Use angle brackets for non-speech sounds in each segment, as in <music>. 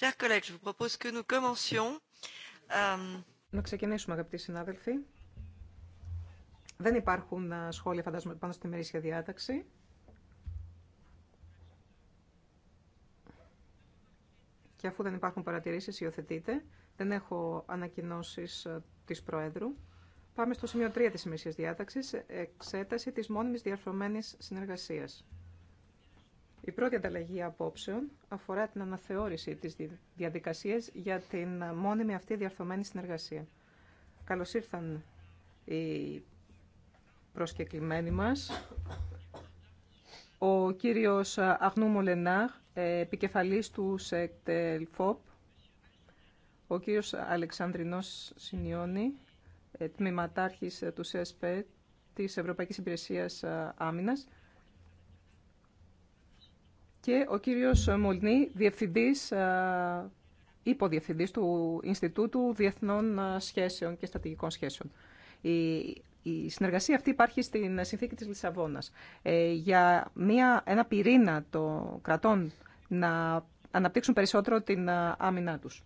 Chers collègues, je vous propose que nous euh, Να ξεκινήσουμε, αγαπητοί συνάδελφοι. Δεν υπάρχουν ε, σχόλια, φαντάζομαι, πάνω στη μερίσια διάταξη. Και αφού δεν υπάρχουν παρατηρήσεις, υιοθετείτε. Δεν έχω ανακοινώσεις ε, της Προέδρου. Πάμε στο σημείο 3 της ημερήσιας διάταξης, εξέταση της μόνιμης διαρθρωμένης συνεργασίας. Η πρώτη ανταλλαγή απόψεων αφορά την αναθεώρηση της διαδικασίας για την μόνιμη αυτή διαρθωμένη συνεργασία. Καλώς ήρθαν οι προσκεκλημένοι μας. Ο κύριος Αγνού Μολενάρ, ε, επικεφαλής του ΣΕΚΤΕΛΦΟΠ, ο κύριος Αλεξανδρινός Σινιώνη, ε, τμήματάρχης του ΣΕΣΠΕ της Ευρωπαϊκής Υπηρεσίας ε, Άμυνας, και ο κύριος Μολνή, διευθυντής, ε, υποδιευθυντής του Ινστιτούτου Διεθνών Σχέσεων και Στατηγικών Σχέσεων. Η, η συνεργασία αυτή υπάρχει στην συνθήκη της Λισαβόνας. Ε, για μια, ένα πυρήνα των κρατών να αναπτύξουν περισσότερο την ε, άμυνά τους.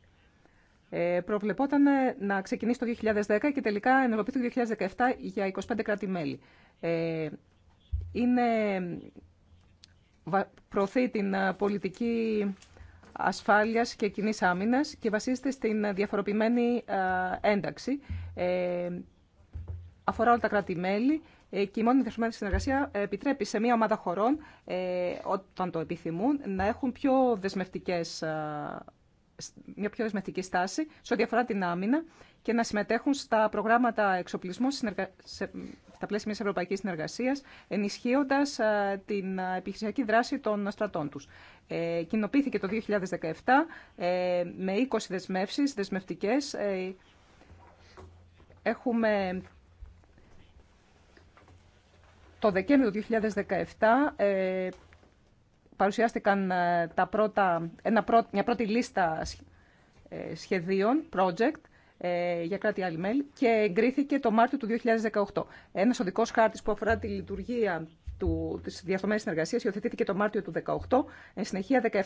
Ε, προβλεπόταν να ξεκινήσει το 2010 και τελικά ενεργοποιήθηκε το 2017 για 25 κράτη-μέλη. Ε, είναι προωθεί την ε, πολιτική ασφάλειας και κοινή άμυνας και βασίζεται στην διαφοροποιημένη ε, ένταξη. Ε, αφορά όλα τα κράτη-μέλη και η μόνη δεσμευμένη συνεργασία επιτρέπει σε μια ομάδα χωρών, όταν το επιθυμούν, να έχουν πιο δεσμευτικές μια πιο δεσμευτική στάση σε ό,τι αφορά την άμυνα και να συμμετέχουν στα προγράμματα εξοπλισμού συνεργα... σε... στα πλαίσια μια ευρωπαϊκής συνεργασίας, ενισχύοντας ε, την επιχειρησιακή δράση των στρατών τους. Ε, κοινοποιήθηκε το 2017 ε, με 20 δεσμεύσει, δεσμευτικές. Ε, έχουμε το Δεκέμβριο του 2017 παρουσιάστηκαν ε, τα πρώτα, ένα μια πρώτη λίστα ε, σχεδίων, project, ε, για κράτη άλλη μέλη και εγκρίθηκε το Μάρτιο του 2018. Ένας οδικός χάρτης που αφορά τη λειτουργία του, της διαστομένης συνεργασίας υιοθετήθηκε το Μάρτιο του 2018. Εν συνεχεία 17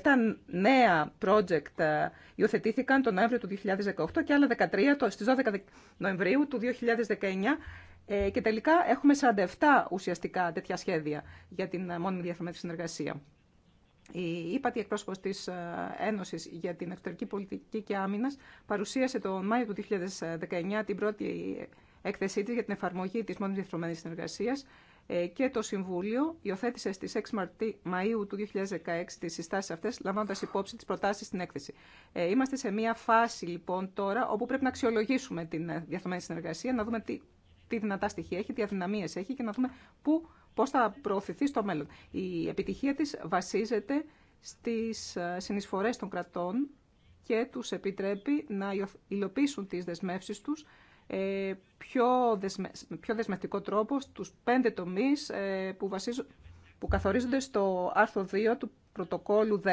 νέα project υιοθετήθηκαν τον Νοέμβριο του 2018 και άλλα 13 το, στις 12 Νοεμβρίου του 2019 και τελικά έχουμε 47 ουσιαστικά τέτοια σχέδια για την μόνιμη διαφθομένη συνεργασία. Η ύπατη εκπρόσωπο τη ε, Ένωση για την Εξωτερική Πολιτική και Άμυνας παρουσίασε τον Μάιο του 2019 την πρώτη έκθεσή τη για την εφαρμογή τη μόνιμης διεθνωμένης συνεργασία ε, και το Συμβούλιο υιοθέτησε στι 6 Μαου του 2016 τις συστάσεις αυτέ, λαμβάνοντα υπόψη τι προτάσει στην έκθεση. Ε, είμαστε σε μια φάση λοιπόν τώρα όπου πρέπει να αξιολογήσουμε την διαθωμένη συνεργασία, να δούμε τι, δυνατά στοιχεία έχει, τι αδυναμίε έχει και να δούμε πού πώς θα προωθηθεί στο μέλλον. Η επιτυχία της βασίζεται στις ε, συνεισφορές των κρατών και τους επιτρέπει να υλοποιήσουν τις δεσμεύσεις τους ε, πιο, πιο δεσμευτικό τρόπο στους πέντε τομείς ε, που, βασίζουν, που καθορίζονται στο άρθρο 2 του πρωτοκόλου 10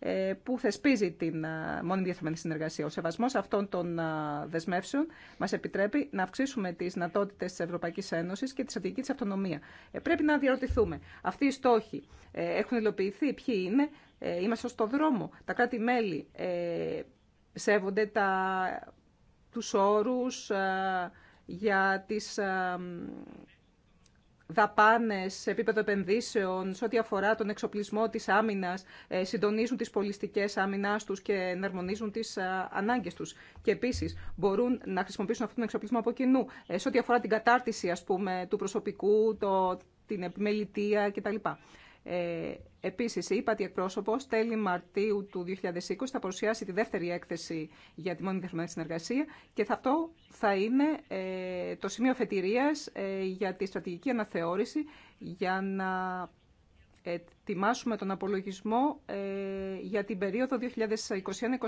ε, που θεσπίζει την ε, μόνη διεθνή συνεργασία. Ο σεβασμό αυτών των ε, δεσμεύσεων μα επιτρέπει να αυξήσουμε τι δυνατότητε τη Ευρωπαϊκή Ένωση και τη στρατηγική τη αυτονομία. Πρέπει να διαρωτηθούμε. Αυτοί οι στόχοι έχουν υλοποιηθεί, ποιοι είναι, είμαστε στο δρόμο. Τα κράτη-μέλη σέβονται τα, τους όρους για τις δαπάνε σε επίπεδο επενδύσεων, σε ό,τι αφορά τον εξοπλισμό τη άμυνα, ε, συντονίζουν τις πολιστικέ άμυνά τους και εναρμονίζουν τις ε, ανάγκες τους. Και επίσης μπορούν να χρησιμοποιήσουν αυτόν τον εξοπλισμό από κοινού, ε, σε ό,τι αφορά την κατάρτιση ας πούμε, του προσωπικού, το, την επιμελητία κτλ. Ε, επίσης, η ΥΠΑΤΗ εκπρόσωπος τέλη Μαρτίου του 2020 θα παρουσιάσει τη δεύτερη έκθεση για τη μόνιμη διεθνή συνεργασία και θα, αυτό θα είναι ε, το σημείο φετηρίας ε, για τη στρατηγική αναθεώρηση για να ετοιμάσουμε τον απολογισμό ε, για την περίοδο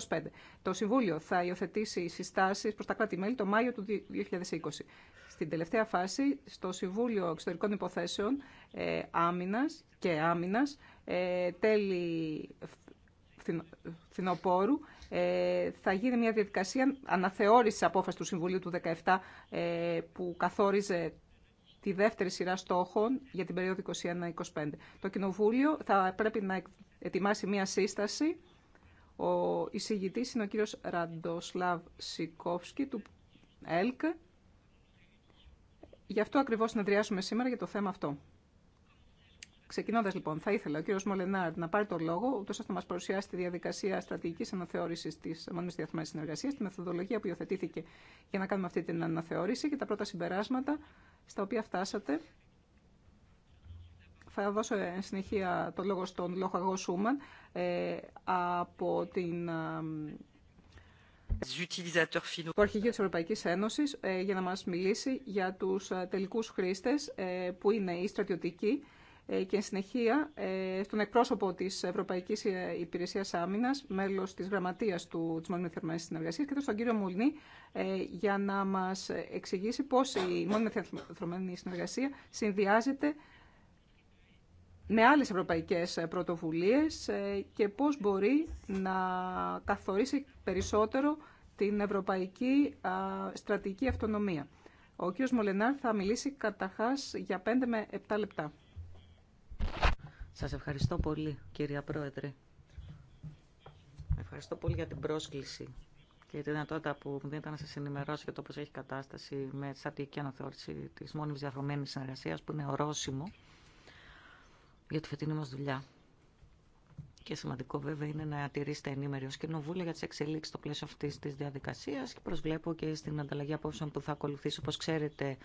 2021-2025. Το Συμβούλιο θα υιοθετήσει συστάσεις προς τα κράτη-μέλη το Μάιο του 2020. Στην τελευταία φάση, στο Συμβούλιο Εξωτερικών Υποθέσεων ε, και Άμυνας, ε, τέλη φθινοπόρου, ε, θα γίνει μια διαδικασία αναθεώρησης απόφασης του Συμβουλίου του 2017 που καθόριζε τη δεύτερη σειρά στόχων για την περιοδο 2021 2021-2025. Το Κοινοβούλιο θα πρέπει να ετοιμάσει μία σύσταση. Ο εισηγητής είναι ο κύριος Ραντοσλάβ Σικόφσκι του ΕΛΚ. Γι' αυτό ακριβώς συνεδριάσουμε σήμερα για το θέμα αυτό. Ξεκινώντα λοιπόν, θα ήθελα ο κύριο Μολενάρ να πάρει το λόγο, ούτω ώστε να μα παρουσιάσει τη διαδικασία στρατηγική αναθεώρηση τη μόνιμη διαθμένη συνεργασία, τη μεθοδολογία που υιοθετήθηκε για να κάνουμε αυτή την αναθεώρηση και τα πρώτα συμπεράσματα στα οποία φτάσατε. Θα δώσω ε, συνεχεία το λόγο στον λοχαγό Σούμαν ε, από την ε, του Αρχηγείου της Ευρωπαϊκής Ένωσης για να μας μιλήσει για τους τελικούς χρήστες που είναι οι στρατιωτικοί ε, και συνεχεία ε, στον εκπρόσωπο τη Ευρωπαϊκή ε, Υπηρεσία Άμυνα μέλο τη γραμματεία του, της Μόνιμης συνεργασία και στον κύριο Μουλνή για να μα εξηγήσει πώ η Μόνιμη Θερμανική Συνεργασία συνδυάζεται με άλλε ευρωπαϊκέ πρωτοβουλίε και πώ μπορεί να καθορίσει περισσότερο την ευρωπαϊκή στρατηγική αυτονομία. Ο κύριος Μολενάρ θα μιλήσει καταρχάς για 5 με 7 λεπτά. Σας ευχαριστώ πολύ, κυρία Πρόεδρε. Ευχαριστώ πολύ για την πρόσκληση και τη δυνατότητα που μου δίνεται να σας ενημερώσω για το πώς έχει κατάσταση με τη στατική αναθεώρηση της μόνιμης διαδρομένης συνεργασία, που είναι ορόσημο για τη φετινή μας δουλειά. Και σημαντικό βέβαια είναι να τηρήσετε ενήμερη ω Κοινοβούλιο για τι εξελίξει στο πλαίσιο αυτή τη διαδικασία και προσβλέπω και στην ανταλλαγή απόψεων που θα ακολουθήσει. Όπω ξέρετε,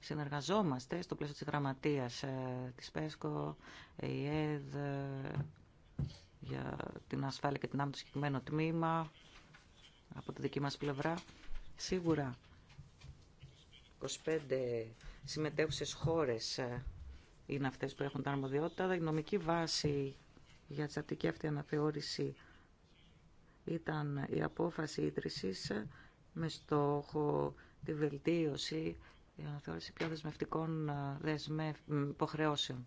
συνεργαζόμαστε στο πλαίσιο τη γραμματεία ε, τη ΠΕΣΚΟ, η ΕΔ, ε, για την ασφάλεια και την άμυνα του συγκεκριμένου τμήμα από τη δική μα πλευρά. Σίγουρα 25 συμμετέχουσες χώρες ε, είναι αυτές που έχουν τα αρμοδιότητα. Η νομική βάση για τη σαπτική αυτή αναθεώρηση ήταν η απόφαση ίδρυσης με στόχο τη βελτίωση, η αναθεώρηση πιο δεσμευτικών ε, δεσμε... υποχρεώσεων.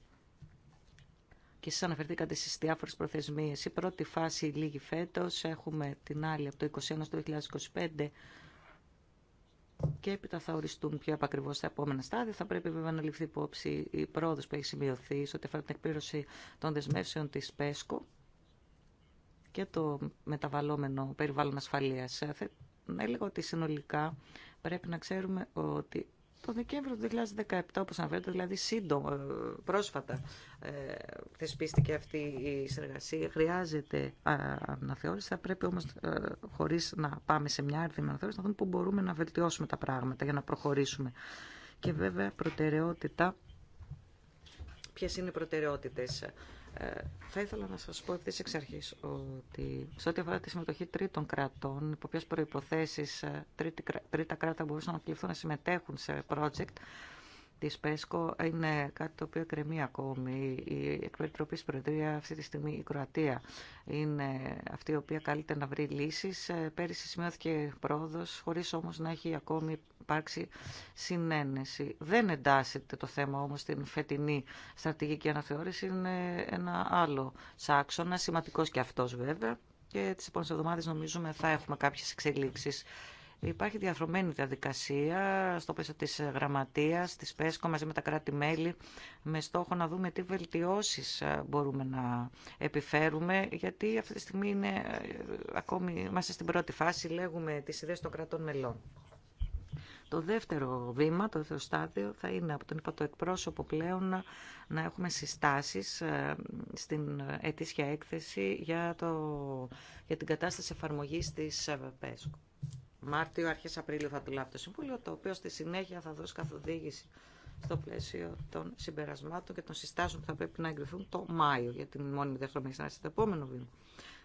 Και εσείς αναφερθήκατε στις διάφορες προθεσμίες. Η πρώτη φάση λίγη φέτος, έχουμε την άλλη από το 2021 στο 2025, και έπειτα θα οριστούν πιο ακριβώ τα επόμενα στάδια. Θα πρέπει βέβαια να ληφθεί υπόψη η πρόοδο που έχει σημειωθεί σε ό,τι αφορά την εκπλήρωση των δεσμεύσεων τη ΠΕΣΚΟ και το μεταβαλλόμενο περιβάλλον ασφαλεία. Ε, θα έλεγα ότι συνολικά πρέπει να ξέρουμε ότι το Δεκέμβριο του 2017, όπως αναφέρεται, δηλαδή σύντομα, ε, πρόσφατα ε, θεσπίστηκε αυτή η συνεργασία. Χρειάζεται αναθεώρηση, θα πρέπει όμως ε, χωρίς να πάμε σε μια άρθρη αναθεώρηση να δούμε πού μπορούμε να βελτιώσουμε τα πράγματα για να προχωρήσουμε. Και βέβαια προτεραιότητα, ποιες είναι οι προτεραιότητες ε, θα ήθελα να σας πω ευθύ εξ αρχής ότι σε ό,τι αφορά τη συμμετοχή τρίτων κρατών, υπό ποιες προϋποθέσεις ε, τρίτα κράτα μπορούσαν να κληθούν να συμμετέχουν σε project, Τη ΠΕΣΚΟ είναι κάτι το οποίο κρεμεί ακόμη. Η εκπεριτροπή στην Προεδρία αυτή τη στιγμή η Κροατία είναι αυτή η οποία καλείται να βρει λύσει. Ε, πέρυσι σημειώθηκε πρόοδο, χωρί όμω να έχει ακόμη υπάρξει συνένεση. Δεν εντάσσεται το θέμα όμω στην φετινή στρατηγική αναθεώρηση. Είναι ένα άλλο σάξονα, σημαντικό και αυτό, βέβαια. Και τι επόμενες εβδομάδε νομίζουμε θα έχουμε κάποιε εξελίξει. Υπάρχει διαθρωμένη διαδικασία στο πλαίσιο της γραμματείας, της ΠΕΣΚΟ μαζί με τα κράτη-μέλη με στόχο να δούμε τι βελτιώσεις ε, μπορούμε να επιφέρουμε γιατί αυτή τη στιγμή είναι, ε, ακόμη είμαστε στην πρώτη φάση, λέγουμε τις ιδέες των κρατών μελών. Το δεύτερο βήμα, το δεύτερο στάδιο, θα είναι από τον είπα εκπρόσωπο πλέον να, έχουμε συστάσεις ε, στην ετήσια έκθεση για, το, για την κατάσταση εφαρμογής της ΠΕΣΚΟ. Μάρτιο, αρχές Απρίλιο θα του λάβει το Συμβούλιο, το οποίο στη συνέχεια θα δώσει καθοδήγηση στο πλαίσιο των συμπερασμάτων και των συστάσεων που θα πρέπει να εγκριθούν το Μάιο γιατί την μόνιμη να είναι Το επόμενο βήμα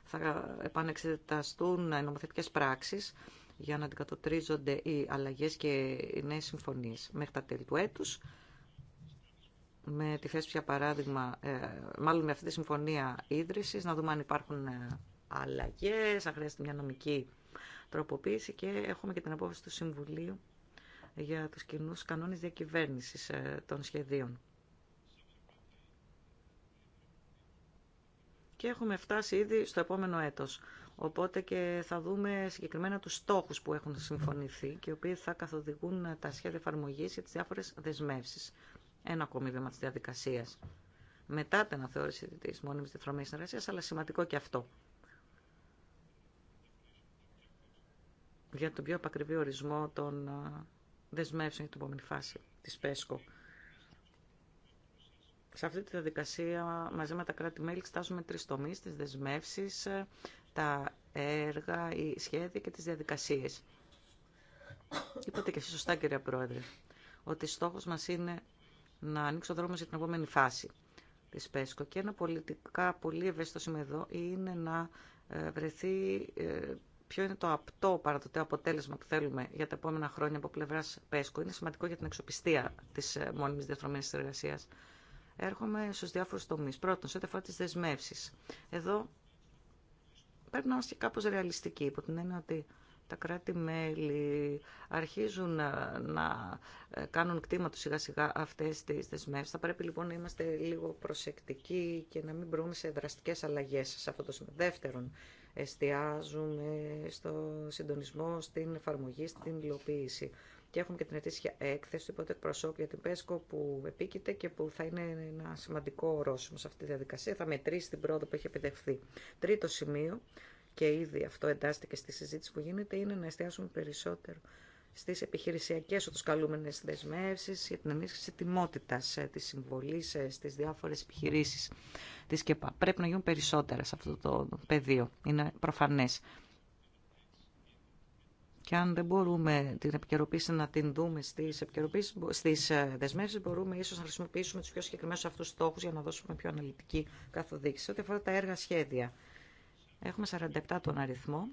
θα επανεξεταστούν οι πράξει πράξεις για να αντικατοτρίζονται οι αλλαγέ και οι νέε συμφωνίε μέχρι τα τέλη του έτου. Με τη θέση πια παράδειγμα, ε, μάλλον με αυτή τη συμφωνία ίδρυση, να δούμε αν υπάρχουν ε, αλλαγέ. αν χρειάζεται μια νομική τροποποίηση και έχουμε και την απόφαση του Συμβουλίου για τους κοινού κανόνες διακυβέρνησης ε, των σχεδίων. Και έχουμε φτάσει ήδη στο επόμενο έτος. Οπότε και θα δούμε συγκεκριμένα τους στόχους που έχουν συμφωνηθεί και οι οποίοι θα καθοδηγούν τα σχέδια εφαρμογή για τις διάφορες δεσμεύσεις. Ένα ακόμη βήμα της διαδικασίας. Μετά την αναθεώρηση της μόνιμης διθρωμής συνεργασίας, αλλά σημαντικό και αυτό. για τον πιο απακριβή ορισμό των ε, δεσμεύσεων για την επόμενη φάση της ΠΕΣΚΟ. Σε αυτή τη διαδικασία, μαζί με τα κράτη-μέλη, εξετάζουμε τρει τομεί, τι δεσμεύσει, ε, τα έργα, οι σχέδια και τις διαδικασίε. Είπατε και εσείς σωστά, κυρία Πρόεδρε, ότι στόχος μας είναι να ανοίξει δρόμο για την επόμενη φάση της ΠΕΣΚΟ. Και ένα πολιτικά πολύ ευαίσθητο σημείο εδώ είναι να ε, βρεθεί ποιο είναι το απτό παραδοτέο αποτέλεσμα που θέλουμε για τα επόμενα χρόνια από πλευρά ΠΕΣΚΟ. Είναι σημαντικό για την εξοπιστία τη ε, μόνιμη διαθρωμένη εργασία. Έρχομαι στου διάφορου τομεί. Πρώτον, σε ό,τι αφορά τι δεσμεύσει. Εδώ πρέπει να είμαστε κάπω ρεαλιστικοί, υπό την έννοια ότι τα κράτη-μέλη αρχίζουν ε, να ε, κάνουν κτήμα του σιγά-σιγά αυτές τις δεσμεύσει. Θα πρέπει λοιπόν να είμαστε λίγο προσεκτικοί και να μην μπρούμε σε δραστικέ αλλαγέ σε αυτό το σημείο. Δεύτερον, εστιάζουμε στο συντονισμό, στην εφαρμογή, στην υλοποίηση. Και έχουμε και την ετήσια έκθεση του προσώπη για την ΠΕΣΚΟ που επίκειται και που θα είναι ένα σημαντικό ορόσημο σε αυτή τη διαδικασία. Θα μετρήσει την πρόοδο που έχει επιτευχθεί. Τρίτο σημείο, και ήδη αυτό εντάσσεται και στη συζήτηση που γίνεται, είναι να εστιάσουμε περισσότερο Στι επιχειρησιακέ, του καλούμενε δεσμεύσει, για την ενίσχυση τιμότητα ε, τη συμβολή, ε, στι διάφορε επιχειρήσει τη ΚΕΠΑ. Πρέπει να γίνουν περισσότερα σε αυτό το πεδίο. Είναι προφανέ. Και αν δεν μπορούμε την επικαιροποίηση να την δούμε στι ε, δεσμεύσει, μπορούμε ίσω να χρησιμοποιήσουμε του πιο συγκεκριμένου αυτούς στόχου για να δώσουμε πιο αναλυτική καθοδήγηση. Ό,τι αφορά τα έργα σχέδια. Έχουμε 47 τον αριθμό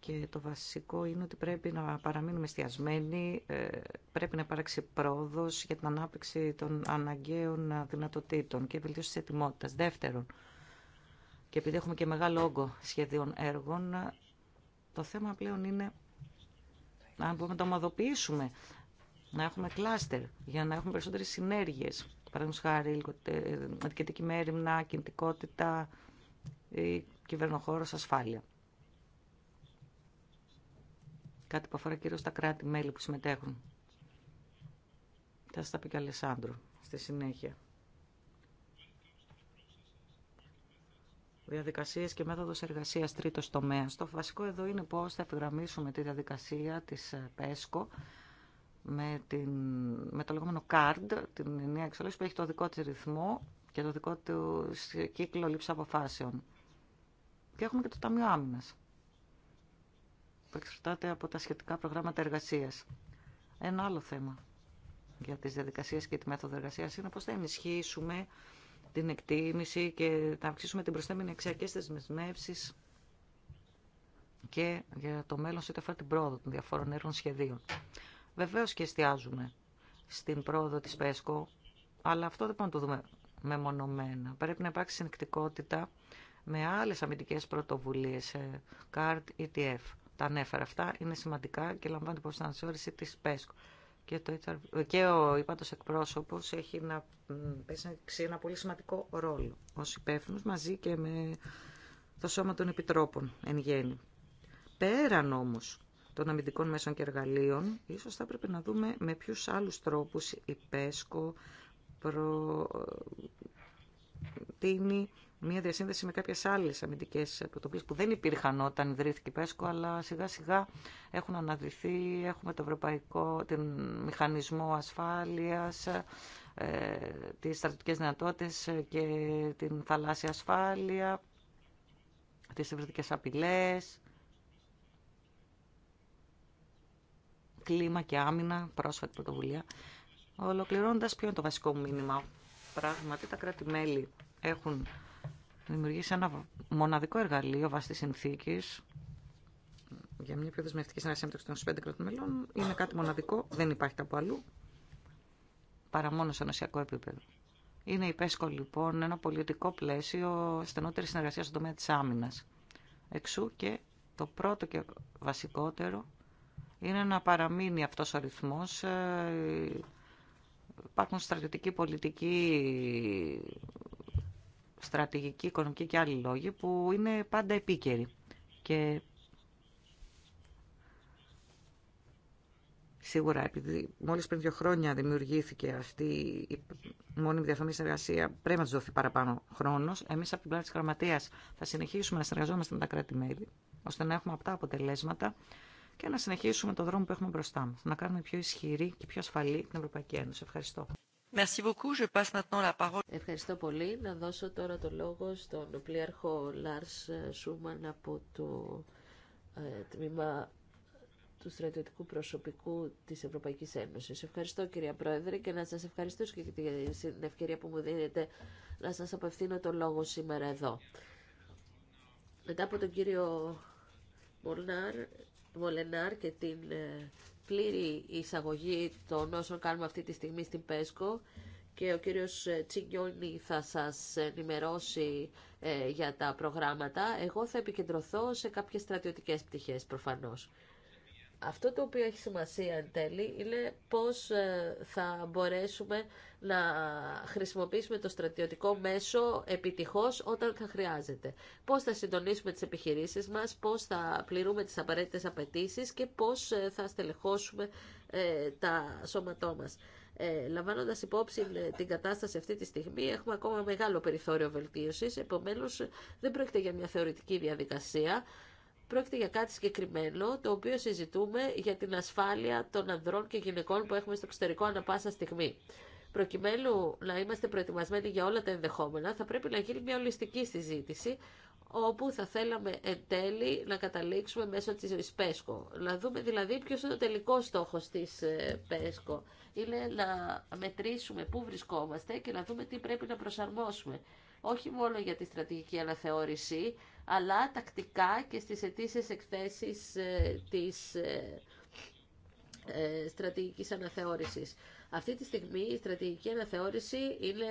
και το βασικό είναι ότι πρέπει να παραμείνουμε εστιασμένοι, πρέπει να υπάρξει πρόοδο για την ανάπτυξη των αναγκαίων δυνατοτήτων και βελτίωση τη ετοιμότητα. Δεύτερον, και επειδή έχουμε και μεγάλο όγκο σχεδίων έργων, το θέμα πλέον είναι να μπορούμε να το ομαδοποιήσουμε, να έχουμε κλάστερ για να έχουμε περισσότερε συνέργειε. Παραδείγματο χάρη, αντικειτική μέρημνα, κινητικότητα ή κυβερνοχώρο ασφάλεια. Κάτι που αφορά κυρίως τα κράτη-μέλη που συμμετέχουν. Θα σας τα πει και ο Αλεσάνδρου στη συνέχεια. Διαδικασίε και μέθοδο εργασία τρίτο τομέα. Το βασικό εδώ είναι πώ θα επιγραμμίσουμε τη διαδικασία τη ε, ΠΕΣΚΟ με, την, το λεγόμενο CARD, την ενιαία εξολόγηση που έχει το δικό τη ρυθμό και το δικό του ε, κύκλο λήψη αποφάσεων. Και έχουμε και το Ταμείο Άμυνα που εξαρτάται από τα σχετικά προγράμματα εργασία. Ένα άλλο θέμα για τι διαδικασίε και τη μέθοδο εργασία είναι πώ θα ενισχύσουμε την εκτίμηση και θα αυξήσουμε την προσθέμενη αξία και στι και για το μέλλον σε ό,τι την πρόοδο των διαφόρων έργων σχεδίων. Βεβαίω και εστιάζουμε στην πρόοδο τη ΠΕΣΚΟ, αλλά αυτό δεν μπορούμε να το δούμε μεμονωμένα. Πρέπει να υπάρξει συνεκτικότητα με άλλε αμυντικέ πρωτοβουλίε, CARD, ε, ETF. Τα ανέφερα αυτά, είναι σημαντικά και λαμβάνονται υπόψη την αναθεώρηση της ΠΕΣΚΟ. Και, το HR... Ε, και ο υπάτος εκπρόσωπο, έχει να παίξει ένα πολύ σημαντικό ρόλο ω υπεύθυνο μαζί και με το Σώμα των Επιτρόπων εν γέννη. Πέραν όμω, των αμυντικών μέσων και εργαλείων, ίσω θα πρέπει να δούμε με ποιου άλλου τρόπου η ΠΕΣΚΟ προ... Ε, μια διασύνδεση με κάποιες άλλες αμυντικές πρωτοβουλίες που δεν υπήρχαν όταν ιδρύθηκε η ΠΕΣΚΟ, αλλά σιγά σιγά έχουν αναδυθεί, έχουμε το ευρωπαϊκό την μηχανισμό ασφάλειας, ε, τις στρατιωτικές δυνατότητες και την θαλάσσια ασφάλεια, τις ευρωτικές απειλές, κλίμα και άμυνα, πρόσφατη πρωτοβουλία. Ολοκληρώνοντας, ποιο είναι το βασικό μήνυμα. Πράγματι, τα κράτη-μέλη έχουν δημιουργήσει ένα μοναδικό εργαλείο βάσει τη συνθήκη για μια πιο δεσμευτική συνεργασία μεταξύ των 25 κρατών μελών. Είναι κάτι μοναδικό, δεν υπάρχει κάπου αλλού, παρά μόνο σε ενωσιακό επίπεδο. Είναι η ΠΕΣΚΟ λοιπόν ένα πολιτικό πλαίσιο στενότερη συνεργασία στον τομέα τη άμυνα. Εξού και το πρώτο και βασικότερο είναι να παραμείνει αυτό ο ρυθμός. Ε, υπάρχουν στρατιωτικοί, πολιτικοί στρατηγική, οικονομική και άλλοι λόγοι που είναι πάντα επίκαιροι. Και Σίγουρα, επειδή μόλις πριν δύο χρόνια δημιουργήθηκε αυτή η μόνιμη διαφωνή συνεργασία, πρέπει να του δοθεί παραπάνω χρόνος. Εμείς από την πλάτη της Γραμματείας θα συνεχίσουμε να συνεργαζόμαστε με τα κράτη-μέλη, ώστε να έχουμε αυτά αποτελέσματα και να συνεχίσουμε το δρόμο που έχουμε μπροστά μας. Να κάνουμε πιο ισχυρή και πιο ασφαλή την Ευρωπαϊκή Ένωση. Ευχαριστώ. Ευχαριστώ πολύ. Να δώσω τώρα το λόγο στον πλήρχο Λάρς Σούμαν από το ε, τμήμα του στρατιωτικού προσωπικού της Ευρωπαϊκής Ένωσης. Ευχαριστώ κυρία Πρόεδρε και να σας ευχαριστήσω και για την ευκαιρία που μου δίνετε να σας απευθύνω το λόγο σήμερα εδώ. Μετά από τον κύριο Μολενάρ και την ε, πλήρη εισαγωγή των όσων κάνουμε αυτή τη στιγμή στην ΠΕΣΚΟ και ο κύριος Τσιγκιόνι θα σας ενημερώσει ε, για τα προγράμματα. Εγώ θα επικεντρωθώ σε κάποιες στρατιωτικές πτυχές προφανώς. Αυτό το οποίο έχει σημασία εν τέλει είναι πώς ε, θα μπορέσουμε να χρησιμοποιήσουμε το στρατιωτικό μέσο επιτυχώς όταν θα χρειάζεται. Πώς θα συντονίσουμε τις επιχειρήσεις μας, πώς θα πληρούμε τις απαραίτητες απαιτήσει και πώς ε, θα στελεχώσουμε ε, τα σώματό μας. Ε, Λαμβάνοντα υπόψη ε, την κατάσταση αυτή τη στιγμή, έχουμε ακόμα μεγάλο περιθώριο βελτίωση. Επομένω, δεν πρόκειται για μια θεωρητική διαδικασία. Πρόκειται για κάτι συγκεκριμένο, το οποίο συζητούμε για την ασφάλεια των ανδρών και γυναικών που έχουμε στο εξωτερικό ανα πάσα στιγμή προκειμένου να είμαστε προετοιμασμένοι για όλα τα ενδεχόμενα, θα πρέπει να γίνει μια ολιστική συζήτηση, όπου θα θέλαμε εν τέλει να καταλήξουμε μέσω της ΠΕΣΚΟ. Να δούμε δηλαδή ποιος είναι ο τελικός στόχος της ε, ΠΕΣΚΟ. Είναι να μετρήσουμε πού βρισκόμαστε και να δούμε τι πρέπει να προσαρμόσουμε. Όχι μόνο για τη στρατηγική αναθεώρηση, αλλά τακτικά και στις αιτήσεις εκθέσεις ε, της ε, στρατηγικής αναθεώρησης. Αυτή τη στιγμή η στρατηγική αναθεώρηση είναι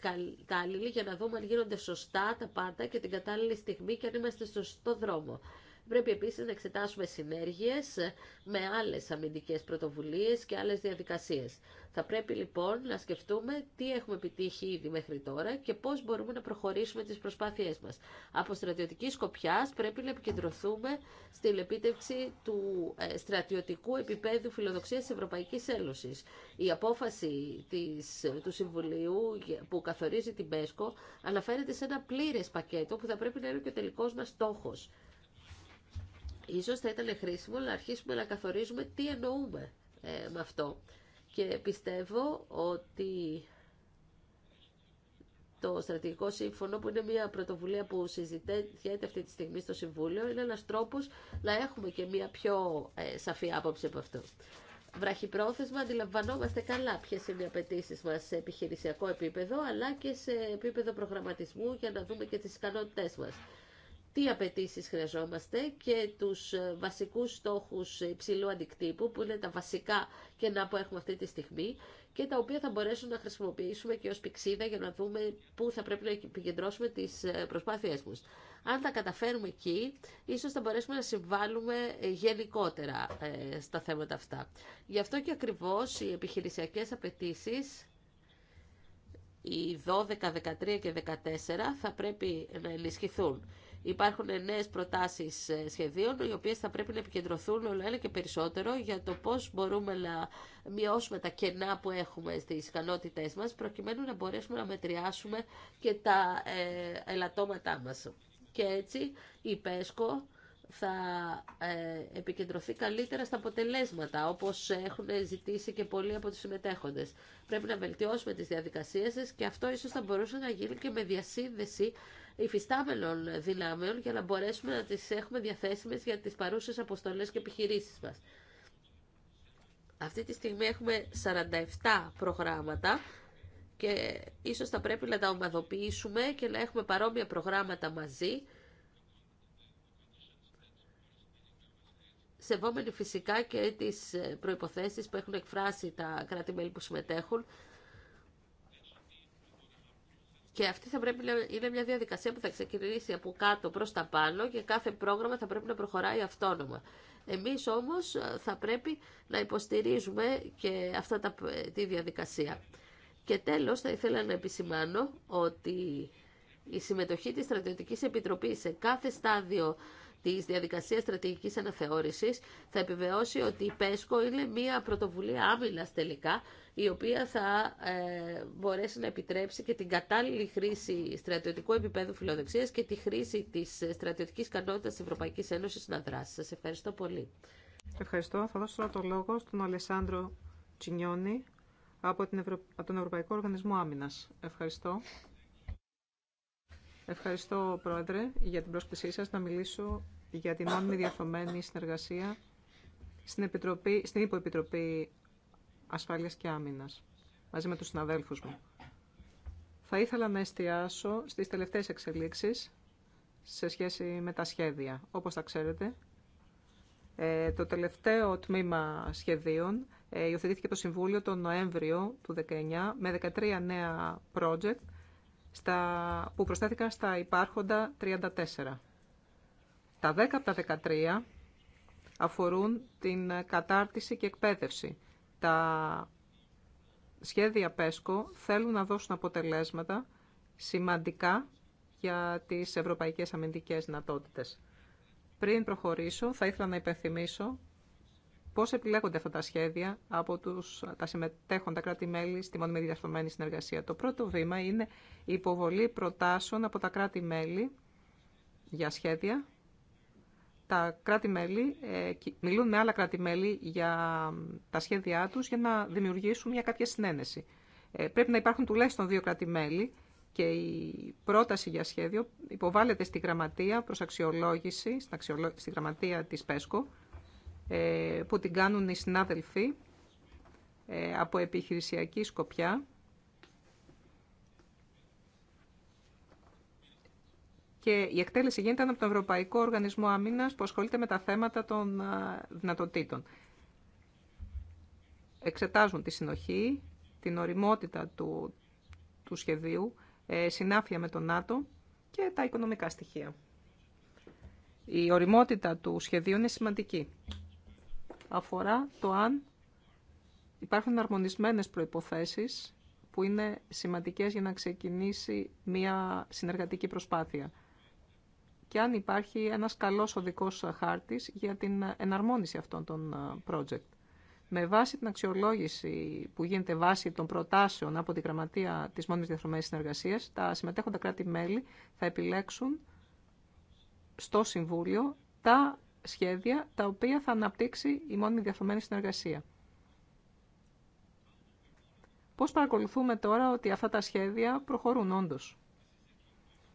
κατάλληλη για να δούμε αν γίνονται σωστά τα πάντα και την κατάλληλη στιγμή και αν είμαστε στο σωστό δρόμο. Πρέπει επίσης να εξετάσουμε συνέργειες με άλλες αμυντικές πρωτοβουλίες και άλλες διαδικασίες. Θα πρέπει λοιπόν να σκεφτούμε τι έχουμε επιτύχει ήδη μέχρι τώρα και πώς μπορούμε να προχωρήσουμε τις προσπάθειές μας. Από στρατιωτική σκοπιά πρέπει να επικεντρωθούμε στην επίτευξη του ε, στρατιωτικού επίπεδου φιλοδοξίας της Ευρωπαϊκής Ένωσης. Η απόφαση της, του Συμβουλίου που καθορίζει την ΠΕΣΚΟ αναφέρεται σε ένα πλήρες πακέτο που θα πρέπει να είναι και ο τελικός μας στόχος. Ίσως θα ήταν χρήσιμο να αρχίσουμε να καθορίζουμε τι εννοούμε ε, με αυτό. Και πιστεύω ότι το στρατηγικό σύμφωνο, που είναι μια πρωτοβουλία που συζητιέται αυτή τη στιγμή στο Συμβούλιο, είναι ένας τρόπος να έχουμε και μια πιο ε, σαφή άποψη από αυτό. Βραχυπρόθεσμα αντιλαμβανόμαστε καλά ποιε είναι οι απαιτήσει μα σε επιχειρησιακό επίπεδο, αλλά και σε επίπεδο προγραμματισμού για να δούμε και τι ικανότητέ μα τι απαιτήσει χρειαζόμαστε και τους ε, βασικούς στόχους υψηλού αντικτύπου που είναι τα βασικά και να που έχουμε αυτή τη στιγμή και τα οποία θα μπορέσουν να χρησιμοποιήσουμε και ως πηξίδα για να δούμε πού θα πρέπει να επικεντρώσουμε τις ε, προσπάθειές μας. Αν τα καταφέρουμε εκεί, ίσως θα μπορέσουμε να συμβάλλουμε ε, γενικότερα στα θέματα αυτά. Γι' αυτό και ακριβώς οι επιχειρησιακές απαιτήσει οι 12, 13 και 14 θα πρέπει να ενισχυθούν. Υπάρχουν νέες προτάσεις ε, σχεδίων, οι οποίες θα πρέπει να επικεντρωθούν όλο ένα και περισσότερο για το πώς μπορούμε να μειώσουμε τα κενά που έχουμε στις ικανότητές μας, προκειμένου να μπορέσουμε να μετριάσουμε και τα ε, ελαττώματά μας. Και έτσι η ΠΕΣΚΟ θα ε, επικεντρωθεί καλύτερα στα αποτελέσματα, όπως έχουν ζητήσει και πολλοί από τους συμμετέχοντες. Πρέπει να βελτιώσουμε τις διαδικασίες και αυτό ίσως θα μπορούσε να γίνει και με διασύνδεση υφιστάμενων δυνάμεων για να μπορέσουμε να τις έχουμε διαθέσιμες για τις παρούσες αποστολές και επιχειρήσεις μας. Αυτή τη στιγμή έχουμε 47 προγράμματα και ίσως θα πρέπει να τα ομαδοποιήσουμε και να έχουμε παρόμοια προγράμματα μαζί σεβόμενοι φυσικά και τις προϋποθέσεις που έχουν εκφράσει τα κράτη-μέλη που συμμετέχουν και αυτή θα πρέπει είναι μια διαδικασία που θα ξεκινήσει από κάτω προς τα πάνω και κάθε πρόγραμμα θα πρέπει να προχωράει αυτόνομα. Εμείς όμως ε, θα πρέπει να υποστηρίζουμε και αυτά τα, ε, τη διαδικασία. Και τέλος θα ήθελα να επισημάνω ότι η συμμετοχή της Στρατιωτικής Επιτροπής σε κάθε στάδιο τη διαδικασία στρατηγικής αναθεώρησης θα επιβεβαιώσει ότι η ΠΕΣΚΟ είναι μια πρωτοβουλία άμυνα τελικά η οποία θα ε, μπορέσει να επιτρέψει και την κατάλληλη χρήση στρατιωτικού επίπεδου φιλοδοξία και τη χρήση της στρατιωτική ικανότητας τη ευρωπαϊκή Ένωση να δράσει. Σα ευχαριστώ πολύ. Ευχαριστώ. Θα δώσω τώρα το λόγο στον Αλεσάνδρο Τσινιόνι από, από τον Ευρωπαϊκό Οργανισμό Άμυνα. Ευχαριστώ. Ευχαριστώ, Πρόεδρε, για την πρόσκλησή σας να μιλήσω για την μόνιμη διαρθωμένη συνεργασία στην, Επιτροπή, στην Υποεπιτροπή Ασφάλειας και Άμυνας, μαζί με τους συναδέλφους μου. Θα ήθελα να εστιάσω στις τελευταίες εξελίξεις σε σχέση με τα σχέδια. Όπως θα ξέρετε, ε, το τελευταίο τμήμα σχεδίων ε, υιοθετήθηκε το Συμβούλιο τον Νοέμβριο του 2019 με 13 νέα project στα, που προσθέθηκαν στα υπάρχοντα 34. Τα 10 από τα 13 αφορούν την κατάρτιση και εκπαίδευση. Τα σχέδια ΠΕΣΚΟ θέλουν να δώσουν αποτελέσματα σημαντικά για τις ευρωπαϊκές αμυντικές δυνατότητες. Πριν προχωρήσω, θα ήθελα να υπενθυμίσω πώς επιλέγονται αυτά τα σχέδια από τους, τα συμμετέχοντα κράτη-μέλη στη μόνιμη διαρθρωμένη συνεργασία. Το πρώτο βήμα είναι η υποβολή προτάσεων από τα κράτη-μέλη για σχέδια. Τα κράτη-μέλη ε, μιλούν με άλλα κράτη-μέλη για τα σχέδιά τους για να δημιουργήσουν μια κάποια συνένεση. Ε, πρέπει να υπάρχουν τουλάχιστον δύο κράτη-μέλη και η πρόταση για σχέδιο υποβάλλεται στη γραμματεία προς αξιολόγηση, στην, γραμματεία της ΠΕΣΚΟ, ε, που την κάνουν οι συνάδελφοι ε, από επιχειρησιακή σκοπιά. Και η εκτέλεση γίνεται από τον Ευρωπαϊκό Οργανισμό Άμυνας που ασχολείται με τα θέματα των ε, δυνατοτήτων. Εξετάζουν τη συνοχή, την οριμότητα του, σχεδίου, συνάφεια με τον ΝΑΤΟ και τα οικονομικά στοιχεία. Η οριμότητα του σχεδίου είναι σημαντική αφορά το αν υπάρχουν αρμονισμένες προϋποθέσεις που είναι σημαντικές για να ξεκινήσει μια συνεργατική προσπάθεια και αν υπάρχει ένας καλός οδικός χάρτης για την εναρμόνιση αυτών των project. Με βάση την αξιολόγηση που γίνεται βάση των προτάσεων από τη Γραμματεία της Μόνιμης Διαθρομένης Συνεργασίας, τα συμμετέχοντα κράτη-μέλη θα επιλέξουν στο Συμβούλιο τα σχέδια τα οποία θα αναπτύξει η μόνιμη διαφωμένη συνεργασία. Πώς παρακολουθούμε τώρα ότι αυτά τα σχέδια προχωρούν όντως.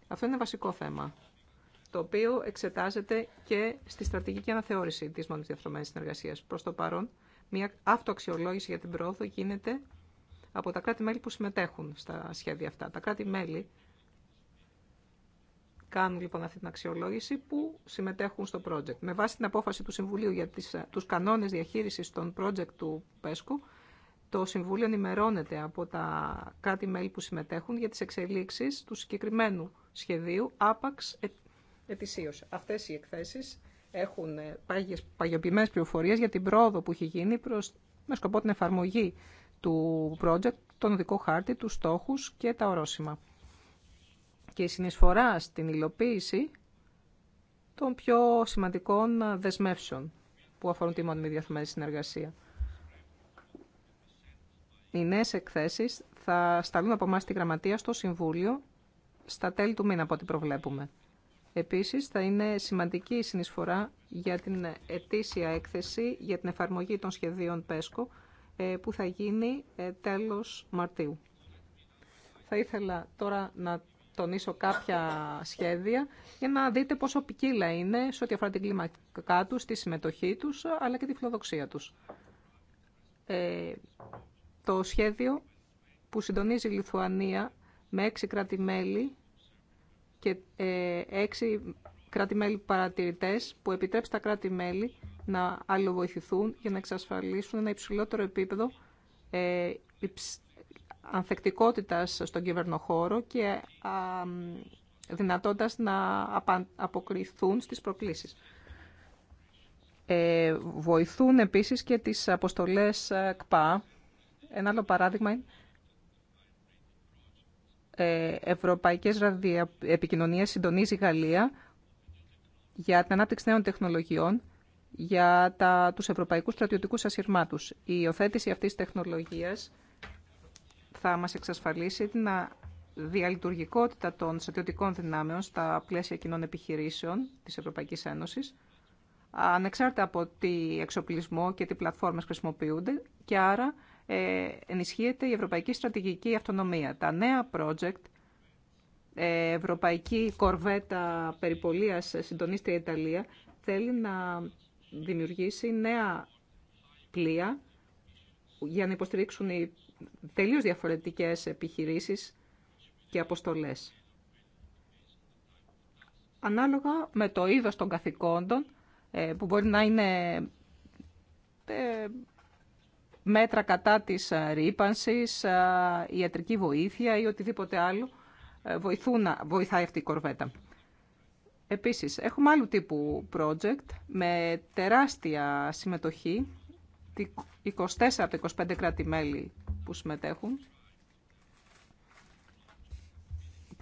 Αυτό είναι βασικό θέμα, το οποίο εξετάζεται και στη στρατηγική αναθεώρηση της μόνιμης διαφθομένης συνεργασίας. Προς το παρόν, μια αυτοαξιολόγηση για την πρόοδο γίνεται από τα κράτη-μέλη που συμμετέχουν στα σχέδια αυτά. Τα κράτη-μέλη κάνουν λοιπόν αυτή την αξιολόγηση που συμμετέχουν στο project. Με βάση την απόφαση του Συμβουλίου για τις, ε, τους κανόνες διαχείρισης των project του ΠΕΣΚΟ, το Συμβούλιο ενημερώνεται από τα κάτι μελη που συμμετέχουν για τις εξελίξεις του συγκεκριμένου σχεδίου άπαξ ε, ετησίως. Αυτές οι εκθέσεις έχουν ε, παγιες, παγιοποιημένες πληροφορίες για την πρόοδο που έχει γίνει προς, με σκοπό την εφαρμογή του project, τον οδικό χάρτη, τους στόχους και τα ορόσημα και η συνεισφορά στην υλοποίηση των πιο σημαντικών δεσμεύσεων που αφορούν τη μόνιμη διαθεμένη συνεργασία. Οι νέε εκθέσεις θα σταλούν από εμά τη Γραμματεία στο Συμβούλιο στα τέλη του μήνα από ό,τι προβλέπουμε. Επίσης, θα είναι σημαντική η συνεισφορά για την ετήσια έκθεση για την εφαρμογή των σχεδίων ΠΕΣΚΟ ε, που θα γίνει ε, τέλος Μαρτίου. Θα ήθελα τώρα να τονίσω κάποια σχέδια για να δείτε πόσο ποικίλα είναι σε ό,τι αφορά την κλίμακά τους, τη συμμετοχή τους, αλλά και τη φιλοδοξία τους. Ε, το σχέδιο που συντονίζει η Λιθουανία με έξι και ε, έξι κράτη-μέλη παρατηρητές που επιτρέψει τα κράτη-μέλη να αλλοβοηθηθούν για να εξασφαλίσουν ένα υψηλότερο επίπεδο ε, ανθεκτικότητας στον κυβερνοχώρο και δυνατότητας να αποκριθούν στις προκλήσεις. Ε, βοηθούν επίσης και τις αποστολές ε, ΚΠΑ. Ένα άλλο παράδειγμα είναι ε, Ευρωπαϊκές Ραδιοεπικοινωνίες συντονίζει η Γαλλία για την ανάπτυξη νέων τεχνολογιών για τα, τους ευρωπαϊκούς στρατιωτικούς ασυρμάτους. Η υιοθέτηση αυτής της τεχνολογίας θα μας εξασφαλίσει την διαλειτουργικότητα των στρατιωτικών δυνάμεων στα πλαίσια κοινών επιχειρήσεων της Ευρωπαϊκής Ένωσης, ανεξάρτητα από τι εξοπλισμό και τι πλατφόρμες χρησιμοποιούνται και άρα ε, ενισχύεται η ευρωπαϊκή στρατηγική αυτονομία. Τα νέα project, ε, ευρωπαϊκή κορβέτα περιπολίας ε, συντονίστρια Ιταλία, θέλει να δημιουργήσει νέα πλοία για να υποστηρίξουν οι τελείως διαφορετικές επιχειρήσεις και αποστολές. Ανάλογα με το είδος των καθηκόντων, ε, που μπορεί να είναι ε, μέτρα κατά της ε, ρήπανσης, ιατρική βοήθεια ή οτιδήποτε άλλο, βοηθούν, βοηθάει αυτή η κορβέτα. Επίσης, έχουμε άλλου τύπου project με τεράστια συμμετοχή 24 από 25 κράτη-μέλη που συμμετέχουν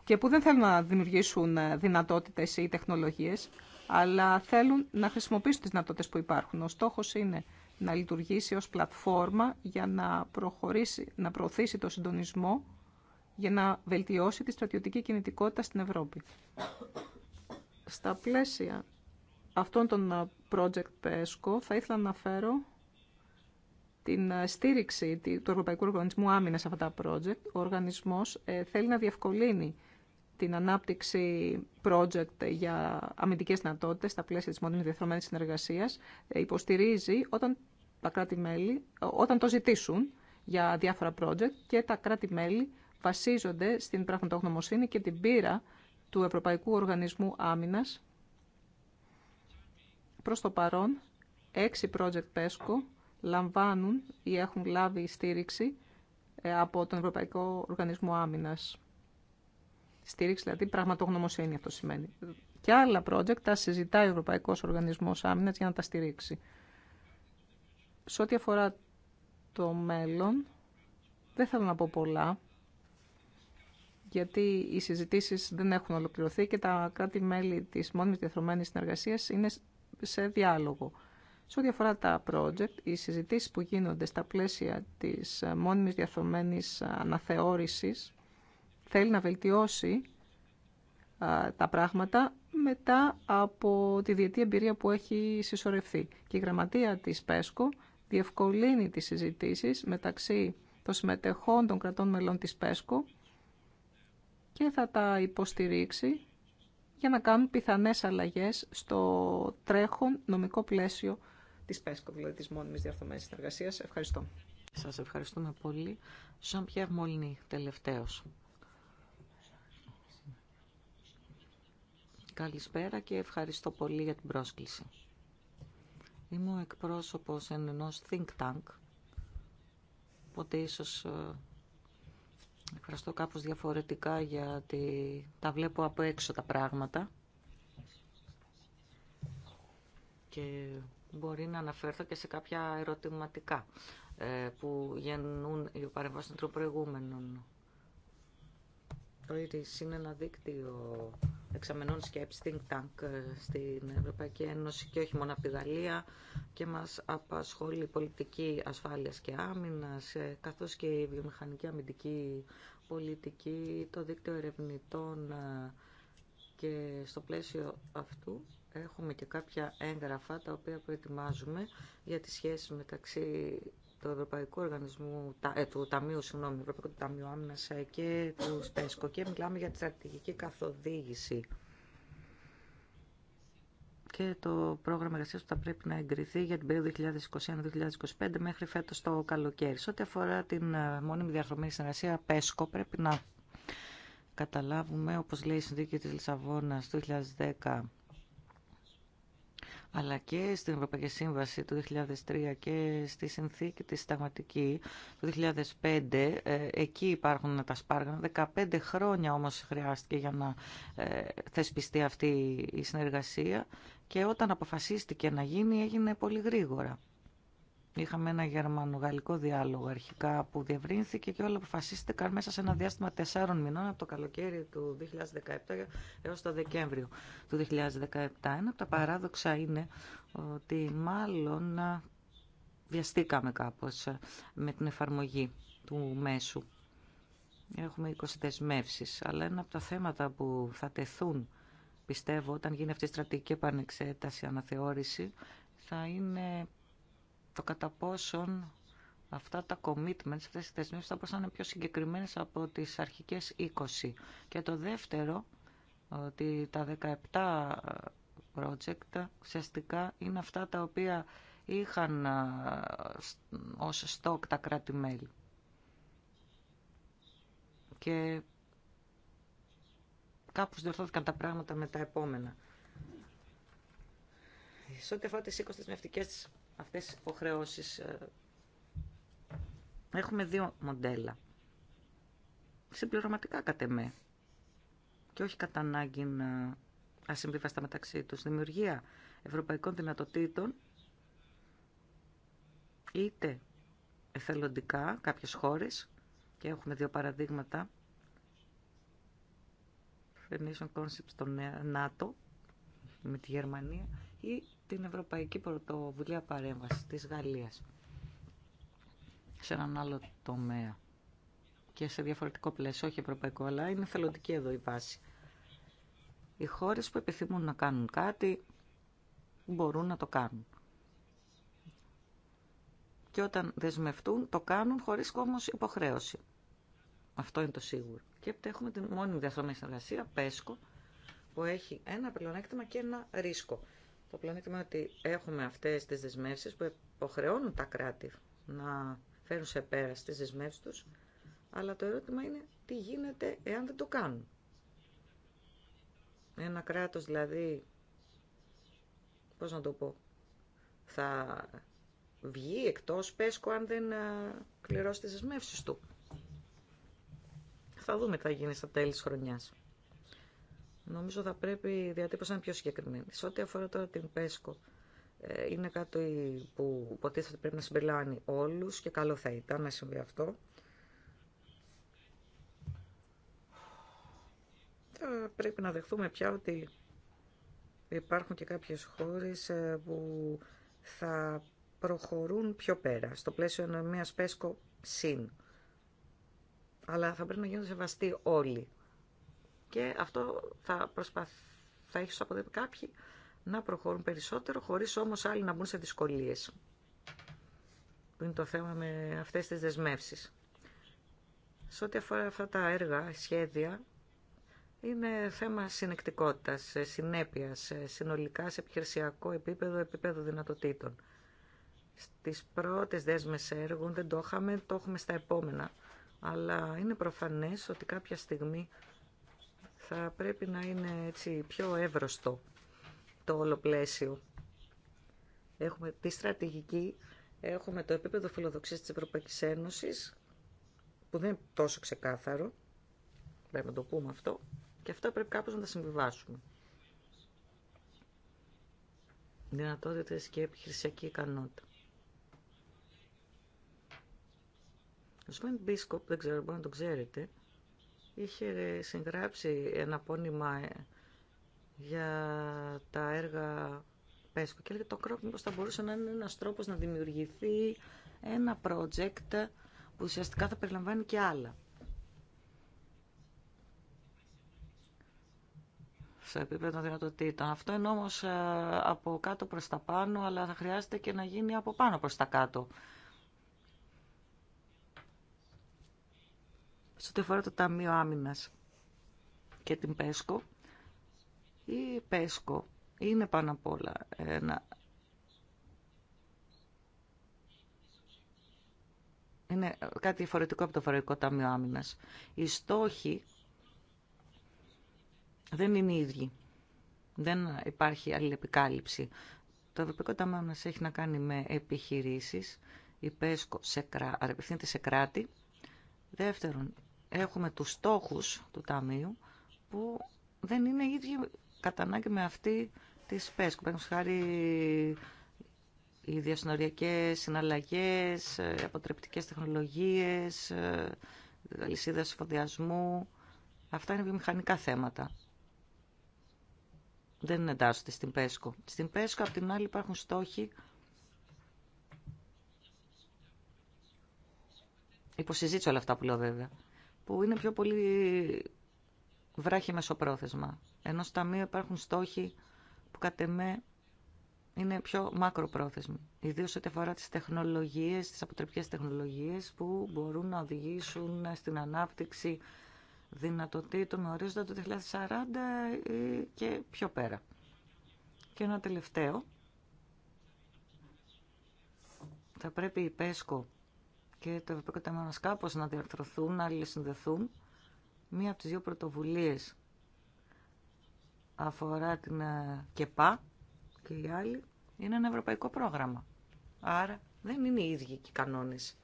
και που δεν θέλουν να δημιουργήσουν ε, δυνατότητες ή τεχνολογίες, αλλά θέλουν να χρησιμοποιήσουν τις δυνατότητες που υπάρχουν. Ο στόχος είναι να λειτουργήσει ως πλατφόρμα για να, προχωρήσει, να προωθήσει το συντονισμό για να βελτιώσει τη στρατιωτική κινητικότητα στην Ευρώπη. Στα πλαίσια αυτών των ε, project PESCO θα ήθελα να αναφέρω την στήριξη του Ευρωπαϊκού Οργανισμού Άμυνα σε αυτά τα project. Ο οργανισμός ε, θέλει να διευκολύνει την ανάπτυξη project για αμυντικές δυνατότητε στα πλαίσια τη μόνιμη διεθνωμένης συνεργασία, ε, Υποστηρίζει όταν τα μελη ε, όταν το ζητήσουν για διάφορα project και τα κράτη-μέλη βασίζονται στην πραγματογνωμοσύνη και την πείρα του Ευρωπαϊκού Οργανισμού Άμυνας. Προς το παρόν, έξι project PESCO λαμβάνουν ή έχουν λάβει στήριξη ε, από τον Ευρωπαϊκό Οργανισμό Άμυνας. Στήριξη, δηλαδή πραγματογνωμοσύνη αυτό σημαίνει. Και άλλα project τα συζητάει ο Ευρωπαϊκό Οργανισμό Άμυνα για να τα στηρίξει. Σε ό,τι αφορά το μέλλον, δεν θέλω να πω πολλά, γιατί οι συζητήσεις δεν έχουν ολοκληρωθεί και τα κράτη-μέλη της μόνιμης διαθρωμένης συνεργασίας είναι σε διάλογο. Σε ό,τι αφορά τα project, οι συζητήσεις που γίνονται στα πλαίσια της μόνιμης διαθρωμένης αναθεώρησης θέλει να βελτιώσει τα πράγματα μετά από τη διετή εμπειρία που έχει συσσωρευθεί. Και η γραμματεία της ΠΕΣΚΟ διευκολύνει τις συζητήσεις μεταξύ των συμμετεχών των κρατών μελών της ΠΕΣΚΟ και θα τα υποστηρίξει για να κάνουν πιθανές αλλαγές στο τρέχον νομικό πλαίσιο τη ΠΕΣΚΟ, δηλαδή τη μόνιμη διαρθωμένη συνεργασία. Ευχαριστώ. Σα ευχαριστούμε πολύ. Σαν Πιέρ Μολνή, τελευταίος. Καλησπέρα και ευχαριστώ πολύ για την πρόσκληση. Είμαι ο εκπρόσωπος ενός think tank, οπότε ίσως ε, ευχαριστώ κάπως διαφορετικά γιατί τα βλέπω από έξω τα πράγματα και μπορεί να αναφέρθω και σε κάποια ερωτηματικά ε, που γεννούν οι παρεμβάσει των προηγούμενων. Το ΙΡΙΣ είναι ένα δίκτυο εξαμενών σκέψη Think Tank ε, στην Ευρωπαϊκή Ένωση και όχι μόνο από τη Γαλλία και μας απασχολεί η πολιτική ασφάλειας και άμυνας ε, καθώς και η βιομηχανική αμυντική πολιτική, το δίκτυο ερευνητών και στο πλαίσιο αυτού έχουμε και κάποια έγγραφα τα οποία προετοιμάζουμε για τις σχέσεις μεταξύ του Ευρωπαϊκού Οργανισμού, ε, του Ταμείου, συγγνώμη, Ευρωπαϊκού Ταμείου Άμυνας ε, και του ΣΠΕΣΚΟ και μιλάμε για τη στρατηγική καθοδήγηση και το πρόγραμμα εργασία που θα πρέπει να εγκριθεί για την περίοδο 2021-2025 μέχρι φέτο το καλοκαίρι. Σε ό,τι αφορά την ε, μόνιμη διαρθρωμένη συνεργασία ΠΕΣΚΟ πρέπει να καταλάβουμε, όπω λέει η Συνδίκη τη Λισαβόνα του 2010, αλλά και στην Ευρωπαϊκή Σύμβαση του 2003 και στη Συνθήκη της συνταγματική του 2005. Ε, εκεί υπάρχουν τα σπάργανα. 15 χρόνια όμως χρειάστηκε για να ε, θεσπιστεί αυτή η συνεργασία και όταν αποφασίστηκε να γίνει έγινε πολύ γρήγορα. Είχαμε ένα γερμανογαλλικό διάλογο αρχικά που διευρύνθηκε και όλα αποφασίστηκαν μέσα σε ένα διάστημα τεσσάρων μηνών από το καλοκαίρι του 2017 έως το Δεκέμβριο του 2017. Ένα από τα παράδοξα είναι ότι μάλλον βιαστήκαμε κάπως με την εφαρμογή του μέσου. Έχουμε 20 δεσμεύσει, αλλά ένα από τα θέματα που θα τεθούν πιστεύω όταν γίνει αυτή η στρατηγική επανεξέταση, αναθεώρηση, θα είναι το κατά πόσον αυτά τα commitments, αυτές οι δεσμεύσεις θα μπορούσαν είναι πιο συγκεκριμένες από τις αρχικές 20. Και το δεύτερο, ότι τα 17 project ουσιαστικά είναι αυτά τα οποία είχαν ως στόκ τα κράτη-μέλη. Και κάπως διορθώθηκαν τα πράγματα με τα επόμενα. Σε ό,τι αφορά τις 20 θεσμευτικές αυτές τις υποχρεώσεις. Ε, έχουμε δύο μοντέλα. Συμπληρωματικά κατ' εμέ. Και όχι κατά ανάγκη να ασυμβίβαστα μεταξύ τους. Δημιουργία ευρωπαϊκών δυνατοτήτων είτε εθελοντικά κάποιες χώρες και έχουμε δύο παραδείγματα Φερνίσον Concepts στο ΝΑΤΟ με τη Γερμανία ή την Ευρωπαϊκή Πρωτοβουλία Παρέμβαση της Γαλλίας σε έναν άλλο τομέα και σε διαφορετικό πλαίσιο, όχι ευρωπαϊκό, αλλά είναι θελοντική εδώ η βάση. Οι χώρες που επιθυμούν να κάνουν κάτι μπορούν να το κάνουν. Και όταν δεσμευτούν, το κάνουν χωρίς όμως υποχρέωση. Αυτό είναι το σίγουρο. Και έχουμε την μόνη διαθρομή συνεργασία, ΠΕΣΚΟ, που έχει ένα πλεονέκτημα και ένα ρίσκο. Το πλανήτημα ότι έχουμε αυτές τις δεσμεύσεις που υποχρεώνουν τα κράτη να φέρουν σε πέρα στις δεσμεύσεις τους, αλλά το ερώτημα είναι τι γίνεται εάν δεν το κάνουν. Ένα κράτος δηλαδή, πώς να το πω, θα βγει εκτός πέσκο αν δεν ε, κληρώσει τις δεσμεύσεις του. Θα δούμε τι θα γίνει στα τέλη της χρονιάς. Νομίζω θα πρέπει η διατύπωση να είναι πιο συγκεκριμένη. Σε ό,τι αφορά τώρα την ΠΕΣΚΟ, ε, είναι κάτι που υποτίθεται πρέπει να συμπεριλάνει όλους και καλό θα ήταν να συμβεί αυτό. Θα πρέπει να δεχθούμε πια ότι υπάρχουν και κάποιες χώρες ε, που θα προχωρούν πιο πέρα, στο πλαίσιο μια ΠΕΣΚΟ συν. Αλλά θα πρέπει να γίνονται σεβαστοί όλοι και αυτό θα, προσπαθ... θα έχει στο κάποιοι να προχωρούν περισσότερο, χωρίς όμως άλλοι να μπουν σε δυσκολίες. Που είναι το θέμα με αυτές τις δεσμεύσεις. Σε ό,τι αφορά αυτά τα έργα, σχέδια, είναι θέμα συνεκτικότητας, συνέπειας, συνολικά σε επιχειρησιακό επίπεδο, επίπεδο δυνατοτήτων. Στις πρώτες δέσμες έργων δεν το είχαμε, το έχουμε στα επόμενα. Αλλά είναι προφανές ότι κάποια στιγμή θα πρέπει να είναι έτσι πιο εύρωστο το όλο πλαίσιο. Έχουμε τη στρατηγική, έχουμε το επίπεδο φιλοδοξίας της Ευρωπαϊκής Ένωσης, που δεν είναι τόσο ξεκάθαρο, πρέπει να το πούμε αυτό, και αυτά πρέπει κάπως να τα συμβιβάσουμε. Δυνατότητες και επιχειρησιακή ικανότητα. Ο Σβέντ Μπίσκοπ, δεν ξέρω, μπορεί να το ξέρετε, είχε συγγράψει ένα πόνημα για τα έργα Πέσκο και έλεγε το κρόκ μήπως θα μπορούσε να είναι ένας τρόπος να δημιουργηθεί ένα project που ουσιαστικά θα περιλαμβάνει και άλλα. σε επίπεδο δυνατοτήτων. Αυτό είναι όμως ε, από κάτω προς τα πάνω, αλλά θα χρειάζεται και να γίνει από πάνω προς τα κάτω. σε ό,τι αφορά το Ταμείο Άμυνας και την ΠΕΣΚΟ. Η ΠΕΣΚΟ είναι πάνω απ' όλα ένα... Είναι κάτι διαφορετικό από το Φορολογικό Ταμείο Άμυνας. Οι στόχοι δεν είναι ίδιοι. Δεν υπάρχει αλληλεπικάλυψη. Το Ευρωπαϊκό Ταμείο έχει να κάνει με επιχειρήσεις, η ΠΕΣΚΟ σε, απευθύνεται σε κράτη. Δεύτερον, έχουμε τους στόχους του Ταμείου που δεν είναι ίδιοι κατά ανάγκη με αυτή της ΠΕΣΚΟ. Παίρνουν χάρη οι διασυνοριακές συναλλαγές, ε, αποτρεπτικές τεχνολογίες, ε, αλυσίδα εφοδιασμού. Αυτά είναι βιομηχανικά θέματα. Δεν εντάσσονται στην ΠΕΣΚΟ. Στην ΠΕΣΚΟ, απ' την άλλη, υπάρχουν στόχοι υποσυζήτηση όλα αυτά που λέω βέβαια που είναι πιο πολύ βράχη μεσοπρόθεσμα. Ενώ στο ταμείο υπάρχουν στόχοι που κατ' εμέ είναι πιο μακροπρόθεσμοι. Ιδίως ό,τι αφορά τις τεχνολογίες, τις αποτρεπτικές τεχνολογίες που μπορούν να οδηγήσουν στην ανάπτυξη δυνατοτήτων με ορίζοντα το 2040 και πιο πέρα. Και ένα τελευταίο. Θα πρέπει η ΠΕΣΚΟ και το Ευρωπαϊκό Ταμείο να διαρθρωθούν, να αλληλεσυνδεθούν. Μία από τις δύο πρωτοβουλίες αφορά την ε, ΚΕΠΑ και η άλλη είναι ένα ευρωπαϊκό πρόγραμμα. Άρα δεν είναι οι ίδιοι οι κανόνες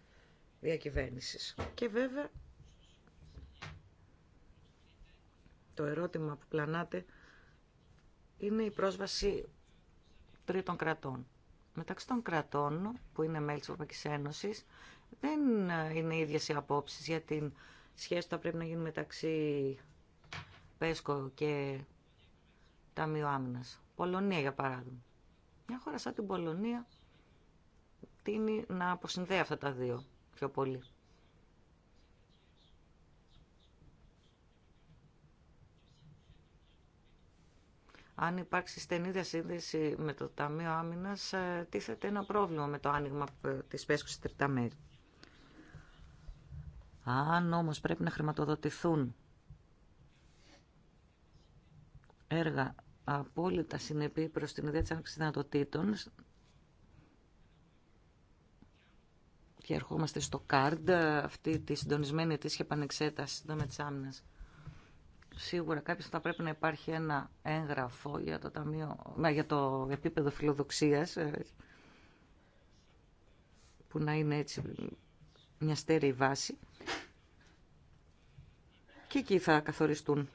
διακυβέρνησης. Και βέβαια το ερώτημα που πλανάτε είναι η πρόσβαση τρίτων κρατών. Μεταξύ των κρατών που είναι μέλη της Ευρωπαϊκής Ένωσης δεν είναι οι οι απόψει για την σχέση που θα πρέπει να γίνει μεταξύ Πέσκο και Ταμείου Άμυνα. Πολωνία, για παράδειγμα. Μια χώρα σαν την Πολωνία τίνει να αποσυνδέει αυτά τα δύο πιο πολύ. Αν υπάρξει στενή διασύνδεση με το Ταμείο Άμυνας, ε, τίθεται ένα πρόβλημα με το άνοιγμα ε, της Πέσκου σε τρίτα μέρη. Αν όμως πρέπει να χρηματοδοτηθούν έργα απόλυτα συνεπή προς την ιδέα της άνοιξης δυνατοτήτων και ερχόμαστε στο CARD, αυτή τη συντονισμένη αιτήσια πανεξέταση εδώ με τις Σίγουρα κάποιος θα πρέπει να υπάρχει ένα έγγραφο για το, ταμείο, για το επίπεδο φιλοδοξίας ε, που να είναι έτσι μια στέρεη βάση και εκεί θα καθοριστούν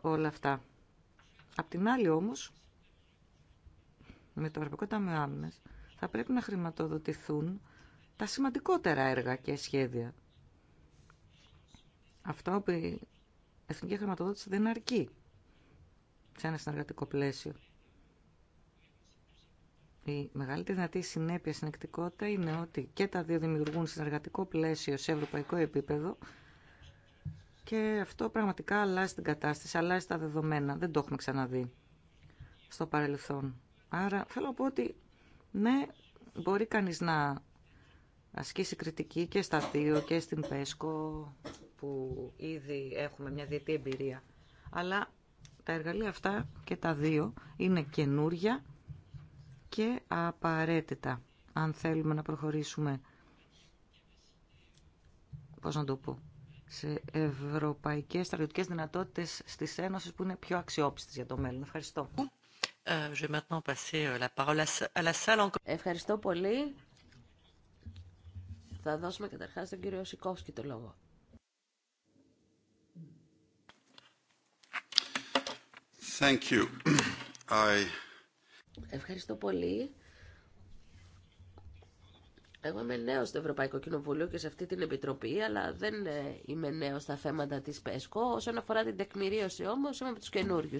όλα αυτά. Απ' την άλλη όμως, με το Ευρωπαϊκό Ταμείο Άμυνας, θα πρέπει να χρηματοδοτηθούν τα σημαντικότερα έργα και σχέδια. Αυτά όπου η εθνική χρηματοδότηση δεν αρκεί σε ένα συνεργατικό πλαίσιο. Η μεγαλύτερη δυνατή συνέπεια συνεκτικότητα είναι ότι και τα δύο δημιουργούν συνεργατικό πλαίσιο σε ευρωπαϊκό επίπεδο και αυτό πραγματικά αλλάζει την κατάσταση, αλλάζει τα δεδομένα. Δεν το έχουμε ξαναδεί στο παρελθόν. Άρα θέλω να πω ότι ναι, μπορεί κανείς να ασκήσει κριτική και στα δύο και στην ΠΕΣΚΟ που ήδη έχουμε μια διετή εμπειρία. Αλλά τα εργαλεία αυτά και τα δύο είναι καινούρια και απαραίτητα αν θέλουμε να προχωρήσουμε πώς να το πω, σε ευρωπαϊκές στρατιωτικές δυνατότητες στις Ένωσες που είναι πιο αξιόπιστες για το μέλλον. Ευχαριστώ. Ευχαριστώ πολύ. Θα δώσουμε καταρχάς τον κύριο Σικόφσκι το λόγο. Thank you. <clears throat> I... Ευχαριστώ πολύ. Εγώ είμαι νέος στο Ευρωπαϊκό Κοινοβούλιο και σε αυτή την επιτροπή, αλλά δεν ε, είμαι νέος στα θέματα τη ΠΕΣΚΟ. Όσον αφορά την τεκμηρίωση όμως είμαι από τους καινούριου.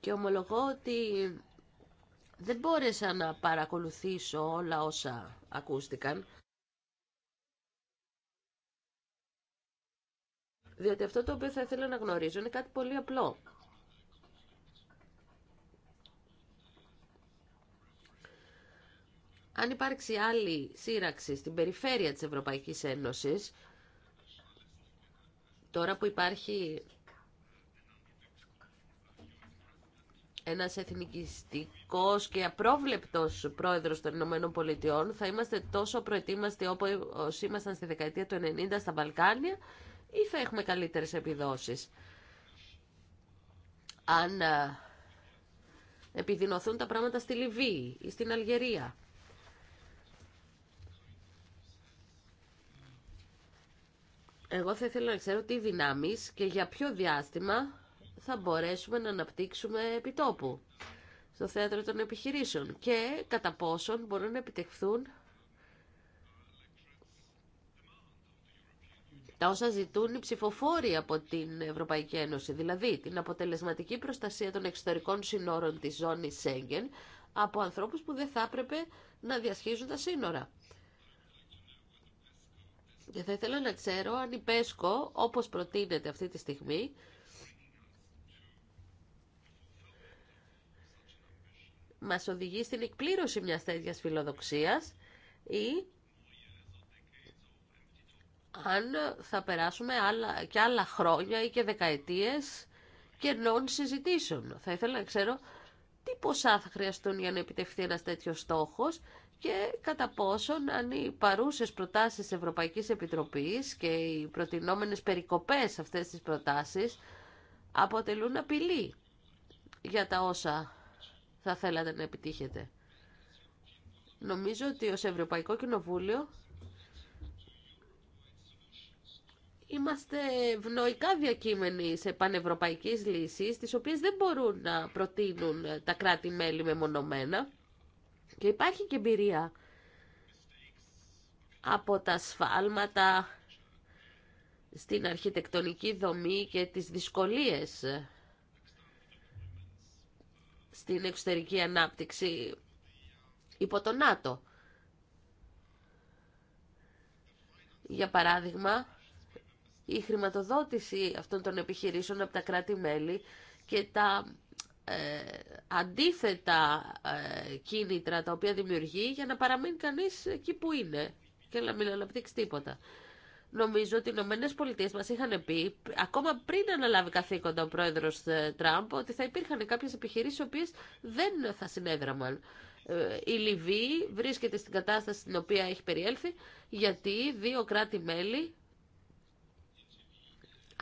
Και ομολογώ ότι δεν μπόρεσα να παρακολουθήσω όλα όσα ακούστηκαν. Διότι αυτό το οποίο θα ήθελα να γνωρίζω είναι κάτι πολύ απλό. Αν υπάρξει άλλη σύραξη στην περιφέρεια της Ευρωπαϊκής Ένωσης, τώρα που υπάρχει ένας εθνικιστικός και απρόβλεπτος πρόεδρος των Ηνωμένων Πολιτειών, θα είμαστε τόσο προετοίμαστοι όπως ήμασταν στη δεκαετία του 90 στα Βαλκάνια ή θα έχουμε καλύτερες επιδόσεις. Αν ε, επιδεινωθούν τα πράγματα στη Λιβύη ή στην Αλγερία. Εγώ θα ήθελα να ξέρω τι δυνάμεις και για ποιο διάστημα θα μπορέσουμε να αναπτύξουμε επιτόπου στο θέατρο των επιχειρήσεων και κατά πόσον μπορούν να επιτευχθούν τα όσα ζητούν οι ψηφοφόροι από την Ευρωπαϊκή Ένωση, δηλαδή την αποτελεσματική προστασία των εξωτερικών συνόρων της ζώνης Σέγγεν από ανθρώπους που δεν θα έπρεπε να διασχίζουν τα σύνορα. Και θα ήθελα να ξέρω αν η ΠΕΣΚΟ, όπως προτείνεται αυτή τη στιγμή, μας οδηγεί στην εκπλήρωση μιας τέτοιας φιλοδοξίας ή αν θα περάσουμε άλλα, και άλλα χρόνια ή και δεκαετίες κενών συζητήσεων. Θα ήθελα να ξέρω τι ποσά θα χρειαστούν για να επιτευχθεί ένας τέτοιος στόχος και κατά πόσον αν οι παρούσες προτάσεις της Ευρωπαϊκής Επιτροπής και οι προτινόμενες περικοπές αυτές τις προτάσεις αποτελούν απειλή για τα όσα θα θέλατε να επιτύχετε. Νομίζω ότι ως Ευρωπαϊκό Κοινοβούλιο είμαστε ευνοϊκά διακείμενοι σε πανευρωπαϊκές λύσεις, τις οποίες δεν μπορούν να προτείνουν τα κράτη-μέλη μεμονωμένα. Και υπάρχει και εμπειρία από τα σφάλματα στην αρχιτεκτονική δομή και τις δυσκολίες στην εξωτερική ανάπτυξη υπό το ΝΑΤΟ. Για παράδειγμα, η χρηματοδότηση αυτών των επιχειρήσεων από τα κράτη-μέλη και τα ε, αντίθετα ε, κίνητρα τα οποία δημιουργεί για να παραμείνει κανείς εκεί που είναι και να μην αναπτύξει τίποτα. Νομίζω ότι οι Ηνωμένε Πολιτείε μα είχαν πει, ακόμα πριν αναλάβει καθήκοντα ο πρόεδρο ε, Τραμπ, ότι θα υπήρχαν κάποιε επιχειρήσει οι οποίε δεν θα συνέδραμαν. Ε, η Λιβύη βρίσκεται στην κατάσταση στην οποία έχει περιέλθει, γιατί δύο κράτη-μέλη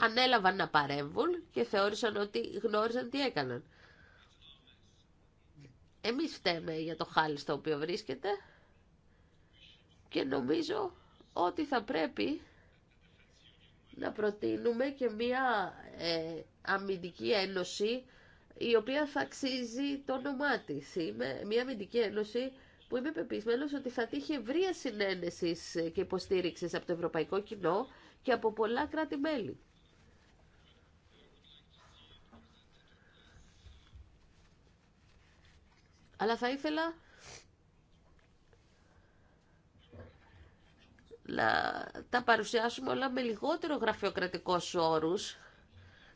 ανέλαβαν να παρέμβουν και θεώρησαν ότι γνώριζαν τι έκαναν. Εμείς φταίμε για το χάλι στο οποίο βρίσκεται και νομίζω ότι θα πρέπει να προτείνουμε και μία ε, αμυντική ένωση η οποία θα αξίζει το όνομά τη. μία αμυντική ένωση που είμαι πεπισμένος ότι θα τύχει ευρεία συνένεση και υποστήριξη από το ευρωπαϊκό κοινό και από πολλά κράτη-μέλη. Αλλά θα ήθελα να τα παρουσιάσουμε όλα με λιγότερο γραφειοκρατικό όρους,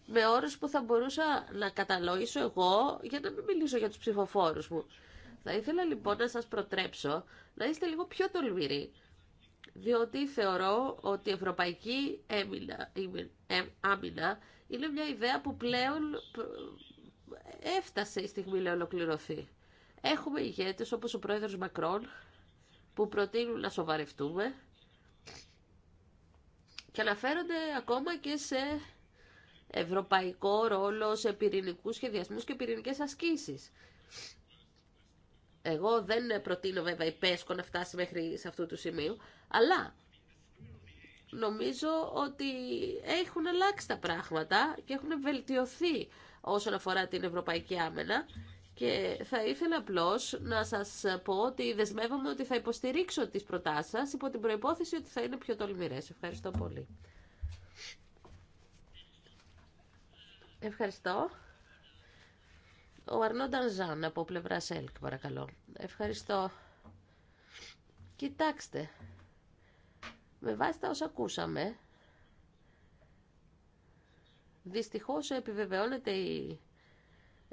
με όρους που θα μπορούσα να κατανοήσω εγώ για να μην μιλήσω για τους ψηφοφόρους μου. Θα ήθελα λοιπόν να σας προτρέψω να είστε λίγο πιο τολμηροί, διότι θεωρώ ότι η Ευρωπαϊκή Άμυνα είναι μια ιδέα που πλέον έφτασε η στιγμή να ολοκληρωθεί. Έχουμε ηγέτες όπως ο πρόεδρος Μακρόν που προτείνουν να σοβαρευτούμε και αναφέρονται ακόμα και σε ευρωπαϊκό ρόλο, σε πυρηνικούς σχεδιασμούς και πυρηνικές ασκήσεις. Εγώ δεν προτείνω βέβαια η ΠΕΣΚΟ να φτάσει μέχρι σε αυτού του σημείου, αλλά νομίζω ότι έχουν αλλάξει τα πράγματα και έχουν βελτιωθεί όσον αφορά την ευρωπαϊκή άμενα και θα ήθελα απλώ να σα πω ότι δεσμεύομαι ότι θα υποστηρίξω τι προτάσει σα υπό την προπόθεση ότι θα είναι πιο τολμηρέ. Ευχαριστώ πολύ. Ευχαριστώ. Ο Αρνό Ντανζάν από πλευρά ΣΕΛΚ, παρακαλώ. Ευχαριστώ. Κοιτάξτε, με βάση τα όσα ακούσαμε, δυστυχώς επιβεβαιώνεται η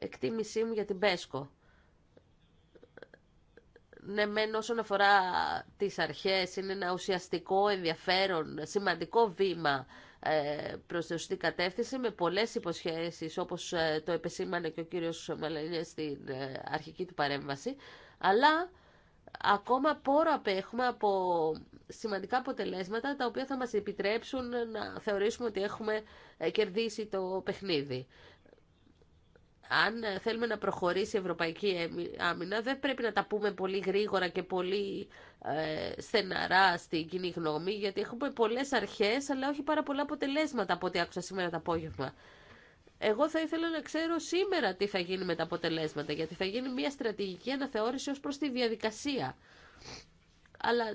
εκτίμησή μου για την Πέσκο. Ναι, μεν όσον αφορά τις αρχές, είναι ένα ουσιαστικό, ενδιαφέρον, σημαντικό βήμα ε, προς τη σωστή κατεύθυνση με πολλές υποσχέσεις όπως ε, το επεσήμανε και ο κύριος Μαλανιές στην ε, αρχική του παρέμβαση αλλά ακόμα πόρο απέχουμε από σημαντικά αποτελέσματα τα οποία θα μας επιτρέψουν να θεωρήσουμε ότι έχουμε κερδίσει το παιχνίδι αν θέλουμε να προχωρήσει η Ευρωπαϊκή Άμυνα, δεν πρέπει να τα πούμε πολύ γρήγορα και πολύ ε, στεναρά στην κοινή γνώμη, γιατί έχουμε πολλές αρχές, αλλά όχι πάρα πολλά αποτελέσματα από ό,τι άκουσα σήμερα το απόγευμα. Εγώ θα ήθελα να ξέρω σήμερα τι θα γίνει με τα αποτελέσματα, γιατί θα γίνει μια στρατηγική αναθεώρηση ως προς τη διαδικασία. Αλλά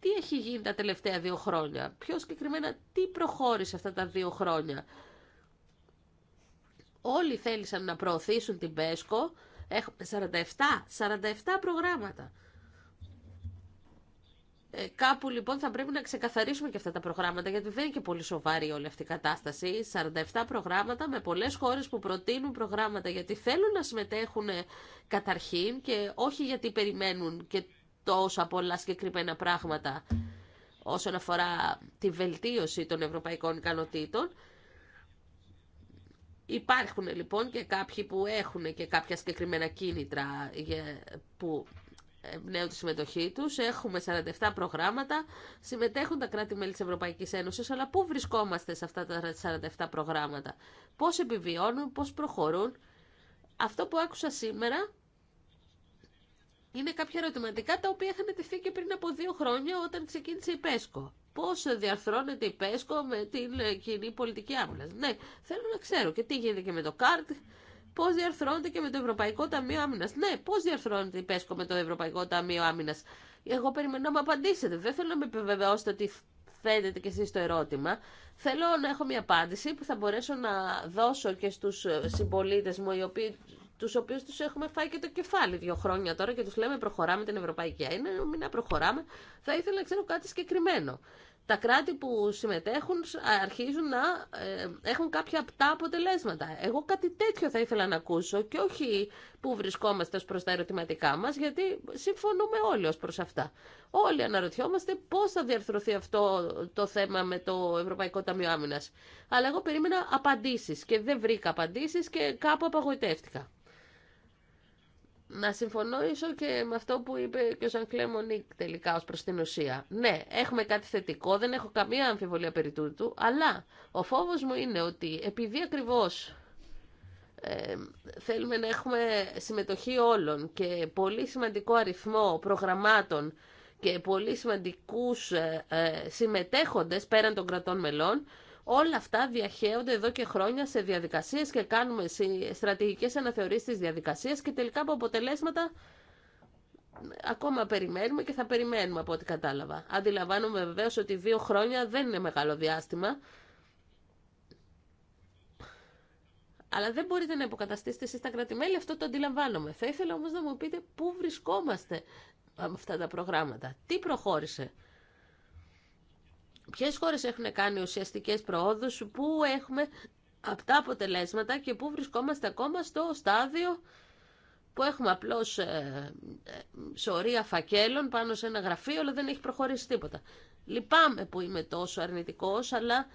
τι έχει γίνει τα τελευταία δύο χρόνια, πιο συγκεκριμένα τι προχώρησε αυτά τα δύο χρόνια Όλοι θέλησαν να προωθήσουν την ΠΕΣΚΟ. Έχουμε 47, 47 προγράμματα. Ε, κάπου λοιπόν θα πρέπει να ξεκαθαρίσουμε και αυτά τα προγράμματα, γιατί δεν είναι και πολύ σοβαρή όλη αυτή η κατάσταση. 47 προγράμματα με πολλές χώρες που προτείνουν προγράμματα, γιατί θέλουν να συμμετέχουν ε, καταρχήν και όχι γιατί περιμένουν και τόσα πολλά συγκεκριμένα πράγματα όσον αφορά τη βελτίωση των ευρωπαϊκών ικανοτήτων. Υπάρχουν λοιπόν και κάποιοι που έχουν και κάποια συγκεκριμένα κίνητρα που εμπνέουν τη συμμετοχή τους. Έχουμε 47 προγράμματα, συμμετέχουν τα κράτη-μέλη της Ευρωπαϊκής Ένωσης, αλλά πού βρισκόμαστε σε αυτά τα 47 προγράμματα. Πώς επιβιώνουν, πώς προχωρούν. Αυτό που άκουσα σήμερα είναι κάποια ερωτηματικά τα οποία είχαν τεθεί και πριν από δύο χρόνια όταν ξεκίνησε η ΠΕΣΚΟ. Πώ διαρθρώνεται η ΠΕΣΚΟ με την ε, κοινή πολιτική άμυνας. Ναι, θέλω να ξέρω και τι γίνεται και με το ΚΑΡΤ, πώ διαρθρώνεται και με το Ευρωπαϊκό Ταμείο Άμυνας. Ναι, πώ διαρθρώνεται η ΠΕΣΚΟ με το Ευρωπαϊκό Ταμείο Άμυνας. Εγώ περιμένω να μου απαντήσετε. Δεν θέλω να με επιβεβαιώσετε ότι θέλετε κι εσεί το ερώτημα. Θέλω να έχω μια απάντηση που θα μπορέσω να δώσω και στου ε, συμπολίτε μου, οι οποίοι τους οποίους τους έχουμε φάει και το κεφάλι δύο χρόνια τώρα και τους λέμε προχωράμε την Ευρωπαϊκή Ένωση, μην προχωράμε, θα ήθελα να ξέρω κάτι συγκεκριμένο τα κράτη που συμμετέχουν αρχίζουν να ε, έχουν κάποια απτά αποτελέσματα. Εγώ κάτι τέτοιο θα ήθελα να ακούσω και όχι που βρισκόμαστε ως προς τα ερωτηματικά μας, γιατί συμφωνούμε όλοι ως προς αυτά. Όλοι αναρωτιόμαστε πώς θα διαρθρωθεί αυτό το θέμα με το Ευρωπαϊκό Ταμείο Άμυνας. Αλλά εγώ περίμενα απαντήσεις και δεν βρήκα απαντήσεις και κάπου απαγοητεύτηκα να συμφωνώ ίσως και με αυτό που είπε και ο Ζανκλέ Μονίκ τελικά ως προς την ουσία. Ναι, έχουμε κάτι θετικό, δεν έχω καμία αμφιβολία περί τούτου, αλλά ο φόβος μου είναι ότι επειδή ακριβώς ε, θέλουμε να έχουμε συμμετοχή όλων και πολύ σημαντικό αριθμό προγραμμάτων και πολύ σημαντικούς ε, ε συμμετέχοντες πέραν των κρατών μελών, Όλα αυτά διαχέονται εδώ και χρόνια σε διαδικασίες και κάνουμε στρατηγικές αναθεωρήσει τη διαδικασία και τελικά από αποτελέσματα ακόμα περιμένουμε και θα περιμένουμε από ό,τι κατάλαβα. Αντιλαμβάνομαι βεβαίω ότι δύο χρόνια δεν είναι μεγάλο διάστημα, αλλά δεν μπορείτε να υποκαταστήσετε εσεί τα κρατημέλη, αυτό το αντιλαμβάνομαι. Θα ήθελα όμω να μου πείτε πού βρισκόμαστε με αυτά τα προγράμματα, τι προχώρησε ποιες χώρες έχουν κάνει ουσιαστικές προόδους, πού έχουμε αυτά αποτελέσματα και πού βρισκόμαστε ακόμα στο στάδιο που έχουμε απλώς ε, ε, σωρία φακέλων πάνω σε ένα γραφείο, αλλά δεν έχει προχωρήσει τίποτα. Λυπάμαι που είμαι τόσο αρνητικός, αλλά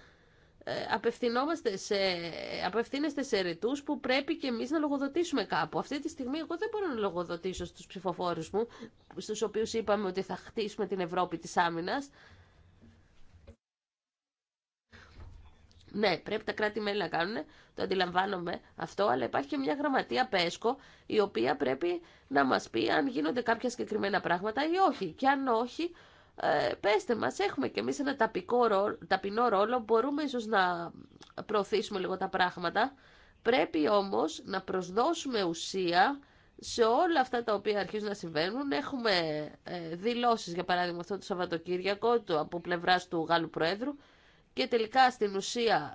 ε, απευθυνόμαστε σε, απευθύνεστε σε ρητούς που πρέπει και εμείς να λογοδοτήσουμε κάπου. Αυτή τη στιγμή εγώ δεν εχει προχωρησει τιποτα λυπαμαι που ειμαι τοσο αρνητικος αλλα ε σε απευθυνεστε σε ρητους που πρεπει και εμεις να λογοδοτήσω στους ψηφοφόρους μου, στους οποίους είπαμε ότι θα χτίσουμε την Ευρώπη της άμυνας. Ναι, πρέπει τα κράτη-μέλη να κάνουν, το αντιλαμβάνομαι αυτό, αλλά υπάρχει και μια γραμματεία ΠΕΣΚΟ η οποία πρέπει να μα πει αν γίνονται κάποια συγκεκριμένα πράγματα ή όχι. Και αν όχι, ε, πέστε μα έχουμε κι εμεί ένα ταπικό ρόλο, ταπεινό ρόλο, μπορούμε ίσω να προωθήσουμε λίγο τα πράγματα. Πρέπει όμω να προσδώσουμε ουσία σε όλα αυτά τα οποία αρχίζουν να συμβαίνουν. Έχουμε ε, δηλώσεις, για παράδειγμα αυτό το Σαββατοκύριακο, από πλευρά του Γάλλου Προέδρου, και τελικά στην ουσία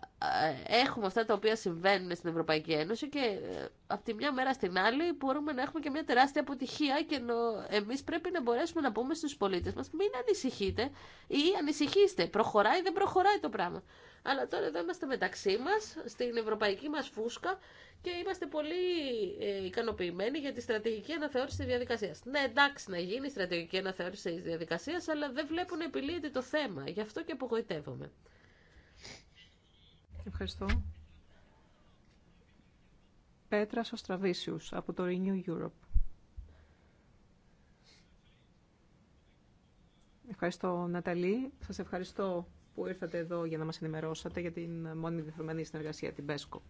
ε, έχουμε αυτά τα οποία συμβαίνουν στην Ευρωπαϊκή Ένωση και ε, από τη μια μέρα στην άλλη μπορούμε να έχουμε και μια τεράστια αποτυχία και εμείς πρέπει να μπορέσουμε να πούμε στους πολίτες μας μην ανησυχείτε ή ανησυχήστε, προχωράει ή δεν προχωράει το πράγμα. Αλλά τώρα εδώ είμαστε μεταξύ μας, στην ευρωπαϊκή μας φούσκα και είμαστε πολύ ε, ικανοποιημένοι για τη στρατηγική αναθεώρηση τη διαδικασία. Ναι, εντάξει να γίνει η στρατηγική αναθεώρηση τη διαδικασία, αλλά δεν βλέπουν επιλύεται το θέμα. Γι' αυτό και απογοητεύομαι. Ευχαριστώ. Πέτρα Οστραβίσιους από το Renew Europe. Ευχαριστώ Ναταλή. Σας ευχαριστώ που ήρθατε εδώ για να μας ενημερώσατε για την μόνιμη διεθνωμένη συνεργασία, την ΠΕΣΚΟ.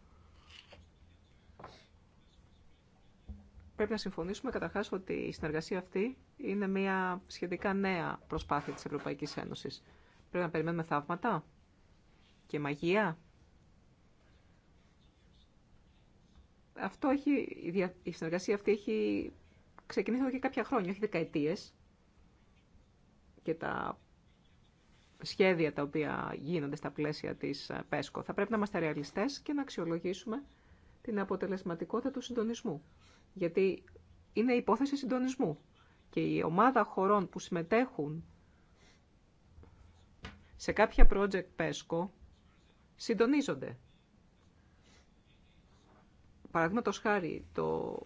Πρέπει να συμφωνήσουμε καταρχάς ότι η συνεργασία αυτή είναι μια σχετικά νέα προσπάθεια της Ευρωπαϊκής Ένωσης. Πρέπει να περιμένουμε θαύματα και μαγεία Αυτό έχει, η συνεργασία αυτή έχει ξεκινήσει εδώ και κάποια χρόνια, όχι δεκαετίες. Και τα σχέδια τα οποία γίνονται στα πλαίσια της ε, ΠΕΣΚΟ. Θα πρέπει να είμαστε ρεαλιστές και να αξιολογήσουμε την αποτελεσματικότητα του συντονισμού. Γιατί είναι υπόθεση συντονισμού. Και η ομάδα χωρών που συμμετέχουν σε κάποια project PESCO συντονίζονται Παραδείγματο χάρη, το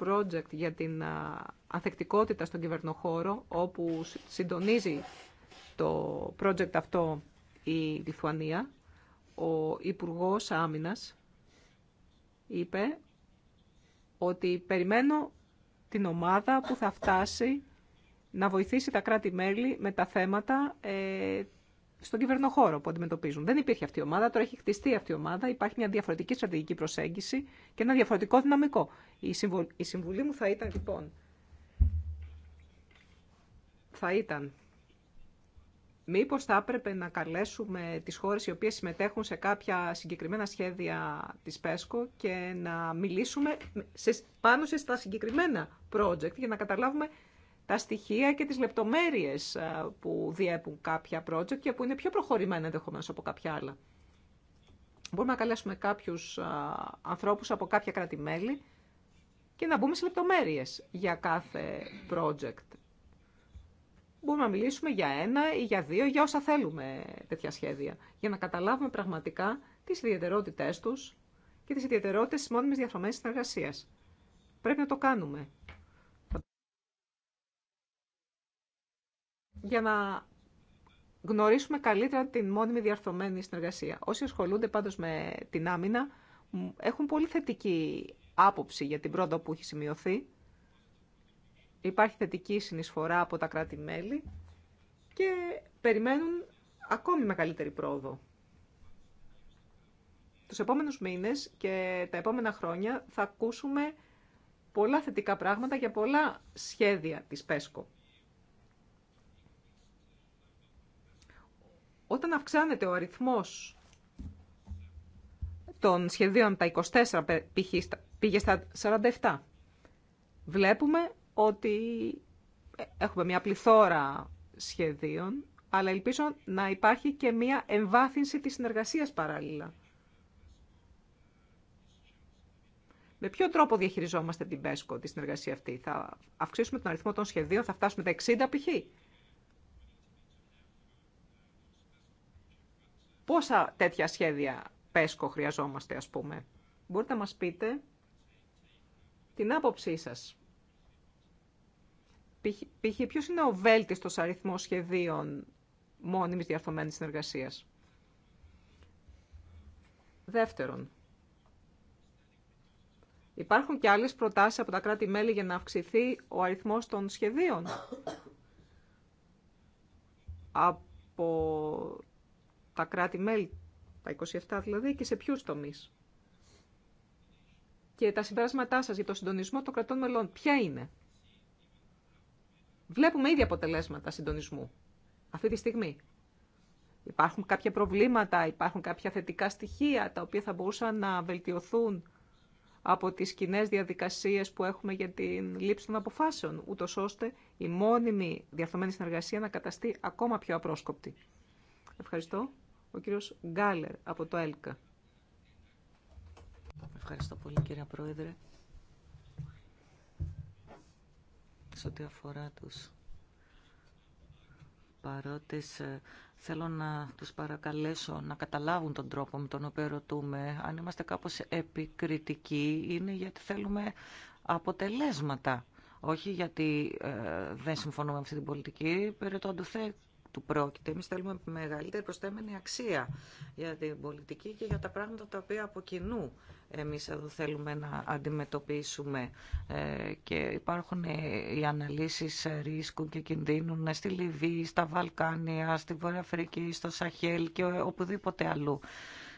project για την ανθεκτικότητα στον κυβερνοχώρο, όπου συντονίζει το project αυτό η Λιθουανία, ο Υπουργό Άμυνα είπε ότι περιμένω την ομάδα που θα φτάσει να βοηθήσει τα κράτη-μέλη με τα θέματα ε, στον κυβερνοχώρο που αντιμετωπίζουν. Δεν υπήρχε αυτή η ομάδα, τώρα έχει χτιστεί αυτή η ομάδα, υπάρχει μια διαφορετική στρατηγική προσέγγιση και ένα διαφορετικό δυναμικό. Η συμβουλή μου θα ήταν λοιπόν. Θα ήταν μήπω θα έπρεπε να καλέσουμε τις χώρες οι οποίες συμμετέχουν σε κάποια συγκεκριμένα σχέδια τη ΠΕΣΚΟ και να μιλήσουμε πάνω σε στα συγκεκριμένα project για να καταλάβουμε τα στοιχεία και τις λεπτομέρειες που διέπουν κάποια project και που είναι πιο προχωρημένα ενδεχομένω από κάποια άλλα. Μπορούμε να καλέσουμε κάποιους ανθρώπους από κάποια κράτη-μέλη και να μπούμε σε λεπτομέρειες για κάθε project. Μπορούμε να μιλήσουμε για ένα ή για δύο, για όσα θέλουμε τέτοια σχέδια, για να καταλάβουμε πραγματικά τις ιδιαιτερότητές τους και τις ιδιαιτερότητες της μόνιμης διαθρωμένης συνεργασίας. Πρέπει να το κάνουμε για να γνωρίσουμε καλύτερα την μόνιμη διαρθωμένη συνεργασία. Όσοι ασχολούνται πάντως με την άμυνα έχουν πολύ θετική άποψη για την πρόοδο που έχει σημειωθεί. Υπάρχει θετική συνεισφορά από τα κράτη-μέλη και περιμένουν ακόμη μεγαλύτερη πρόοδο. Τους επόμενους μήνες και τα επόμενα χρόνια θα ακούσουμε πολλά θετικά πράγματα για πολλά σχέδια της ΠΕΣΚΟ. Όταν αυξάνεται ο αριθμός των σχεδίων τα 24 πήγε στα 47, βλέπουμε ότι ε, έχουμε μια πληθώρα σχεδίων, αλλά ελπίζω να υπάρχει και μια εμβάθυνση της συνεργασίας παράλληλα. Με ποιο τρόπο διαχειριζόμαστε την ΠΕΣΚΟ, τη συνεργασία αυτή. Θα αυξήσουμε τον αριθμό των σχεδίων, θα φτάσουμε τα 60 π.χ. Πόσα τέτοια σχέδια πέσκο χρειαζόμαστε, ας πούμε. Μπορείτε να μας πείτε την άποψή σας. Π.χ. ποιος είναι ο βέλτιστος αριθμός σχεδίων μόνιμης διαρθωμένης συνεργασίας. Δεύτερον, υπάρχουν και άλλες προτάσεις από τα κράτη-μέλη για να αυξηθεί ο αριθμός των σχεδίων. από τα κράτη-μέλη, τα 27 δηλαδή, και σε ποιου τομεί. Και τα συμπεράσματά σα για το συντονισμό των κρατών μελών, ποια είναι. Βλέπουμε ήδη αποτελέσματα συντονισμού αυτή τη στιγμή. Υπάρχουν κάποια προβλήματα, υπάρχουν κάποια θετικά στοιχεία τα οποία θα μπορούσαν να βελτιωθούν από τις κοινέ διαδικασίες που έχουμε για την λήψη των αποφάσεων, ούτω ώστε η μόνιμη διαρθωμένη συνεργασία να καταστεί ακόμα πιο απρόσκοπτη. Ευχαριστώ ο κύριος Γκάλερ από το ΕΛΚΑ. Ευχαριστώ πολύ κύριε Πρόεδρε. Σε ό,τι αφορά τους παρότες, ε, θέλω να τους παρακαλέσω να καταλάβουν τον τρόπο με τον οποίο ρωτούμε. Αν είμαστε κάπως επικριτικοί, είναι γιατί θέλουμε αποτελέσματα. Όχι γιατί ε, δεν συμφωνούμε με αυτή την πολιτική, περί το του πρόκειται. Εμεί θέλουμε μεγαλύτερη προστέμενη αξία για την πολιτική και για τα πράγματα τα οποία από κοινού εμείς εδώ θέλουμε να αντιμετωπίσουμε ε, και υπάρχουν ε, οι αναλύσει ρίσκου και κινδύνου ε, στη Λιβύη, στα Βαλκάνια, στη Βόρεια στο Σαχέλ και οπουδήποτε αλλού.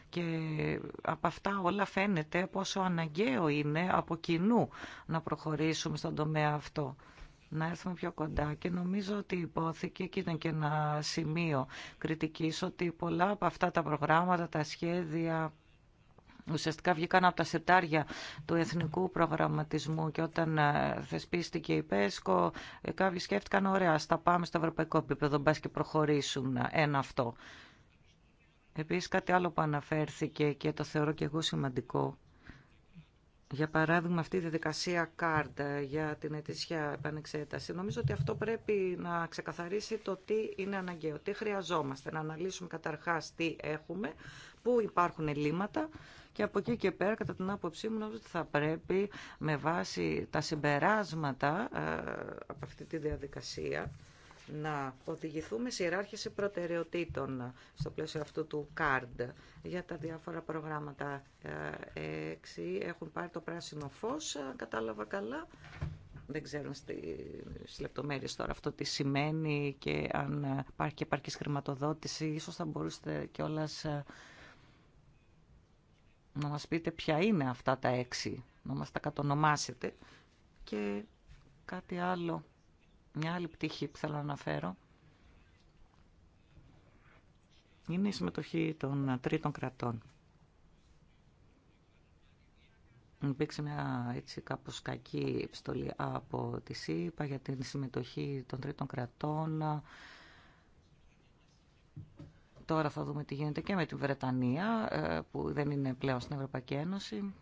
Και από αυτά όλα φαίνεται πόσο αναγκαίο είναι από κοινού να προχωρήσουμε στον τομέα αυτό να έρθουμε πιο κοντά και νομίζω ότι υπόθηκε και ήταν και ένα σημείο κριτικής ότι πολλά από αυτά τα προγράμματα, τα σχέδια ουσιαστικά βγήκαν από τα σετάρια του εθνικού προγραμματισμού και όταν ε, θεσπίστηκε η ΠΕΣΚΟ ε, κάποιοι σκέφτηκαν ωραία, στα πάμε στο ευρωπαϊκό επίπεδο, μπας και προχωρήσουν ένα ε, αυτό. Επίσης κάτι άλλο που αναφέρθηκε και το θεωρώ και εγώ σημαντικό για παράδειγμα αυτή η διαδικασία κάρτα για την ετήσια επανεξέταση, νομίζω ότι αυτό πρέπει να ξεκαθαρίσει το τι είναι αναγκαίο, τι χρειαζόμαστε, να αναλύσουμε καταρχάς τι έχουμε, πού υπάρχουν ελλείμματα και από εκεί και πέρα, κατά την άποψή μου, νομίζω ότι θα πρέπει με βάση τα συμπεράσματα ε, από αυτή τη διαδικασία να οδηγηθούμε σε ιεράρχηση προτεραιοτήτων στο πλαίσιο αυτού του CARD για τα διάφορα προγράμματα. Ε, έξι έχουν πάρει το πράσινο φως, αν κατάλαβα καλά. Δεν ξέρω στις λεπτομέρειες τώρα αυτό τι σημαίνει και αν υπάρχει και επαρκή χρηματοδότηση. Ίσως θα μπορούσατε κιόλα ε, να μας πείτε ποια είναι αυτά τα έξι, να μας τα κατονομάσετε. Και κάτι άλλο μια άλλη πτυχή που θέλω να αναφέρω είναι η συμμετοχή των τρίτων κρατών. Υπήρξε μια έτσι κάπως κακή επιστολή από τη ΣΥΠΑ για την συμμετοχή των τρίτων κρατών. Τώρα θα δούμε τι γίνεται και με τη Βρετανία ε, που δεν είναι πλέον στην Ευρωπαϊκή Ένωση.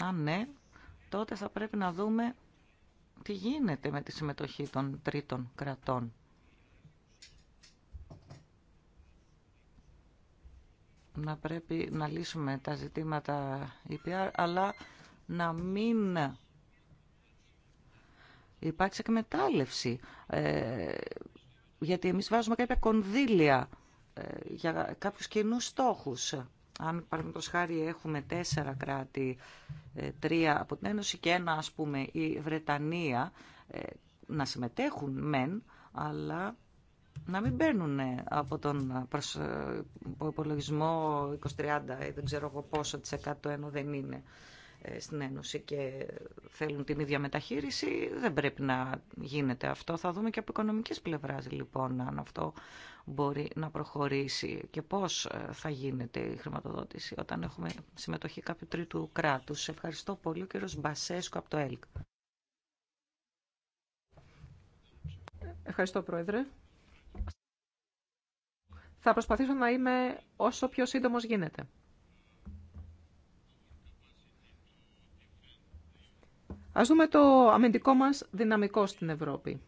Αν ναι, τότε θα πρέπει να δούμε τι γίνεται με τη συμμετοχή των τρίτων κρατών. Να πρέπει να λύσουμε τα ζητήματα EPR, αλλά να μην υπάρξει εκμετάλλευση. Ε, γιατί εμείς βάζουμε κάποια κονδύλια ε, για κάποιους κοινούς στόχους. Αν παραδείγματο χάρη έχουμε τέσσερα κράτη, ε, τρία από την Ένωση και ένα ας πούμε η Βρετανία, ε, να συμμετέχουν μεν, αλλά να μην παίρνουν ε, από τον υπολογισμό 20-30 δεν ξέρω εγώ πόσο τις εκατό ενώ δεν είναι. Ε, στην Ένωση και θέλουν την ίδια μεταχείριση, δεν πρέπει να γίνεται αυτό. Θα δούμε και από οικονομικής πλευράς λοιπόν αν αυτό μπορεί να προχωρήσει και πώς ε, θα γίνεται η χρηματοδότηση όταν έχουμε συμμετοχή κάποιου τρίτου κράτους. Ευχαριστώ πολύ ο κύριος Μπασέσκο από το ΕΛΚ. Ευχαριστώ Πρόεδρε. Θα προσπαθήσω να είμαι όσο πιο σύντομος γίνεται. Ας δούμε το αμυντικό μας δυναμικό στην Ευρώπη.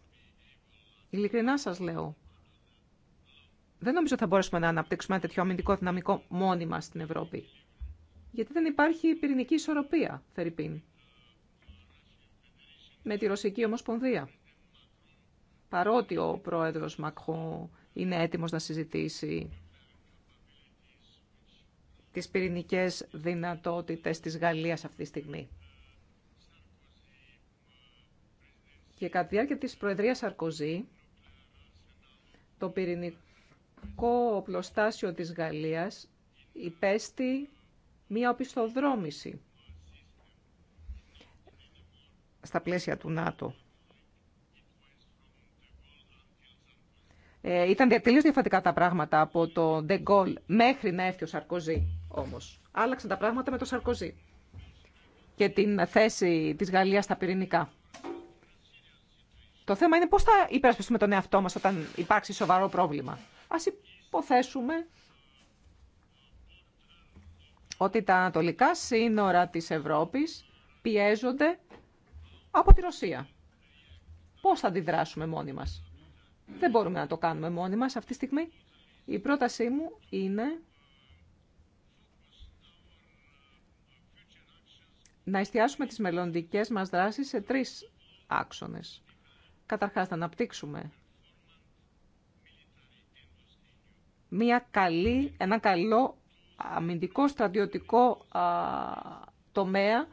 Ειλικρινά σας λέω, δεν νομίζω θα μπορέσουμε να αναπτύξουμε ένα τέτοιο αμυντικό δυναμικό μόνοι μας στην Ευρώπη. Γιατί δεν υπάρχει πυρηνική ισορροπία, Φερρυπίν, με τη Ρωσική Ομοσπονδία. Παρότι ο πρόεδρος Μακχό είναι έτοιμος να συζητήσει τις πυρηνικές δυνατότητες της Γαλλίας αυτή τη στιγμή. Και κατά τη διάρκεια της Προεδρίας Σαρκοζή, το πυρηνικό οπλοστάσιο της Γαλλίας υπέστη μία οπισθοδρόμηση στα πλαίσια του ΝΑΤΟ. Ε, ήταν τελείως διαφορετικά τα πράγματα από το Ντεγκόλ μέχρι να έρθει ο Σαρκοζή όμως. Άλλαξαν τα πράγματα με το Σαρκοζή και την θέση της Γαλλίας στα πυρηνικά. Το θέμα είναι πώς θα υπερασπιστούμε τον εαυτό μα όταν υπάρξει σοβαρό πρόβλημα. Ας υποθέσουμε ότι τα ανατολικά σύνορα της Ευρώπης πιέζονται από τη Ρωσία. Πώς θα αντιδράσουμε μόνοι μας. Δεν μπορούμε να το κάνουμε μόνοι μας αυτή τη στιγμή. Η πρότασή μου είναι να εστιάσουμε τις μελλοντικές μας δράσεις σε τρεις άξονες καταρχάς να αναπτύξουμε μια καλή, ένα καλό αμυντικό στρατιωτικό τομέα,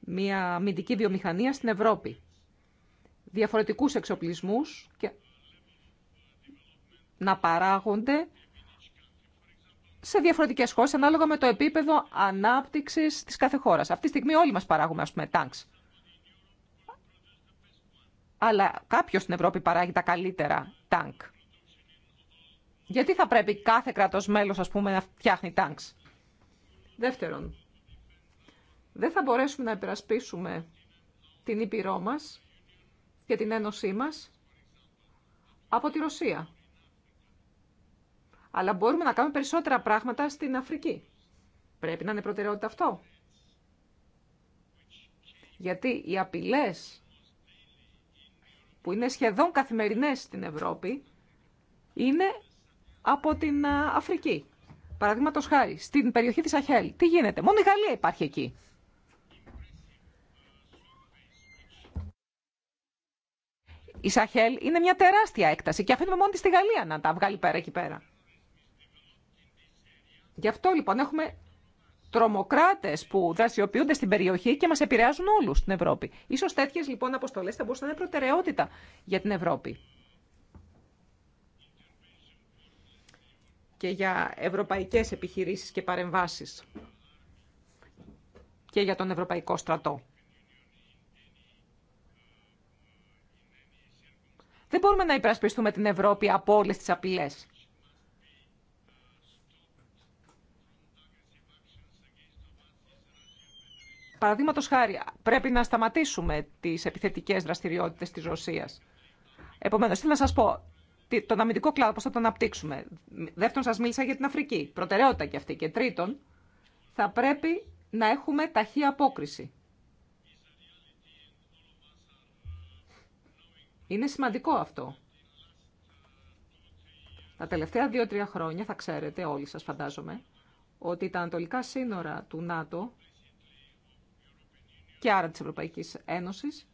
μια αμυντική βιομηχανία στην Ευρώπη. Διαφορετικούς εξοπλισμούς και να παράγονται σε διαφορετικές χώρες ανάλογα με το επίπεδο ανάπτυξης της κάθε χώρας. Αυτή τη στιγμή όλοι μας παράγουμε, ας πούμε, τάγκς αλλά κάποιο στην Ευρώπη παράγει τα καλύτερα τάγκ. Γιατί θα πρέπει κάθε κράτος μέλο ας πούμε, να φτιάχνει τάγκ. Δεύτερον, δεν θα μπορέσουμε να υπερασπίσουμε την Ήπειρό μα και την Ένωσή μα από τη Ρωσία. Αλλά μπορούμε να κάνουμε περισσότερα πράγματα στην Αφρική. Πρέπει να είναι προτεραιότητα αυτό. Γιατί οι απειλές που είναι σχεδόν καθημερινές στην Ευρώπη, είναι από την Αφρική. Παραδείγματο χάρη, στην περιοχή της Αχέλ. Τι γίνεται, μόνο η Γαλλία υπάρχει εκεί. Η Σαχέλ είναι μια τεράστια έκταση και αφήνουμε μόνο τη Γαλλία να τα βγάλει πέρα εκεί πέρα. Γι' αυτό λοιπόν έχουμε Τρομοκράτε που δραστηριοποιούνται στην περιοχή και μας επηρεάζουν όλους στην Ευρώπη. Ίσως τέτοιε λοιπόν αποστολές θα μπορούσαν να είναι προτεραιότητα για την Ευρώπη. και για ευρωπαϊκές επιχειρήσεις και παρεμβάσεις και για τον Ευρωπαϊκό Στρατό. Δεν μπορούμε να υπερασπιστούμε την Ευρώπη από όλες τις απειλές. Παραδείγματο χάρη, πρέπει να σταματήσουμε τι επιθετικέ δραστηριότητε τη Ρωσία. Επομένω, θέλω να σα πω, τον αμυντικό κλάδο πώ θα τον αναπτύξουμε. Δεύτερον, σα μίλησα για την Αφρική. Προτεραιότητα και αυτή. Και τρίτον, θα πρέπει να έχουμε ταχύ απόκριση. Είναι σημαντικό αυτό. Τα τελευταία δύο-τρία χρόνια θα ξέρετε όλοι σας φαντάζομαι ότι τα ανατολικά σύνορα του ΝΑΤΟ και άρα της Ευρωπαϊκής Ένωσης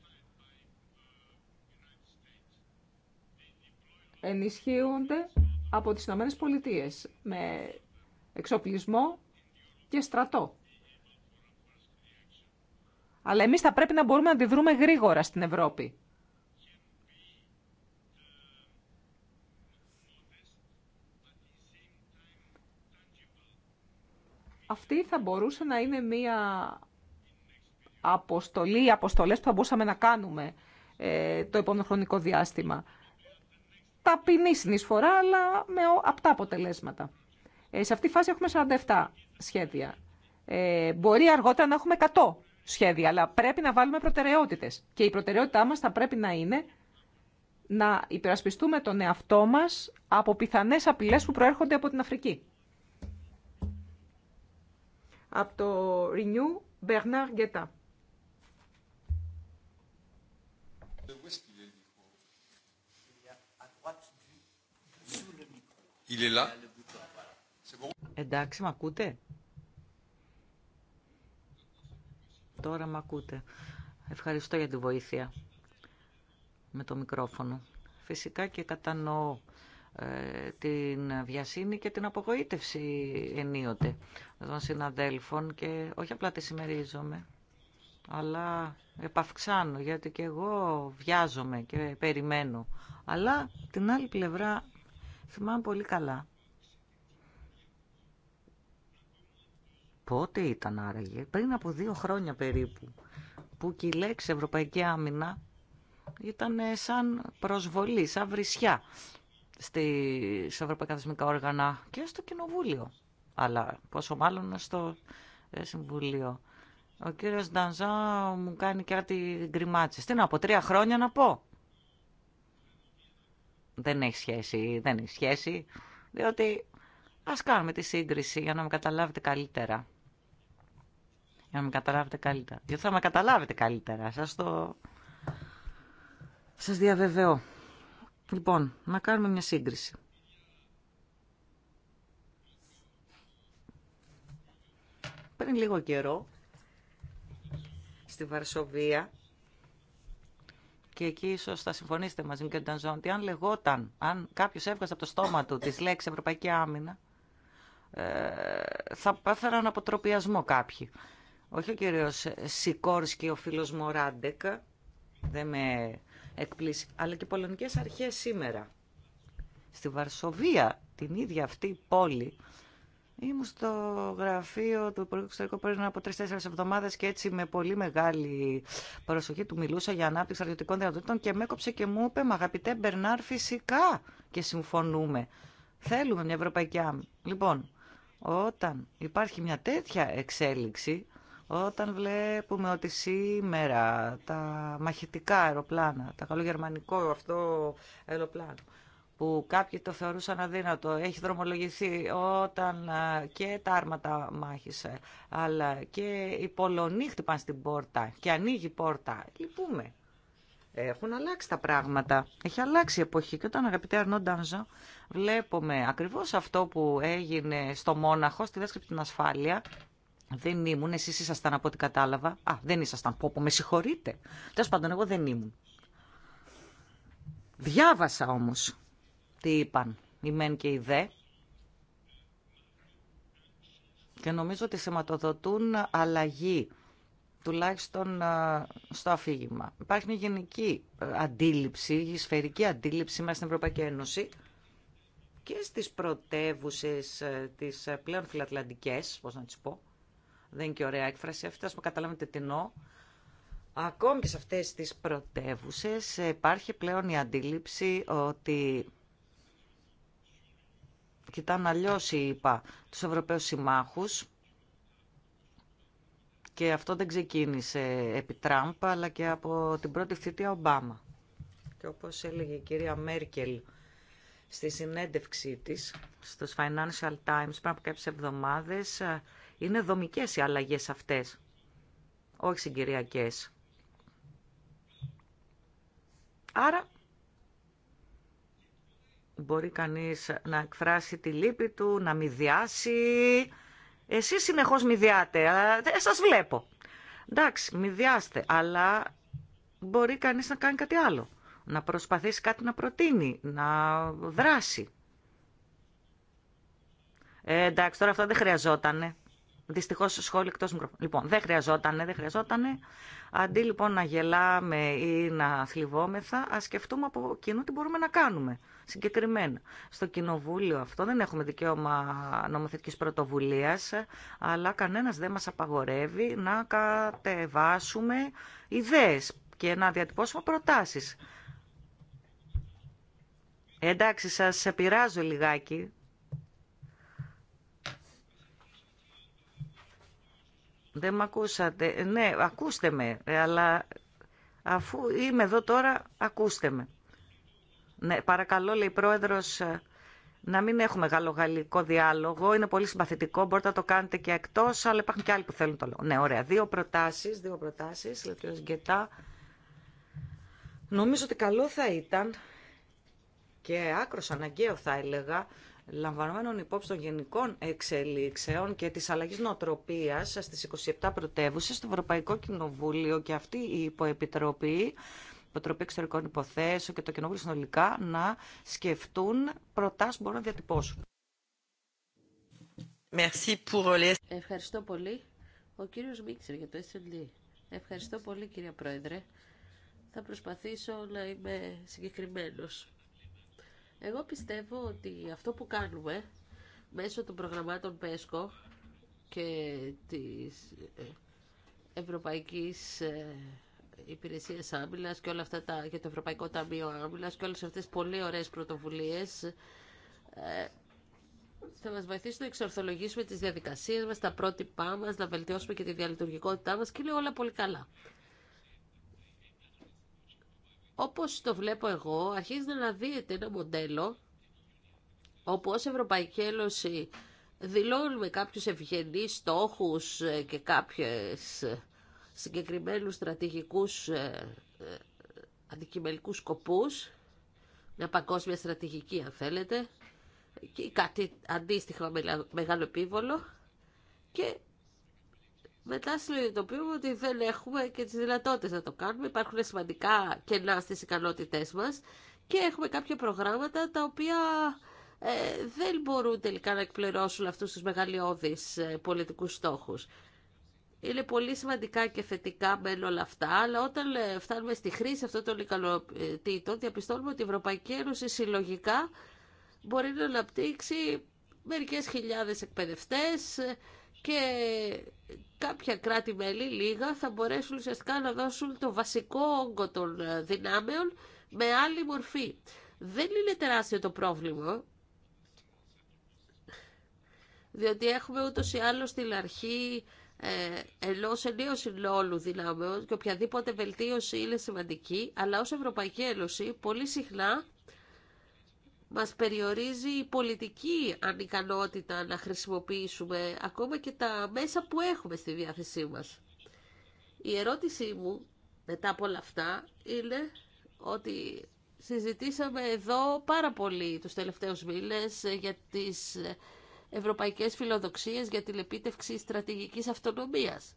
ενισχύονται από τις Ηνωμένες Πολιτείες με εξοπλισμό και στρατό. Αλλά εμείς θα πρέπει να μπορούμε να αντιδρούμε γρήγορα στην Ευρώπη. Αυτή θα μπορούσε να είναι μία αποστολή αποστολές που θα μπορούσαμε να κάνουμε ε, το επόμενο χρονικό διάστημα. Ταπεινή συνεισφορά, αλλά με απτά αποτελέσματα. Ε, σε αυτή τη φάση έχουμε 47 σχέδια. Ε, μπορεί αργότερα να έχουμε 100 σχέδια, αλλά πρέπει να βάλουμε προτεραιότητες. Και η προτεραιότητά μας θα πρέπει να είναι να υπερασπιστούμε τον εαυτό μας από πιθανές απειλές που προέρχονται από την Αφρική. Από το Renew Bernard Guetta. Εντάξει, μ' ακούτε. Τώρα μ' ακούτε. Ευχαριστώ για τη βοήθεια με το μικρόφωνο. Φυσικά και κατανοώ ε, την βιασύνη και την απογοήτευση ενίοτε των συναδέλφων και όχι απλά τη συμμερίζομαι αλλά επαυξάνω γιατί και εγώ βιάζομαι και περιμένω. Αλλά την άλλη πλευρά θυμάμαι πολύ καλά. Πότε ήταν άραγε, πριν από δύο χρόνια περίπου, που και η λέξη Ευρωπαϊκή Άμυνα ήταν σαν προσβολή, σαν βρισιά σε Ευρωπαϊκά Θεσμικά Όργανα και στο Κοινοβούλιο, αλλά πόσο μάλλον στο ε, Συμβουλίο. Ο κύριο Ντανζά μου κάνει κάτι γκριμάτσε. Τι να πω, τρία χρόνια να πω. Δεν έχει σχέση, δεν έχει σχέση, διότι α κάνουμε τη σύγκριση για να με καταλάβετε καλύτερα. Για να με καταλάβετε καλύτερα. Διότι θα με καταλάβετε καλύτερα, Σα το... Σας διαβεβαιώ. Λοιπόν, να κάνουμε μια σύγκριση. Πριν λίγο καιρό, στη Βαρσοβία και εκεί ίσω θα συμφωνήσετε μαζί μου και τον Τανζόν, ότι αν λεγόταν, αν κάποιο έβγαζε από το στόμα του τι λέξει Ευρωπαϊκή Άμυνα, ε, θα πάθαιναν αποτροπιασμό κάποιοι. Όχι ο κύριο Σικόρσκι, ο φίλο Μωράντεκ, δεν με εκπλήσει, αλλά και οι πολωνικέ αρχέ σήμερα. Στη Βαρσοβία, την ίδια αυτή πόλη, Ήμουν στο γραφείο του Υπουργού Εξωτερικού πριν από τρει-τέσσερι εβδομάδε και έτσι με πολύ μεγάλη προσοχή του μιλούσα για ανάπτυξη στρατιωτικών δυνατοτήτων και με έκοψε και μου είπε: Μα αγαπητέ Μπερνάρ, φυσικά και συμφωνούμε. Θέλουμε μια Ευρωπαϊκή Άμυνα. Λοιπόν, όταν υπάρχει μια τέτοια εξέλιξη, όταν βλέπουμε ότι σήμερα τα μαχητικά αεροπλάνα, τα καλογερμανικό αυτό αεροπλάνο, που κάποιοι το θεωρούσαν αδύνατο. Έχει δρομολογηθεί όταν και τα άρματα μάχησε, αλλά και οι Πολωνοί χτυπάνε στην πόρτα και ανοίγει η πόρτα. Λυπούμε. Έχουν αλλάξει τα πράγματα. Έχει αλλάξει η εποχή. Και όταν, αγαπητέ Αρνό Ντανζό, βλέπουμε ακριβώς αυτό που έγινε στο Μόναχο, στη δέσκεψη την ασφάλεια, δεν ήμουν, εσεί ήσασταν από ό,τι κατάλαβα. Α, δεν ήσασταν. με συγχωρείτε. Τέλο πάντων, εγώ δεν ήμουν. Διάβασα όμως τι είπαν οι μεν και οι δε και νομίζω ότι σηματοδοτούν αλλαγή τουλάχιστον στο αφήγημα. Υπάρχει μια γενική ε, αντίληψη, η σφαιρική αντίληψη μας στην Ευρωπαϊκή Ένωση και στις πρωτεύουσε ε, τις ε, πλέον φιλατλαντικές, πώς να τις πω, δεν είναι και ωραία έκφραση αυτή, ας πούμε καταλάβετε τι Ακόμη και σε αυτές τις πρωτεύουσε υπάρχει πλέον η αντίληψη ότι κοιτάνε αλλιώ οι ΙΠΑ τους Ευρωπαίους συμμάχους και αυτό δεν ξεκίνησε επί Τραμπ αλλά και από την πρώτη θητεία Ομπάμα. Και όπως έλεγε η κυρία Μέρκελ στη συνέντευξή της στους Financial Times πριν από κάποιες εβδομάδες είναι δομικές οι αλλαγές αυτές, όχι συγκυριακές. Άρα Μπορεί κανείς να εκφράσει τη λύπη του, να μηδιάσει. Εσείς συνεχώς μηδιάτε, δεν σας βλέπω. Εντάξει, διάστε, αλλά μπορεί κανείς να κάνει κάτι άλλο. Να προσπαθήσει κάτι να προτείνει, να δράσει. Ε, εντάξει, τώρα αυτό δεν χρειαζότανε. Δυστυχώς, σχόλιο εκτός μικροφώνου. Λοιπόν, δεν χρειαζότανε, δεν χρειαζότανε. Αντί λοιπόν να γελάμε ή να θλιβόμεθα, ας σκεφτούμε από κοινού τι μπορούμε να κάνουμε. Συγκεκριμένα, στο Κοινοβούλιο αυτό δεν έχουμε δικαίωμα νομοθετική πρωτοβουλία, αλλά κανένας δεν μα απαγορεύει να κατεβάσουμε ιδέες και να διατυπώσουμε προτάσεις. Εντάξει, σας πειράζω λιγάκι. Δεν με ακούσατε. Ε, ναι, ακούστε με, ε, αλλά αφού είμαι εδώ τώρα, ακούστε με. Ναι, παρακαλώ, λέει η πρόεδρος, ε, να μην έχουμε γαλλογαλλικό διάλογο. Είναι πολύ συμπαθητικό, μπορείτε να το κάνετε και εκτό, αλλά υπάρχουν και άλλοι που θέλουν το λόγο. Ναι, ωραία. Δύο προτάσει, δύο προτάσεις, λέει ο Γκετά. Νομίζω ότι καλό θα ήταν και άκρο αναγκαίο θα έλεγα, λαμβανομένων υπόψη των γενικών εξελίξεων και τη αλλαγή νοοτροπία στις 27 πρωτεύουσε στο Ευρωπαϊκό Κοινοβούλιο και αυτή η υποεπιτροπή Επιτροπή Εξωτερικών Υποθέσεων και το Κοινοβούλιο συνολικά να σκεφτούν προτάσεις που μπορούν να διατυπώσουν. Ευχαριστώ πολύ. Ο κύριος Μίξερ για το SLD. Ευχαριστώ πολύ κυρία Πρόεδρε. Θα προσπαθήσω να είμαι συγκεκριμένος. Εγώ πιστεύω ότι αυτό που κάνουμε μέσω των προγραμμάτων ΠΕΣΚΟ και της ε, Ευρωπαϊκής ε, υπηρεσίε άμυλα και όλα αυτά τα, και το Ευρωπαϊκό Ταμείο Άμυλα και όλε αυτές τι πολύ ωραίες πρωτοβουλίες ε, θα μας βοηθήσει να εξορθολογήσουμε τις διαδικασίες μας, τα πρότυπά μα, να βελτιώσουμε και τη διαλειτουργικότητά μα και είναι όλα πολύ καλά. Όπως το βλέπω εγώ, αρχίζει να αναδύεται ένα μοντέλο όπου ως Ευρωπαϊκή Ένωση δηλώνουμε κάποιους ευγενείς στόχους ε, και κάποιες συγκεκριμένους στρατηγικούς ε, ε, αντικειμενικούς σκοπούς, μια παγκόσμια στρατηγική αν θέλετε, και κάτι αντίστοιχο μεγάλο επίβολο και μετά συνειδητοποιούμε ότι δεν έχουμε και τις δυνατότητες να το κάνουμε. Υπάρχουν σημαντικά κενά στις ικανότητές μας και έχουμε κάποια προγράμματα τα οποία ε, δεν μπορούν τελικά να εκπληρώσουν αυτούς τους μεγαλειώδεις ε, πολιτικούς στόχους. Είναι πολύ σημαντικά και θετικά με όλα αυτά, αλλά όταν ε, φτάνουμε στη χρήση αυτών των ικανοτήτων, διαπιστώνουμε ότι η Ευρωπαϊκή Ένωση συλλογικά μπορεί να αναπτύξει μερικές χιλιάδες εκπαιδευτές και κάποια κράτη-μέλη, λίγα, θα μπορέσουν ουσιαστικά να δώσουν το βασικό όγκο των ε, δυνάμεων με άλλη μορφή. Δεν είναι τεράστιο το πρόβλημα, διότι έχουμε ούτως ή άλλως στην αρχή ε, ενό ελίος συνόλου δυνάμεων και οποιαδήποτε βελτίωση είναι σημαντική, αλλά ως Ευρωπαϊκή Ένωση πολύ συχνά μας περιορίζει η πολιτική ανικανότητα να χρησιμοποιήσουμε ακόμα και τα μέσα που έχουμε στη διάθεσή μας. Η ερώτησή μου μετά από όλα αυτά είναι ότι συζητήσαμε εδώ πάρα πολύ τους τελευταίους μήνες ε, για τις ε, ευρωπαϊκές φιλοδοξίες για την επίτευξη στρατηγικής αυτονομίας.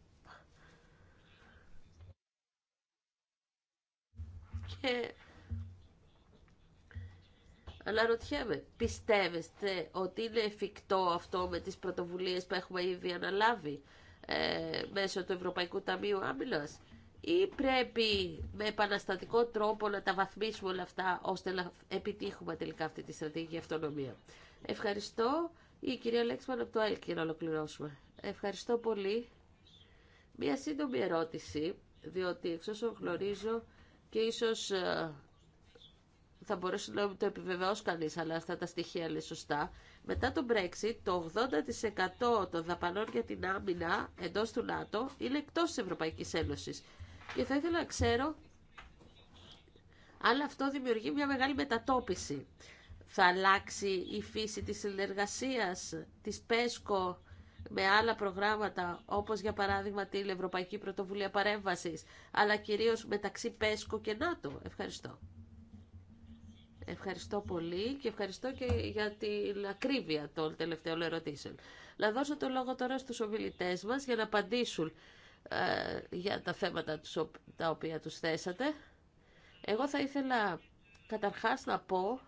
Και αναρωτιέμαι, πιστεύεστε ότι είναι εφικτό αυτό με τις πρωτοβουλίες που έχουμε ήδη αναλάβει ε, μέσω του Ευρωπαϊκού Ταμείου Άμυλας ή πρέπει με επαναστατικό τρόπο να τα βαθμίσουμε όλα αυτά ώστε να επιτύχουμε τελικά αυτή τη στρατηγική αυτονομία. Ευχαριστώ. Η κυρία Λέξμαν από το Έλκη να ολοκληρώσουμε. Ευχαριστώ πολύ. Μία σύντομη ερώτηση, διότι εξ όσων γνωρίζω και ίσως ε, θα μπορέσω να το επιβεβαιώσει κανείς, αλλά αυτά τα στοιχεία είναι σωστά. Μετά το Brexit, το 80% των δαπανών για την άμυνα εντός του ΝΑΤΟ είναι εκτός της Ευρωπαϊκής Ένωσης. Και θα ήθελα να ξέρω αν αυτό δημιουργεί μια μεγάλη μετατόπιση θα αλλάξει η φύση της συνεργασίας της ΠΕΣΚΟ με άλλα προγράμματα, όπως για παράδειγμα την Ευρωπαϊκή Πρωτοβουλία Παρέμβασης, αλλά κυρίως μεταξύ ΠΕΣΚΟ και ΝΑΤΟ. Ευχαριστώ. Ευχαριστώ πολύ και ευχαριστώ και για την ακρίβεια των τελευταίων ερωτήσεων. Να δώσω το λόγο τώρα στους ομιλητές μας για να απαντήσουν ε, για τα θέματα τα οποία τους θέσατε. Εγώ θα ήθελα καταρχάς να πω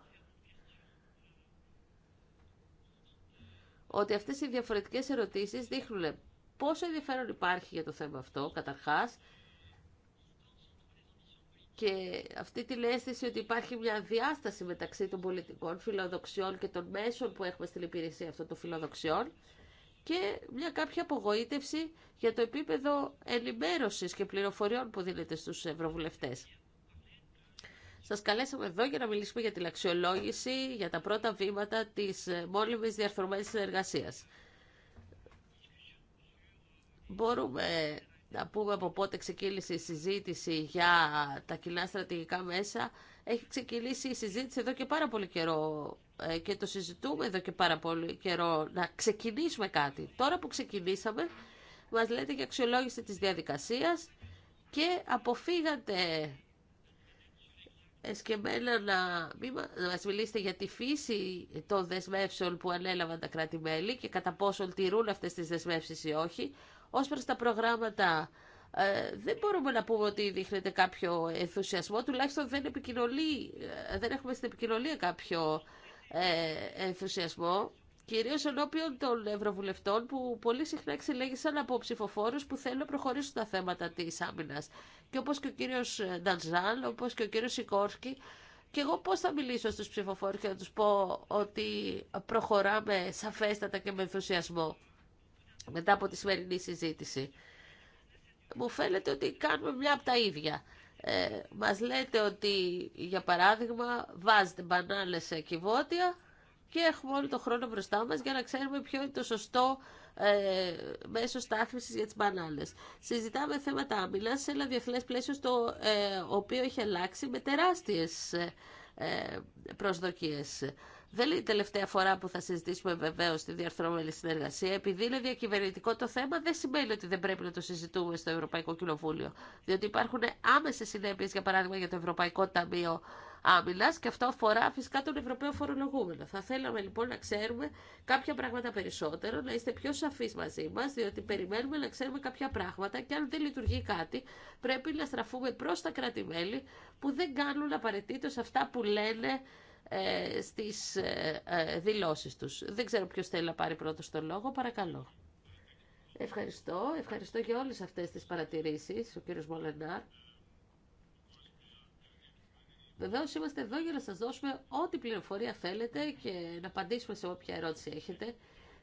ότι αυτές οι διαφορετικές ερωτήσεις δείχνουν πόσο ενδιαφέρον υπάρχει για το θέμα αυτό, καταρχάς, και αυτή την αίσθηση ότι υπάρχει μια διάσταση μεταξύ των πολιτικών φιλοδοξιών και των μέσων που έχουμε στην υπηρεσία αυτών των φιλοδοξιών και μια κάποια απογοήτευση για το επίπεδο ενημέρωσης και πληροφοριών που δίνεται στους ευρωβουλευτές. Σας καλέσαμε εδώ για να μιλήσουμε για την αξιολόγηση, για τα πρώτα βήματα της ε, μόνιμης διαρθρωμένης συνεργασίας. Μπορούμε ε, να πούμε από πότε ξεκίνησε η συζήτηση για τα κοινά στρατηγικά μέσα. Έχει ξεκινήσει η συζήτηση εδώ και πάρα πολύ καιρό ε, και το συζητούμε εδώ και πάρα πολύ καιρό να ξεκινήσουμε κάτι. Τώρα που ξεκινήσαμε, μας λέτε για αξιολόγηση της διαδικασίας και αποφύγατε εσκεμμένα να μην μας μιλήσετε για τη φύση των δεσμεύσεων που ανέλαβαν τα κράτη-μέλη και κατά πόσον τηρούν αυτές τις δεσμεύσεις ή όχι. Ως προς τα προγράμματα ε, δεν μπορούμε να πούμε ότι δείχνεται κάποιο ενθουσιασμό, τουλάχιστον δεν, ε, δεν έχουμε στην επικοινωνία κάποιο ε, ενθουσιασμό κυρίως ενώπιον των Ευρωβουλευτών που πολύ συχνά εξελέγησαν από ψηφοφόρου που θέλουν να προχωρήσουν τα θέματα της άμυνας. Και όπως και ο κύριος Νταλζάν, όπως και ο κύριος Σικόρσκι, και εγώ πώ θα μιλήσω στου ψηφοφόρους και να τους πω ότι προχωράμε σαφέστατα και με ενθουσιασμό μετά από τη σημερινή συζήτηση. Μου φαίνεται ότι κάνουμε μια από τα ίδια. Ε, μας λέτε ότι, για παράδειγμα, βάζετε μπανάλες σε κυβότια και έχουμε όλο τον χρόνο μπροστά μας για να ξέρουμε ποιο είναι το σωστό ε, μέσο στάθμιση για τι μπανάνε. Συζητάμε θέματα άμυνα σε ένα διεθνέ πλαίσιο στο ε, οποίο έχει αλλάξει με τεράστιε ε, ε, προσδοκίες. Δεν είναι η τελευταία φορά που θα συζητήσουμε βεβαίω τη διαρθρωμένη συνεργασία. Επειδή είναι διακυβερνητικό το θέμα, δεν σημαίνει ότι δεν πρέπει να το συζητούμε στο Ευρωπαϊκό Κοινοβούλιο. Διότι υπάρχουν άμεσε συνέπειε, για παράδειγμα, για το Ευρωπαϊκό Ταμείο άμυνα και αυτό αφορά φυσικά τον Ευρωπαίο Φορολογούμενο. Θα θέλαμε λοιπόν να ξέρουμε κάποια πράγματα περισσότερο, να είστε πιο σαφεί μαζί μα, διότι περιμένουμε να ξέρουμε κάποια πράγματα και αν δεν λειτουργεί κάτι, πρέπει να στραφούμε προ τα κράτη-μέλη που δεν κάνουν απαραίτητο αυτά που λένε ε, στις ε, ε, δηλώσεις τους. Δεν ξέρω ποιο θέλει να πάρει πρώτο το λόγο, παρακαλώ. Ευχαριστώ. Ευχαριστώ για όλες αυτές τις παρατηρήσεις, ο κύριος Μολενάρ. Βεβαίω είμαστε εδώ για να σα δώσουμε ό,τι πληροφορία θέλετε και να απαντήσουμε σε όποια ερώτηση έχετε.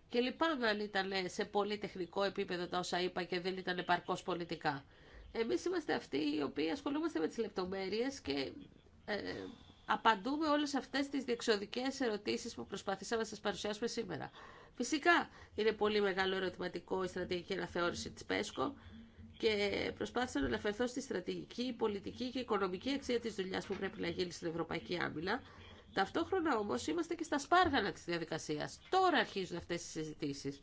Και λυπάμαι αν ήταν σε πολύ τεχνικό επίπεδο τα όσα είπα και δεν ήταν επαρκώ πολιτικά. Εμεί είμαστε αυτοί οι οποίοι ασχολούμαστε με τι λεπτομέρειε και ε, απαντούμε όλε αυτέ τι διεξοδικέ ερωτήσει που προσπαθήσαμε να σας παρουσιάσουμε σήμερα. Φυσικά είναι πολύ μεγάλο ερωτηματικό η στρατηγική αναθεώρηση τη ΠΕΣΚΟ και προσπάθησα να αναφερθώ στη στρατηγική, πολιτική και οικονομική αξία τη δουλειά που πρέπει να γίνει στην Ευρωπαϊκή Άμυνα. Ταυτόχρονα όμω, είμαστε και στα σπάργανα τη διαδικασία. Τώρα αρχίζουν αυτέ οι συζητήσει.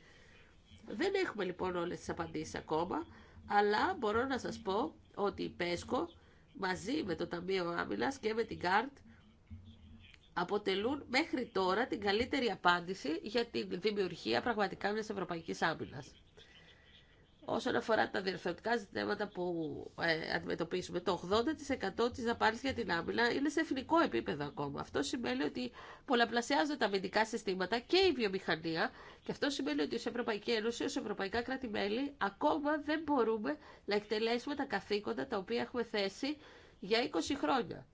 Δεν έχουμε λοιπόν όλε τι απαντήσει ακόμα, αλλά μπορώ να σα πω ότι η ΠΕΣΚΟ μαζί με το Ταμείο Άμυνα και με την ΚΑΡΤ αποτελούν μέχρι τώρα την καλύτερη απάντηση για τη δημιουργία πραγματικά μιας Ευρωπαϊκής Άμυνας. Όσον αφορά τα διορθωτικά ζητήματα που ε, αντιμετωπίσουμε, το 80% της δαπάνης για την άμυνα είναι σε εθνικό επίπεδο ακόμα. Αυτό σημαίνει ότι πολλαπλασιάζονται τα αμυντικά συστήματα και η βιομηχανία και αυτό σημαίνει ότι ως Ευρωπαϊκή Ένωση, ως Ευρωπαϊκά κράτη-μέλη, ακόμα δεν μπορούμε να εκτελέσουμε τα καθήκοντα τα οποία έχουμε θέσει για 20 χρόνια.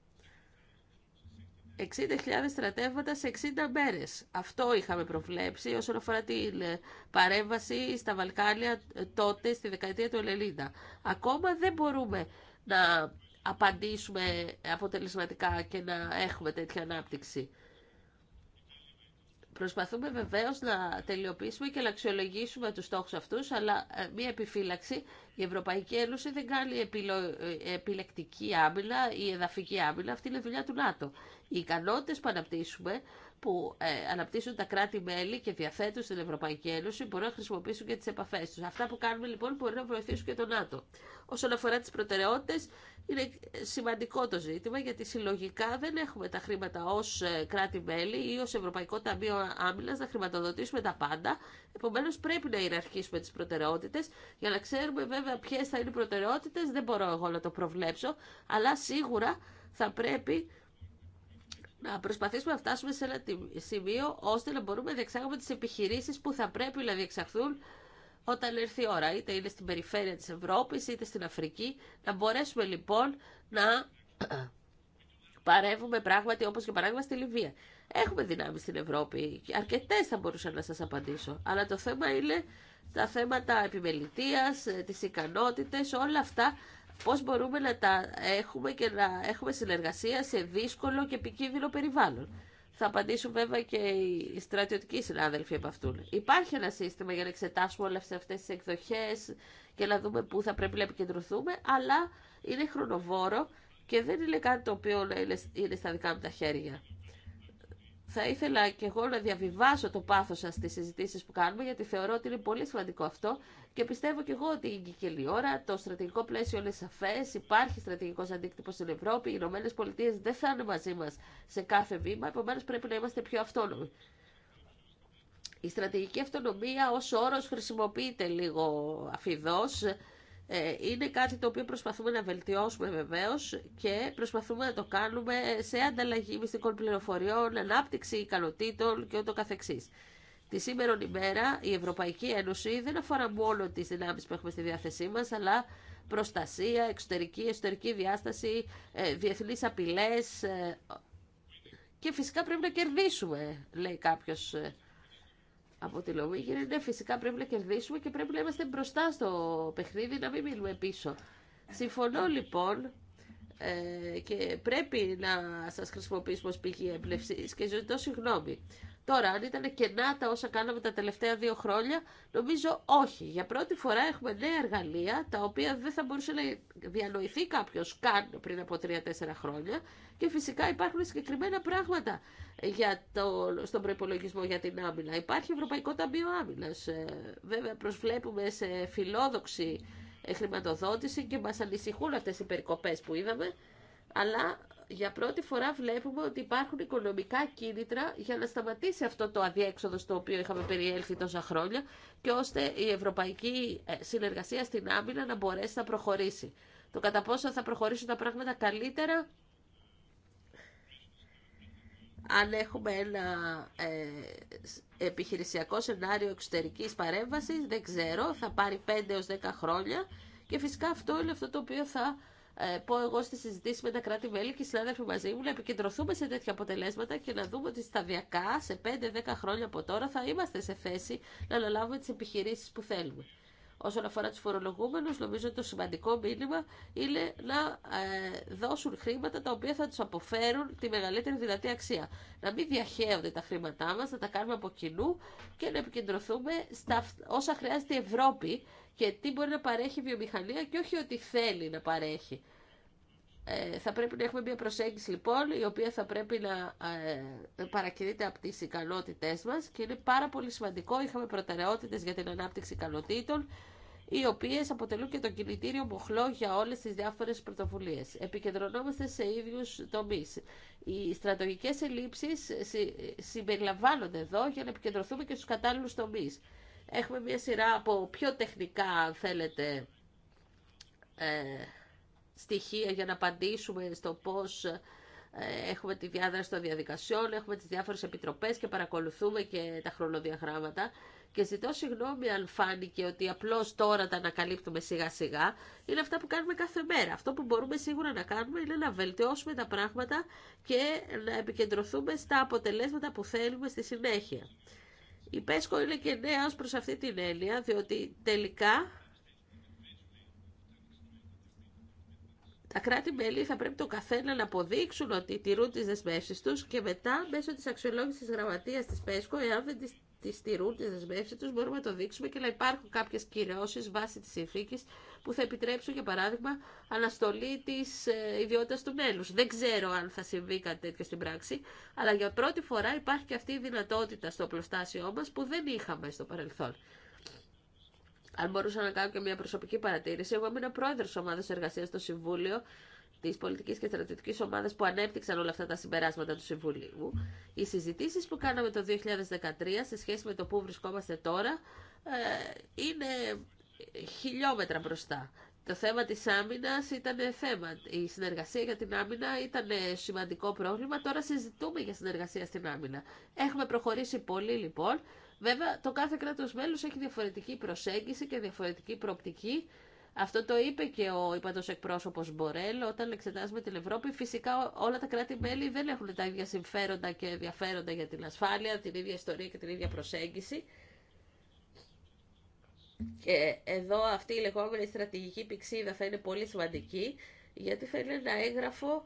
60.000 στρατεύματα σε 60 μέρε. Αυτό είχαμε προβλέψει όσον αφορά την ε, παρέμβαση στα Βαλκάνια ε, τότε στη δεκαετία του 90. Ακόμα δεν μπορούμε να απαντήσουμε αποτελεσματικά και να έχουμε τέτοια ανάπτυξη. Προσπαθούμε βεβαίως να τελειοποιήσουμε και να αξιολογήσουμε τους στόχου αυτούς, αλλά ε, μία επιφύλαξη, η Ευρωπαϊκή Ένωση δεν κάνει ε, επιλεκτική άμυνα ή εδαφική άμυνα, αυτή είναι η εδαφικη αμυνα αυτη ειναι δουλεια του ΝΑΤΟ. Οι ικανότητε που αναπτύσσουμε που ε, αναπτύσσουν τα κράτη-μέλη και διαθέτουν στην Ευρωπαϊκή Ένωση μπορούν να χρησιμοποιήσουν και τι επαφέ του. Αυτά που κάνουμε λοιπόν μπορεί να βοηθήσουν και τον ΝΑΤΟ. Όσον αφορά τι προτεραιότητε, είναι ε, σημαντικό το ζήτημα γιατί συλλογικά δεν έχουμε τα χρήματα ω ε, κράτη-μέλη ή ω Ευρωπαϊκό Ταμείο Άμυνα να χρηματοδοτήσουμε τα πάντα. Επομένω πρέπει να ιεραρχήσουμε τι προτεραιότητε για να ξέρουμε βέβαια ποιε θα είναι οι προτεραιότητε. Δεν μπορώ εγώ να το προβλέψω, αλλά σίγουρα θα πρέπει να προσπαθήσουμε να φτάσουμε σε ένα σημείο ώστε να μπορούμε να διεξάγουμε τις επιχειρήσεις που θα πρέπει να διεξαχθούν όταν έρθει η ώρα, είτε είναι στην περιφέρεια της Ευρώπης, είτε στην Αφρική, να μπορέσουμε λοιπόν να <clears throat> παρεύουμε πράγματι όπως και παράδειγμα στη Λιβύα. Έχουμε δυνάμεις στην Ευρώπη, αρκετές θα μπορούσα να σας απαντήσω, αλλά το θέμα είναι τα θέματα επιμελητίας, ε, τις ικανότητες, όλα αυτά πώς μπορούμε να τα έχουμε και να έχουμε συνεργασία σε δύσκολο και επικίνδυνο περιβάλλον. Θα απαντήσουν βέβαια και οι στρατιωτικοί συνάδελφοι από αυτού. Υπάρχει ένα σύστημα για να εξετάσουμε όλε αυτέ τι εκδοχέ και να δούμε πού θα πρέπει να επικεντρωθούμε, αλλά είναι χρονοβόρο και δεν είναι κάτι το οποίο είναι στα δικά μου τα χέρια θα ήθελα και εγώ να διαβιβάσω το πάθος σας στις συζητήσεις που κάνουμε, γιατί θεωρώ ότι είναι πολύ σημαντικό αυτό και πιστεύω και εγώ ότι η ώρα, το στρατηγικό πλαίσιο είναι σαφές, υπάρχει στρατηγικός αντίκτυπος στην Ευρώπη, οι Ηνωμένε Πολιτείε δεν θα είναι μαζί μας σε κάθε βήμα, επομένω πρέπει να είμαστε πιο αυτόνομοι. Η στρατηγική αυτονομία ως όρος χρησιμοποιείται λίγο αφιδώς, ε, είναι κάτι το οποίο προσπαθούμε να βελτιώσουμε βεβαίως και προσπαθούμε να το κάνουμε σε ανταλλαγή μυστικών πληροφοριών, ανάπτυξη ικανοτήτων και ούτω καθεξής. Τη σήμερον ημέρα η Ευρωπαϊκή Ένωση δεν αφορά μόνο τις δυνάμεις που έχουμε στη διάθεσή μας, αλλά προστασία, εξωτερική, εσωτερική διάσταση, ε, διεθνείς απειλές ε, και φυσικά πρέπει να κερδίσουμε, λέει κάποιος από τη λομή γίνεται ναι, φυσικά πρέπει να κερδίσουμε και πρέπει να είμαστε μπροστά στο παιχνίδι, να μην μείνουμε πίσω. Συμφωνώ λοιπόν ε, και πρέπει να σας χρησιμοποιήσουμε ως πηγή έμπνευσης και ζητώ συγγνώμη. Τώρα, αν ήταν κενά τα όσα κάναμε τα τελευταία δύο χρόνια, νομίζω όχι. Για πρώτη φορά έχουμε νέα εργαλεία, τα οποία δεν θα μπορούσε να διανοηθεί κάποιο καν πριν από τρία-τέσσερα χρόνια. Και φυσικά υπάρχουν συγκεκριμένα πράγματα για το, στον προπολογισμό για την άμυνα. Υπάρχει Ευρωπαϊκό Ταμείο Άμυνα. Ε, βέβαια, προσβλέπουμε σε φιλόδοξη ε, χρηματοδότηση και μα ανησυχούν αυτέ οι περικοπέ που είδαμε, αλλά για πρώτη φορά βλέπουμε ότι υπάρχουν οικονομικά κίνητρα για να σταματήσει αυτό το αδιέξοδο στο οποίο είχαμε περιέλθει τόσα χρόνια και ώστε η ευρωπαϊκή ε, συνεργασία στην άμυνα να μπορέσει να προχωρήσει. Το κατά πόσο θα προχωρήσουν τα πράγματα καλύτερα αν έχουμε ένα ε, επιχειρησιακό σενάριο εξωτερικής παρέμβασης, δεν ξέρω, θα πάρει 5 έως 10 χρόνια και φυσικά αυτό είναι αυτό το οποίο θα ε, πω εγώ στη συζητήση με τα κράτη-μέλη και οι συνάδελφοι μαζί μου να επικεντρωθούμε σε τέτοια αποτελέσματα και να δούμε ότι σταδιακά σε 5-10 χρόνια από τώρα θα είμαστε σε θέση να αναλάβουμε τι επιχειρήσει που θέλουμε. Όσον αφορά του φορολογούμενου, νομίζω ότι το σημαντικό μήνυμα είναι να ε, δώσουν χρήματα τα οποία θα του αποφέρουν τη μεγαλύτερη δυνατή αξία. Να μην διαχέονται τα χρήματά μα, να τα κάνουμε από κοινού και να επικεντρωθούμε στα όσα χρειάζεται η Ευρώπη και τι μπορεί να παρέχει η βιομηχανία και όχι ότι θέλει να παρέχει. Ε, θα πρέπει να έχουμε μια προσέγγιση λοιπόν η οποία θα πρέπει να ε, παρακινείται από τις ικανότητές μας και είναι πάρα πολύ σημαντικό, είχαμε προτεραιότητες για την ανάπτυξη ικανοτήτων οι οποίες αποτελούν και το κινητήριο μοχλό για όλες τις διάφορες πρωτοβουλίες. Επικεντρωνόμαστε σε ίδιους τομείς. Οι στρατογικές ελλείψεις συμπεριλαμβάνονται εδώ για να επικεντρωθούμε και στους κατάλληλους τομεί. Έχουμε μια σειρά από πιο τεχνικά, αν θέλετε, ε, στοιχεία για να απαντήσουμε στο πώς ε, έχουμε τη διάδραση των διαδικασιών, έχουμε τις διάφορες επιτροπές και παρακολουθούμε και τα χρονοδιαγράμματα. Και ζητώ συγγνώμη αν φάνηκε ότι απλώς τώρα τα ανακαλύπτουμε σιγά σιγά. Είναι αυτά που κάνουμε κάθε μέρα. Αυτό που μπορούμε σίγουρα να κάνουμε είναι να βελτιώσουμε τα πράγματα και να επικεντρωθούμε στα αποτελέσματα που θέλουμε στη συνέχεια. Η ΠΕΣΚΟ είναι και νέα ως προς αυτή την έννοια, διότι τελικά τα κράτη-μέλη θα πρέπει το καθένα να αποδείξουν ότι τηρούν τις δεσμεύσεις τους και μετά μέσω της αξιολόγησης γραμματείας της ΠΕΣΚΟ, εάν δεν τις τι στηρούν τι δεσμεύσει του, μπορούμε να το δείξουμε και να υπάρχουν κάποιε κυρώσει βάσει τη συνθήκη που θα επιτρέψουν, για παράδειγμα, αναστολή τη ε, ιδιότητα του μέλου. Δεν ξέρω αν θα συμβεί κάτι τέτοιο στην πράξη, αλλά για πρώτη φορά υπάρχει και αυτή η δυνατότητα στο πλωστάσιό μα που δεν είχαμε στο παρελθόν. Αν μπορούσα να κάνω και μια προσωπική παρατήρηση, εγώ ήμουν πρόεδρο ομάδα εργασία στο Συμβούλιο τη πολιτική και στρατιωτική ομάδα που ανέπτυξαν όλα αυτά τα συμπεράσματα του Συμβουλίου. Οι συζητήσει που κάναμε το 2013 σε σχέση με το πού βρισκόμαστε τώρα ε, είναι χιλιόμετρα μπροστά. Το θέμα της άμυνας ήταν θέμα. Η συνεργασία για την άμυνα ήταν σημαντικό πρόβλημα. Τώρα συζητούμε για συνεργασία στην άμυνα. Έχουμε προχωρήσει πολύ λοιπόν. Βέβαια, το κάθε κράτος μέλος έχει διαφορετική προσέγγιση και διαφορετική προοπτική αυτό το είπε και ο υπατό εκπρόσωπο Μπορέλ όταν εξετάζουμε την Ευρώπη. Φυσικά όλα τα κράτη-μέλη δεν έχουν τα ίδια συμφέροντα και ενδιαφέροντα για την ασφάλεια, την ίδια ιστορία και την ίδια προσέγγιση. Και εδώ αυτή η λεγόμενη στρατηγική πηξίδα θα είναι πολύ σημαντική, γιατί θα είναι ένα έγγραφο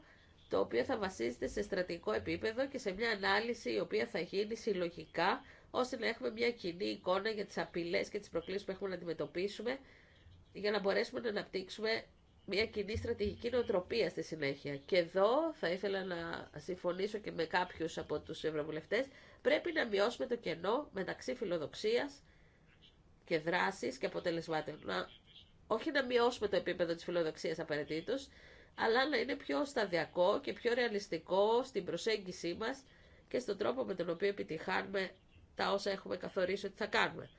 το οποίο θα βασίζεται σε στρατηγικό επίπεδο και σε μια ανάλυση η οποία θα γίνει συλλογικά, ώστε να έχουμε μια κοινή εικόνα για τις απειλέ και τις προκλήσεις που έχουμε να αντιμετωπίσουμε για να μπορέσουμε να αναπτύξουμε μια κοινή στρατηγική νοοτροπία στη συνέχεια. Και εδώ θα ήθελα να συμφωνήσω και με κάποιους από τους ευρωβουλευτές, πρέπει να μειώσουμε το κενό μεταξύ φιλοδοξίας και δράσης και αποτελεσμάτων. Να, όχι να μειώσουμε το επίπεδο της φιλοδοξίας απαραίτητο, αλλά να είναι πιο σταδιακό και πιο ρεαλιστικό στην προσέγγιση μας και στον τρόπο με τον οποίο επιτυχάνουμε τα όσα έχουμε καθορίσει ότι θα κάνουμε.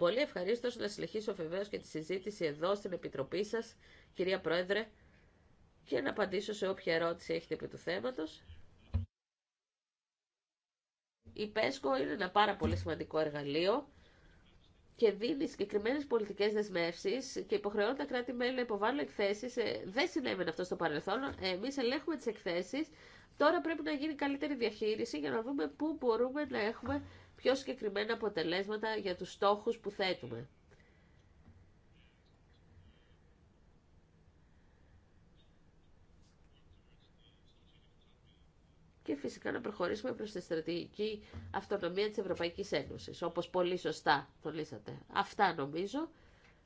Πολύ ευχαρίστω να συνεχίσω βεβαίω και τη συζήτηση εδώ στην Επιτροπή σα, κυρία Πρόεδρε, και να απαντήσω σε όποια ερώτηση έχετε επί του θέματο. Η ΠΕΣΚΟ είναι ένα πάρα πολύ σημαντικό εργαλείο και δίνει συγκεκριμένε πολιτικέ δεσμεύσει και υποχρεώνει τα κράτη-μέλη να υποβάλουν εκθέσει. Ε, δεν συνέβαινε αυτό στο παρελθόν. Ε, Εμεί ελέγχουμε τι εκθέσει. Τώρα πρέπει να γίνει καλύτερη διαχείριση για να δούμε πού μπορούμε να έχουμε πιο συγκεκριμένα αποτελέσματα για τους στόχους που θέτουμε. και φυσικά να προχωρήσουμε προς τη στρατηγική αυτονομία της Ευρωπαϊκής Ένωσης, όπως πολύ σωστά λύσατε. Αυτά νομίζω.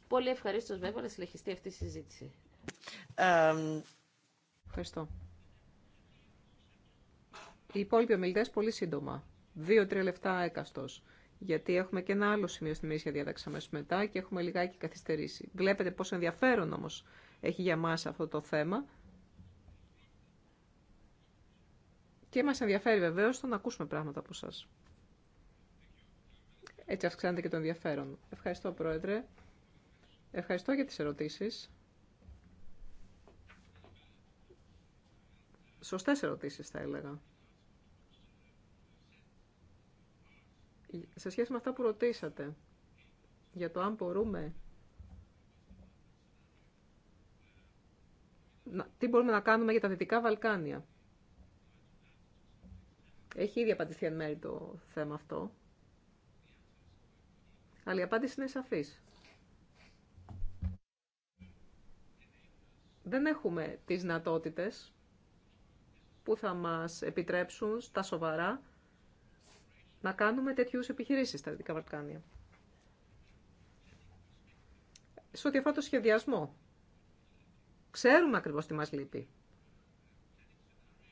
Πολύ ευχαρίστως βέβαια να συνεχιστεί αυτή η συζήτηση. Um... Ευχαριστώ. Οι υπόλοιποι πολύ σύντομα δύο-τρία λεπτά έκαστο. Γιατί έχουμε και ένα άλλο σημείο στην ημερήσια διάταξη αμέσω μετά και έχουμε λιγάκι καθυστερήσει. Βλέπετε πόσο ενδιαφέρον όμω έχει για μα αυτό το θέμα. Και μα ενδιαφέρει βεβαίω το να ακούσουμε πράγματα από εσά. Έτσι αυξάνεται και το ενδιαφέρον. Ευχαριστώ, Πρόεδρε. Ευχαριστώ για τις ερωτήσεις. Σωστές ερωτήσεις, θα έλεγα. σε σχέση με αυτά που ρωτήσατε για το αν μπορούμε τι μπορούμε να κάνουμε για τα Δυτικά Βαλκάνια. Έχει ήδη απαντηθεί εν μέρη το θέμα αυτό. Αλλά η απάντηση είναι σαφής. Δεν έχουμε τις δυνατότητε που θα μας επιτρέψουν στα σοβαρά να κάνουμε τέτοιου επιχειρήσει στα Δυτικά Βαλκάνια. Σε ό,τι αφορά το σχεδιασμό, ξέρουμε ακριβώ τι μα λείπει.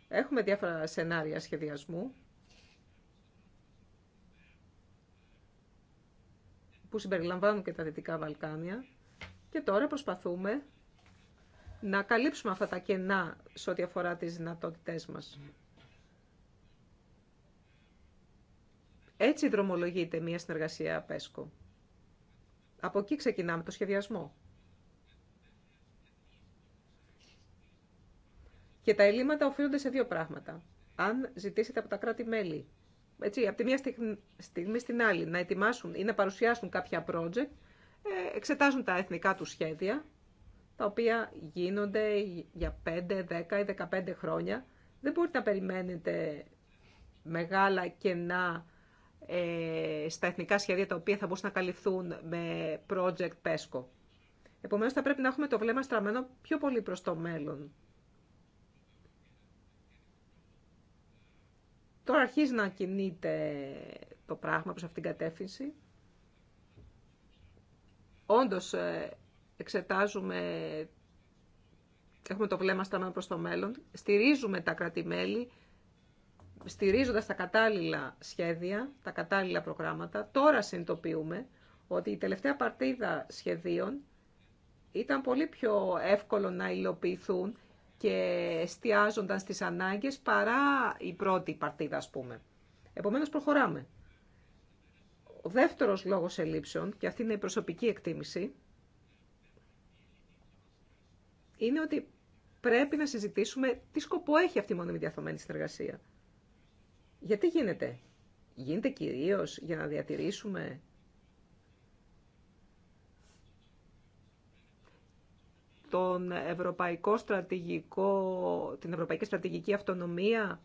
Έχουμε διάφορα σενάρια σχεδιασμού που συμπεριλαμβάνουν και τα Δυτικά Βαλκάνια και τώρα προσπαθούμε να καλύψουμε αυτά τα κενά σε ό,τι αφορά τις δυνατότητές μας. Έτσι δρομολογείται μια συνεργασία ΠΕΣΚΟ. Από εκεί ξεκινάμε το σχεδιασμό. Και τα ελλείμματα οφείλονται σε δύο πράγματα. Αν ζητήσετε από τα κράτη-μέλη, έτσι, από τη μία στιγμή στην άλλη, να ετοιμάσουν ή να παρουσιάσουν κάποια project, ε, εξετάζουν τα εθνικά του σχέδια, τα οποία γίνονται για 5, 10 ή 15 χρόνια. Δεν μπορείτε να περιμένετε μεγάλα κενά ε, στα εθνικά σχέδια τα οποία θα μπορούσαν να καλυφθούν με project PESCO. Επομένως θα πρέπει να έχουμε το βλέμμα στραμμένο πιο πολύ προς το μέλλον. Τώρα αρχίζει να κινείται το πράγμα προς αυτήν την κατεύθυνση. Όντως ε, εξετάζουμε, έχουμε το βλέμμα στραμμένο προς το μέλλον, στηρίζουμε τα κρατημέλη, στηρίζοντας τα κατάλληλα σχέδια, τα κατάλληλα προγράμματα, τώρα συνειδητοποιούμε ότι η τελευταία παρτίδα σχεδίων ήταν πολύ πιο εύκολο να υλοποιηθούν και εστιάζονταν στις ανάγκες παρά η πρώτη παρτίδα, ας πούμε. Επομένως, προχωράμε. Ο δεύτερος λόγος ελλείψεων, και αυτή είναι η προσωπική εκτίμηση, είναι ότι πρέπει να συζητήσουμε τι σκοπό έχει αυτή η μόνιμη συνεργασία. Γιατί γίνεται. Γίνεται κυρίως για να διατηρήσουμε τον ευρωπαϊκό στρατηγικό, την ευρωπαϊκή στρατηγική αυτονομία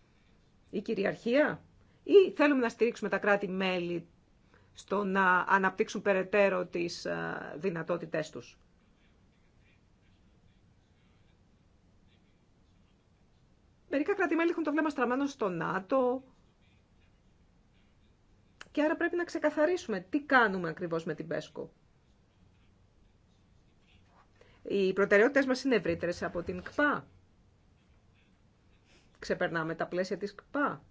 ή κυριαρχία ή θέλουμε να στηρίξουμε τα κράτη-μέλη στο να αναπτύξουν περαιτέρω τις ε, δυνατότητές τους. Μερικά κράτη-μέλη έχουν το βλέμμα στραμμένο στο ΝΑΤΟ, και άρα πρέπει να ξεκαθαρίσουμε τι κάνουμε ακριβώς με την ΠΕΣΚΟ. Οι προτεραιότητες μας είναι ευρύτερε από την ΚΠΑ. Ξεπερνάμε τα πλαίσια της ΚΠΑ.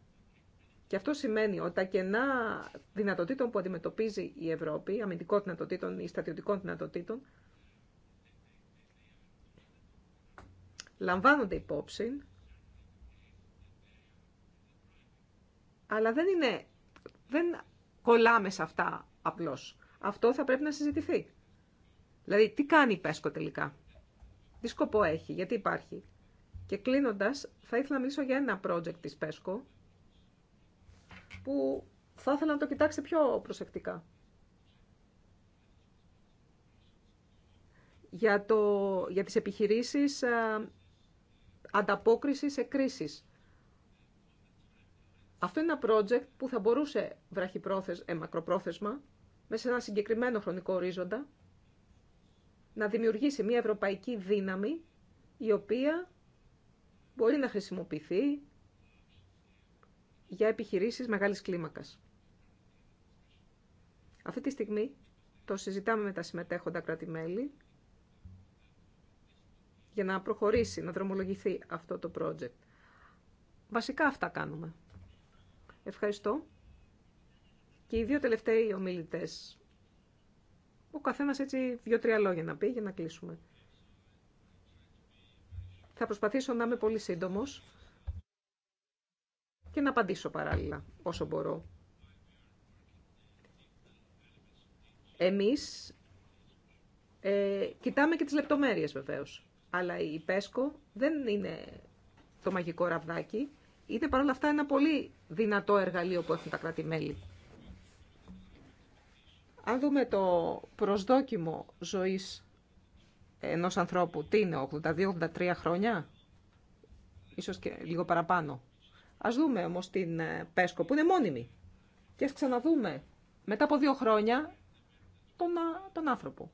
Και αυτό σημαίνει ότι τα κενά δυνατοτήτων που αντιμετωπίζει η Ευρώπη, αμυντικών δυνατοτήτων ή στατιωτικών δυνατοτήτων, λαμβάνονται υπόψη, αλλά δεν είναι, δεν κολλάμε σε αυτά απλώς. Αυτό θα πρέπει να συζητηθεί. Δηλαδή, τι κάνει η ΠΕΣΚΟ τελικά. Τι σκοπό έχει, γιατί υπάρχει. Και κλείνοντα θα ήθελα να μιλήσω για ένα project της ΠΕΣΚΟ, που θα ήθελα να το κοιτάξετε πιο προσεκτικά. Για, το, για τις επιχειρήσεις ε, ανταπόκρισης σε κρίσεις. Αυτό είναι ένα project που θα μπορούσε βραχυπρόθεσμα, ε, μακροπρόθεσμα, μέσα σε ένα συγκεκριμένο χρονικό ορίζοντα, να δημιουργήσει μια ευρωπαϊκή δύναμη η οποία μπορεί να χρησιμοποιηθεί για επιχειρήσεις μεγάλης κλίμακας. Αυτή τη στιγμή το συζητάμε με τα συμμετέχοντα κράτη-μέλη για να προχωρήσει, να δρομολογηθεί αυτό το project. Βασικά αυτά κάνουμε. Ευχαριστώ. Και οι δύο τελευταίοι ομιλητέ. Ο καθενα ετσι έτσι δύο-τρία λόγια να πει για να κλείσουμε. Θα προσπαθήσω να είμαι πολύ σύντομος και να απαντήσω παράλληλα όσο μπορώ. Εμείς ε, κοιτάμε και τις λεπτομέρειες βεβαίως, αλλά η ΠΕΣΚΟ δεν είναι το μαγικό ραβδάκι είναι παρόλα αυτά ένα πολύ δυνατό εργαλείο που έχουν τα κράτη-μέλη. Αν δούμε το προσδόκιμο ζωής ενός ανθρώπου, τι είναι, 82-83 χρόνια, ίσως και λίγο παραπάνω. Ας δούμε όμως την ε, Πέσκο που είναι μόνιμη και ας ξαναδούμε μετά από δύο χρόνια τον, τον άνθρωπο.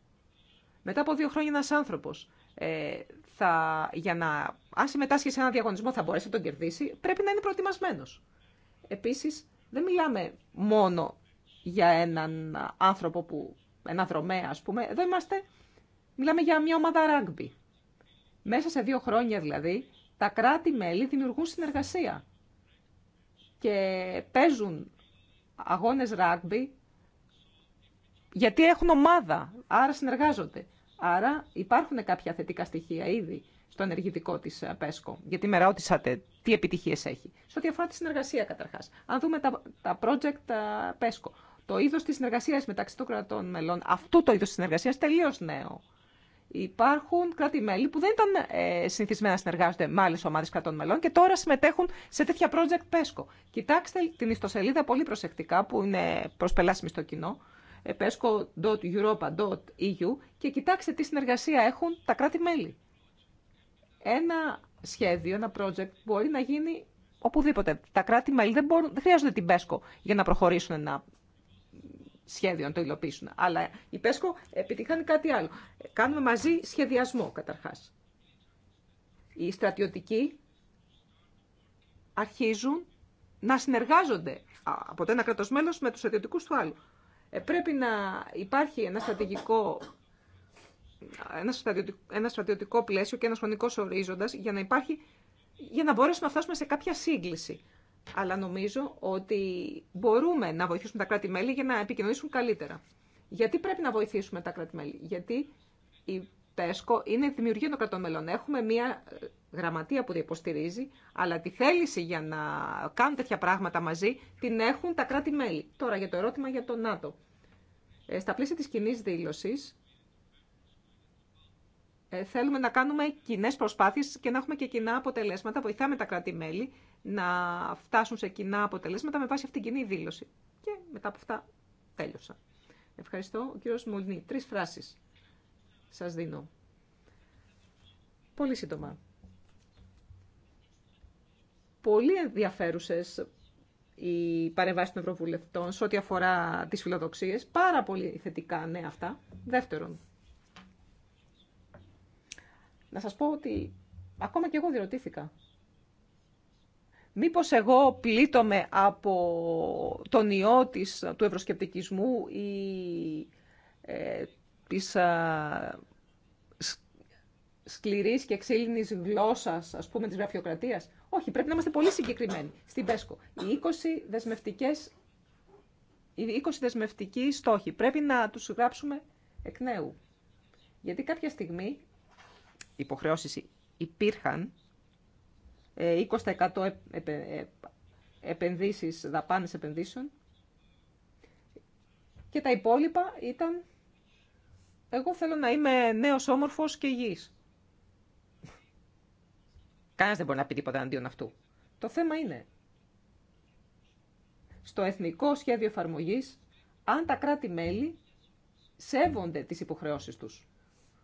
Μετά από δύο χρόνια ένας άνθρωπος ε, θα, για να αν συμμετάσχει σε ένα διαγωνισμό θα μπορέσει να τον κερδίσει, πρέπει να είναι προετοιμασμένο. Επίση, δεν μιλάμε μόνο για έναν άνθρωπο που. ένα δρομέα, α πούμε. Εδώ είμαστε. Μιλάμε για μια ομάδα ράγκμπι. Μέσα σε δύο χρόνια δηλαδή, τα κράτη-μέλη δημιουργούν συνεργασία και παίζουν αγώνες ράγκμπι γιατί έχουν ομάδα, άρα συνεργάζονται. Άρα υπάρχουν κάποια θετικά στοιχεία ήδη στο ενεργητικό τη ε, ΠΕΣΚΟ. Γιατί με ρωτήσατε τι επιτυχίε έχει. Σε ό,τι αφορά τη συνεργασία καταρχά. Αν δούμε τα, τα project ε, ΠΕΣΚΟ, το είδο τη συνεργασία μεταξύ των κρατών μελών, αυτό το είδο της συνεργασια τελειως τελείως νέο. Υπάρχουν κράτη-μέλη που δεν ήταν ε, συνηθισμένα να συνεργάζονται με άλλε ομάδε κρατών μελών και τώρα συμμετέχουν σε τέτοια project ΠΕΣΚΟ. Κοιτάξτε την ιστοσελίδα πολύ προσεκτικά που είναι προσπελάσιμη στο κοινό pesco.europa.eu ε, και κοιτάξτε τι συνεργασία έχουν τα κράτη-μέλη. Ένα σχέδιο, ένα project μπορεί να γίνει οπουδήποτε. Τα κράτη-μέλη δεν, μπορούν, δεν χρειάζονται την ΠΕΣΚΟ για να προχωρήσουν ένα σχέδιο, να το υλοποιήσουν. Αλλά η ΠΕΣΚΟ επιτυχάνει κάτι άλλο. Κάνουμε μαζί σχεδιασμό καταρχάς. Οι στρατιωτικοί αρχίζουν να συνεργάζονται από το ένα κράτος μέλος με τους στρατιωτικούς του άλλου. Ε, πρέπει να υπάρχει ένα στρατηγικό ένα στρατιωτικό, ένα στρατιωτικό πλαίσιο και ένα χρονικό ορίζοντα για να υπάρχει, για να μπορέσουμε να φτάσουμε σε κάποια σύγκληση. Αλλά νομίζω ότι μπορούμε να βοηθήσουμε τα κράτη-μέλη για να επικοινωνήσουν καλύτερα. Γιατί πρέπει να βοηθήσουμε τα κράτη-μέλη, Γιατί η ΠΕΣΚΟ είναι δημιουργία των κρατών μελών. Έχουμε μία ε, γραμματεία που την αλλά τη θέληση για να κάνουν τέτοια πράγματα μαζί την έχουν τα κράτη-μέλη. Τώρα για το ερώτημα για το ΝΑΤΟ. Ε, στα πλαίσια της κοινή δήλωση. Ε, θέλουμε να κάνουμε κοινέ προσπάθειες και να έχουμε και κοινά αποτελέσματα. Βοηθάμε τα κράτη-μέλη να φτάσουν σε κοινά αποτελέσματα με βάση αυτήν την κοινή δήλωση. Και μετά από αυτά τέλειωσα. Ευχαριστώ. Ο κύριος Μολνή τρεις φράσεις σας δίνω. Πολύ σύντομα. Πολύ ενδιαφέρουσες οι παρεμβάσει των Ευρωβουλευτών σε ό,τι αφορά τις φιλοδοξίες. Πάρα πολύ θετικά, ναι, αυτά. Δεύτερον, να σας πω ότι ακόμα και εγώ διερωτήθηκα. Μήπως εγώ πλήττομαι από τον ιό της, του ευρωσκεπτικισμού ή ε, της σκληρής και ξύλινης γλώσσας, ας πούμε, της γραφειοκρατίας. Όχι, πρέπει να είμαστε πολύ συγκεκριμένοι. Στην ΠΕΣΚΟ, οι 20 δεσμευτικές οι 20 δεσμευτικοί στόχοι. Πρέπει να τους γράψουμε εκ νέου. Γιατί κάποια στιγμή υποχρεώσεις υπήρχαν, 20% ε, επενδύσεις, δαπάνες επενδύσεων και τα υπόλοιπα ήταν εγώ θέλω να είμαι νέος όμορφος και υγιής. Κανένας δεν μπορεί να πει τίποτα αντίον αυτού. Το θέμα είναι στο εθνικό σχέδιο εφαρμογής αν τα κράτη-μέλη σέβονται τις υποχρεώσεις τους,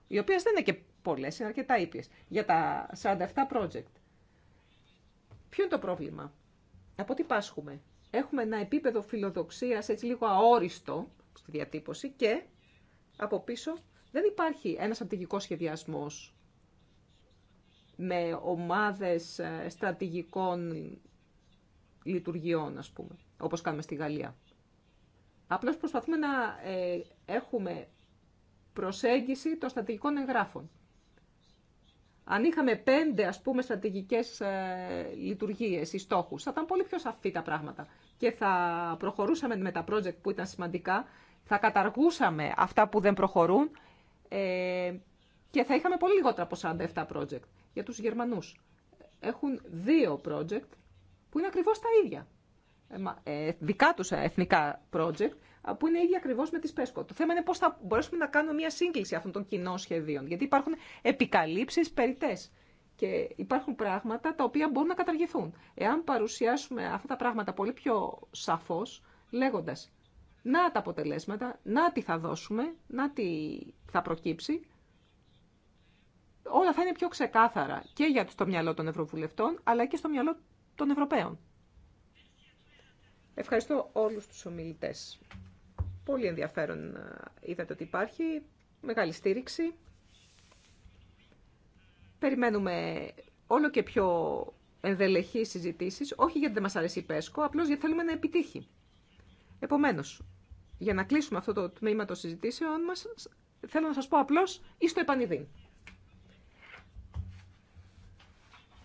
οι οποίες δεν είναι και πολλές, είναι αρκετά ήπιες, για τα 47 project. Ποιο είναι το πρόβλημα, από τι πάσχουμε. Έχουμε ένα επίπεδο φιλοδοξίας έτσι λίγο αόριστο στη διατύπωση και από πίσω δεν υπάρχει ένα στρατηγικό σχεδιασμός με ομάδες ε, στρατηγικών λειτουργιών, ας πούμε, όπως κάνουμε στη Γαλλία. Απλώς προσπαθούμε να ε, έχουμε προσέγγιση των στρατηγικών εγγράφων. Αν είχαμε πέντε, ας πούμε, στρατηγικές ε, λειτουργίες ή στόχους, θα ήταν πολύ πιο σαφή τα πράγματα και θα προχωρούσαμε με τα project που ήταν σημαντικά, θα καταργούσαμε αυτά που δεν προχωρούν ε, και θα είχαμε πολύ λιγότερα από 47 project. Για τους Γερμανούς έχουν δύο project που είναι ακριβώς τα ίδια. Ε, ε δικά τους εθνικά project που είναι ίδια ακριβώ με τη ΠΕΣΚΟ. Το θέμα είναι πώ θα μπορέσουμε να κάνουμε μια σύγκληση αυτών των κοινών σχεδίων. Γιατί υπάρχουν επικαλύψει περιτέ. Και υπάρχουν πράγματα τα οποία μπορούν να καταργηθούν. Εάν παρουσιάσουμε αυτά τα πράγματα πολύ πιο σαφώ, λέγοντα να τα αποτελέσματα, να τι θα δώσουμε, να τι θα προκύψει, όλα θα είναι πιο ξεκάθαρα και για το μυαλό των Ευρωβουλευτών, αλλά και στο μυαλό των Ευρωπαίων. Ευχαριστώ όλους τους ομιλητές. Πολύ ενδιαφέρον ε, είδατε ότι υπάρχει. Μεγάλη στήριξη. Περιμένουμε όλο και πιο ενδελεχεί συζητήσεις, όχι γιατί δεν μας αρέσει η ΠΕΣΚΟ, απλώς γιατί θέλουμε να επιτύχει. Επομένως, για να κλείσουμε αυτό το τμήμα των συζητήσεων μας, θέλω να σας πω απλώς ή στο επανειδήν.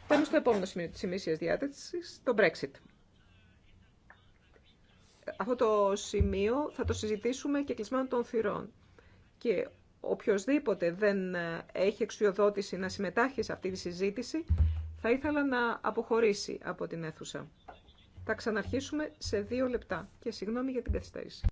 Πάμε στο επόμενο σημείο της ημίσιας διάταξης, το Brexit αυτό το σημείο θα το συζητήσουμε και κλεισμένο των θυρών. Και οποιοδήποτε δεν ε, έχει εξουσιοδότηση να συμμετάχει σε αυτή τη συζήτηση, θα ήθελα να αποχωρήσει από την αίθουσα. Θα ξαναρχίσουμε σε δύο λεπτά και συγγνώμη για την καθυστέρηση.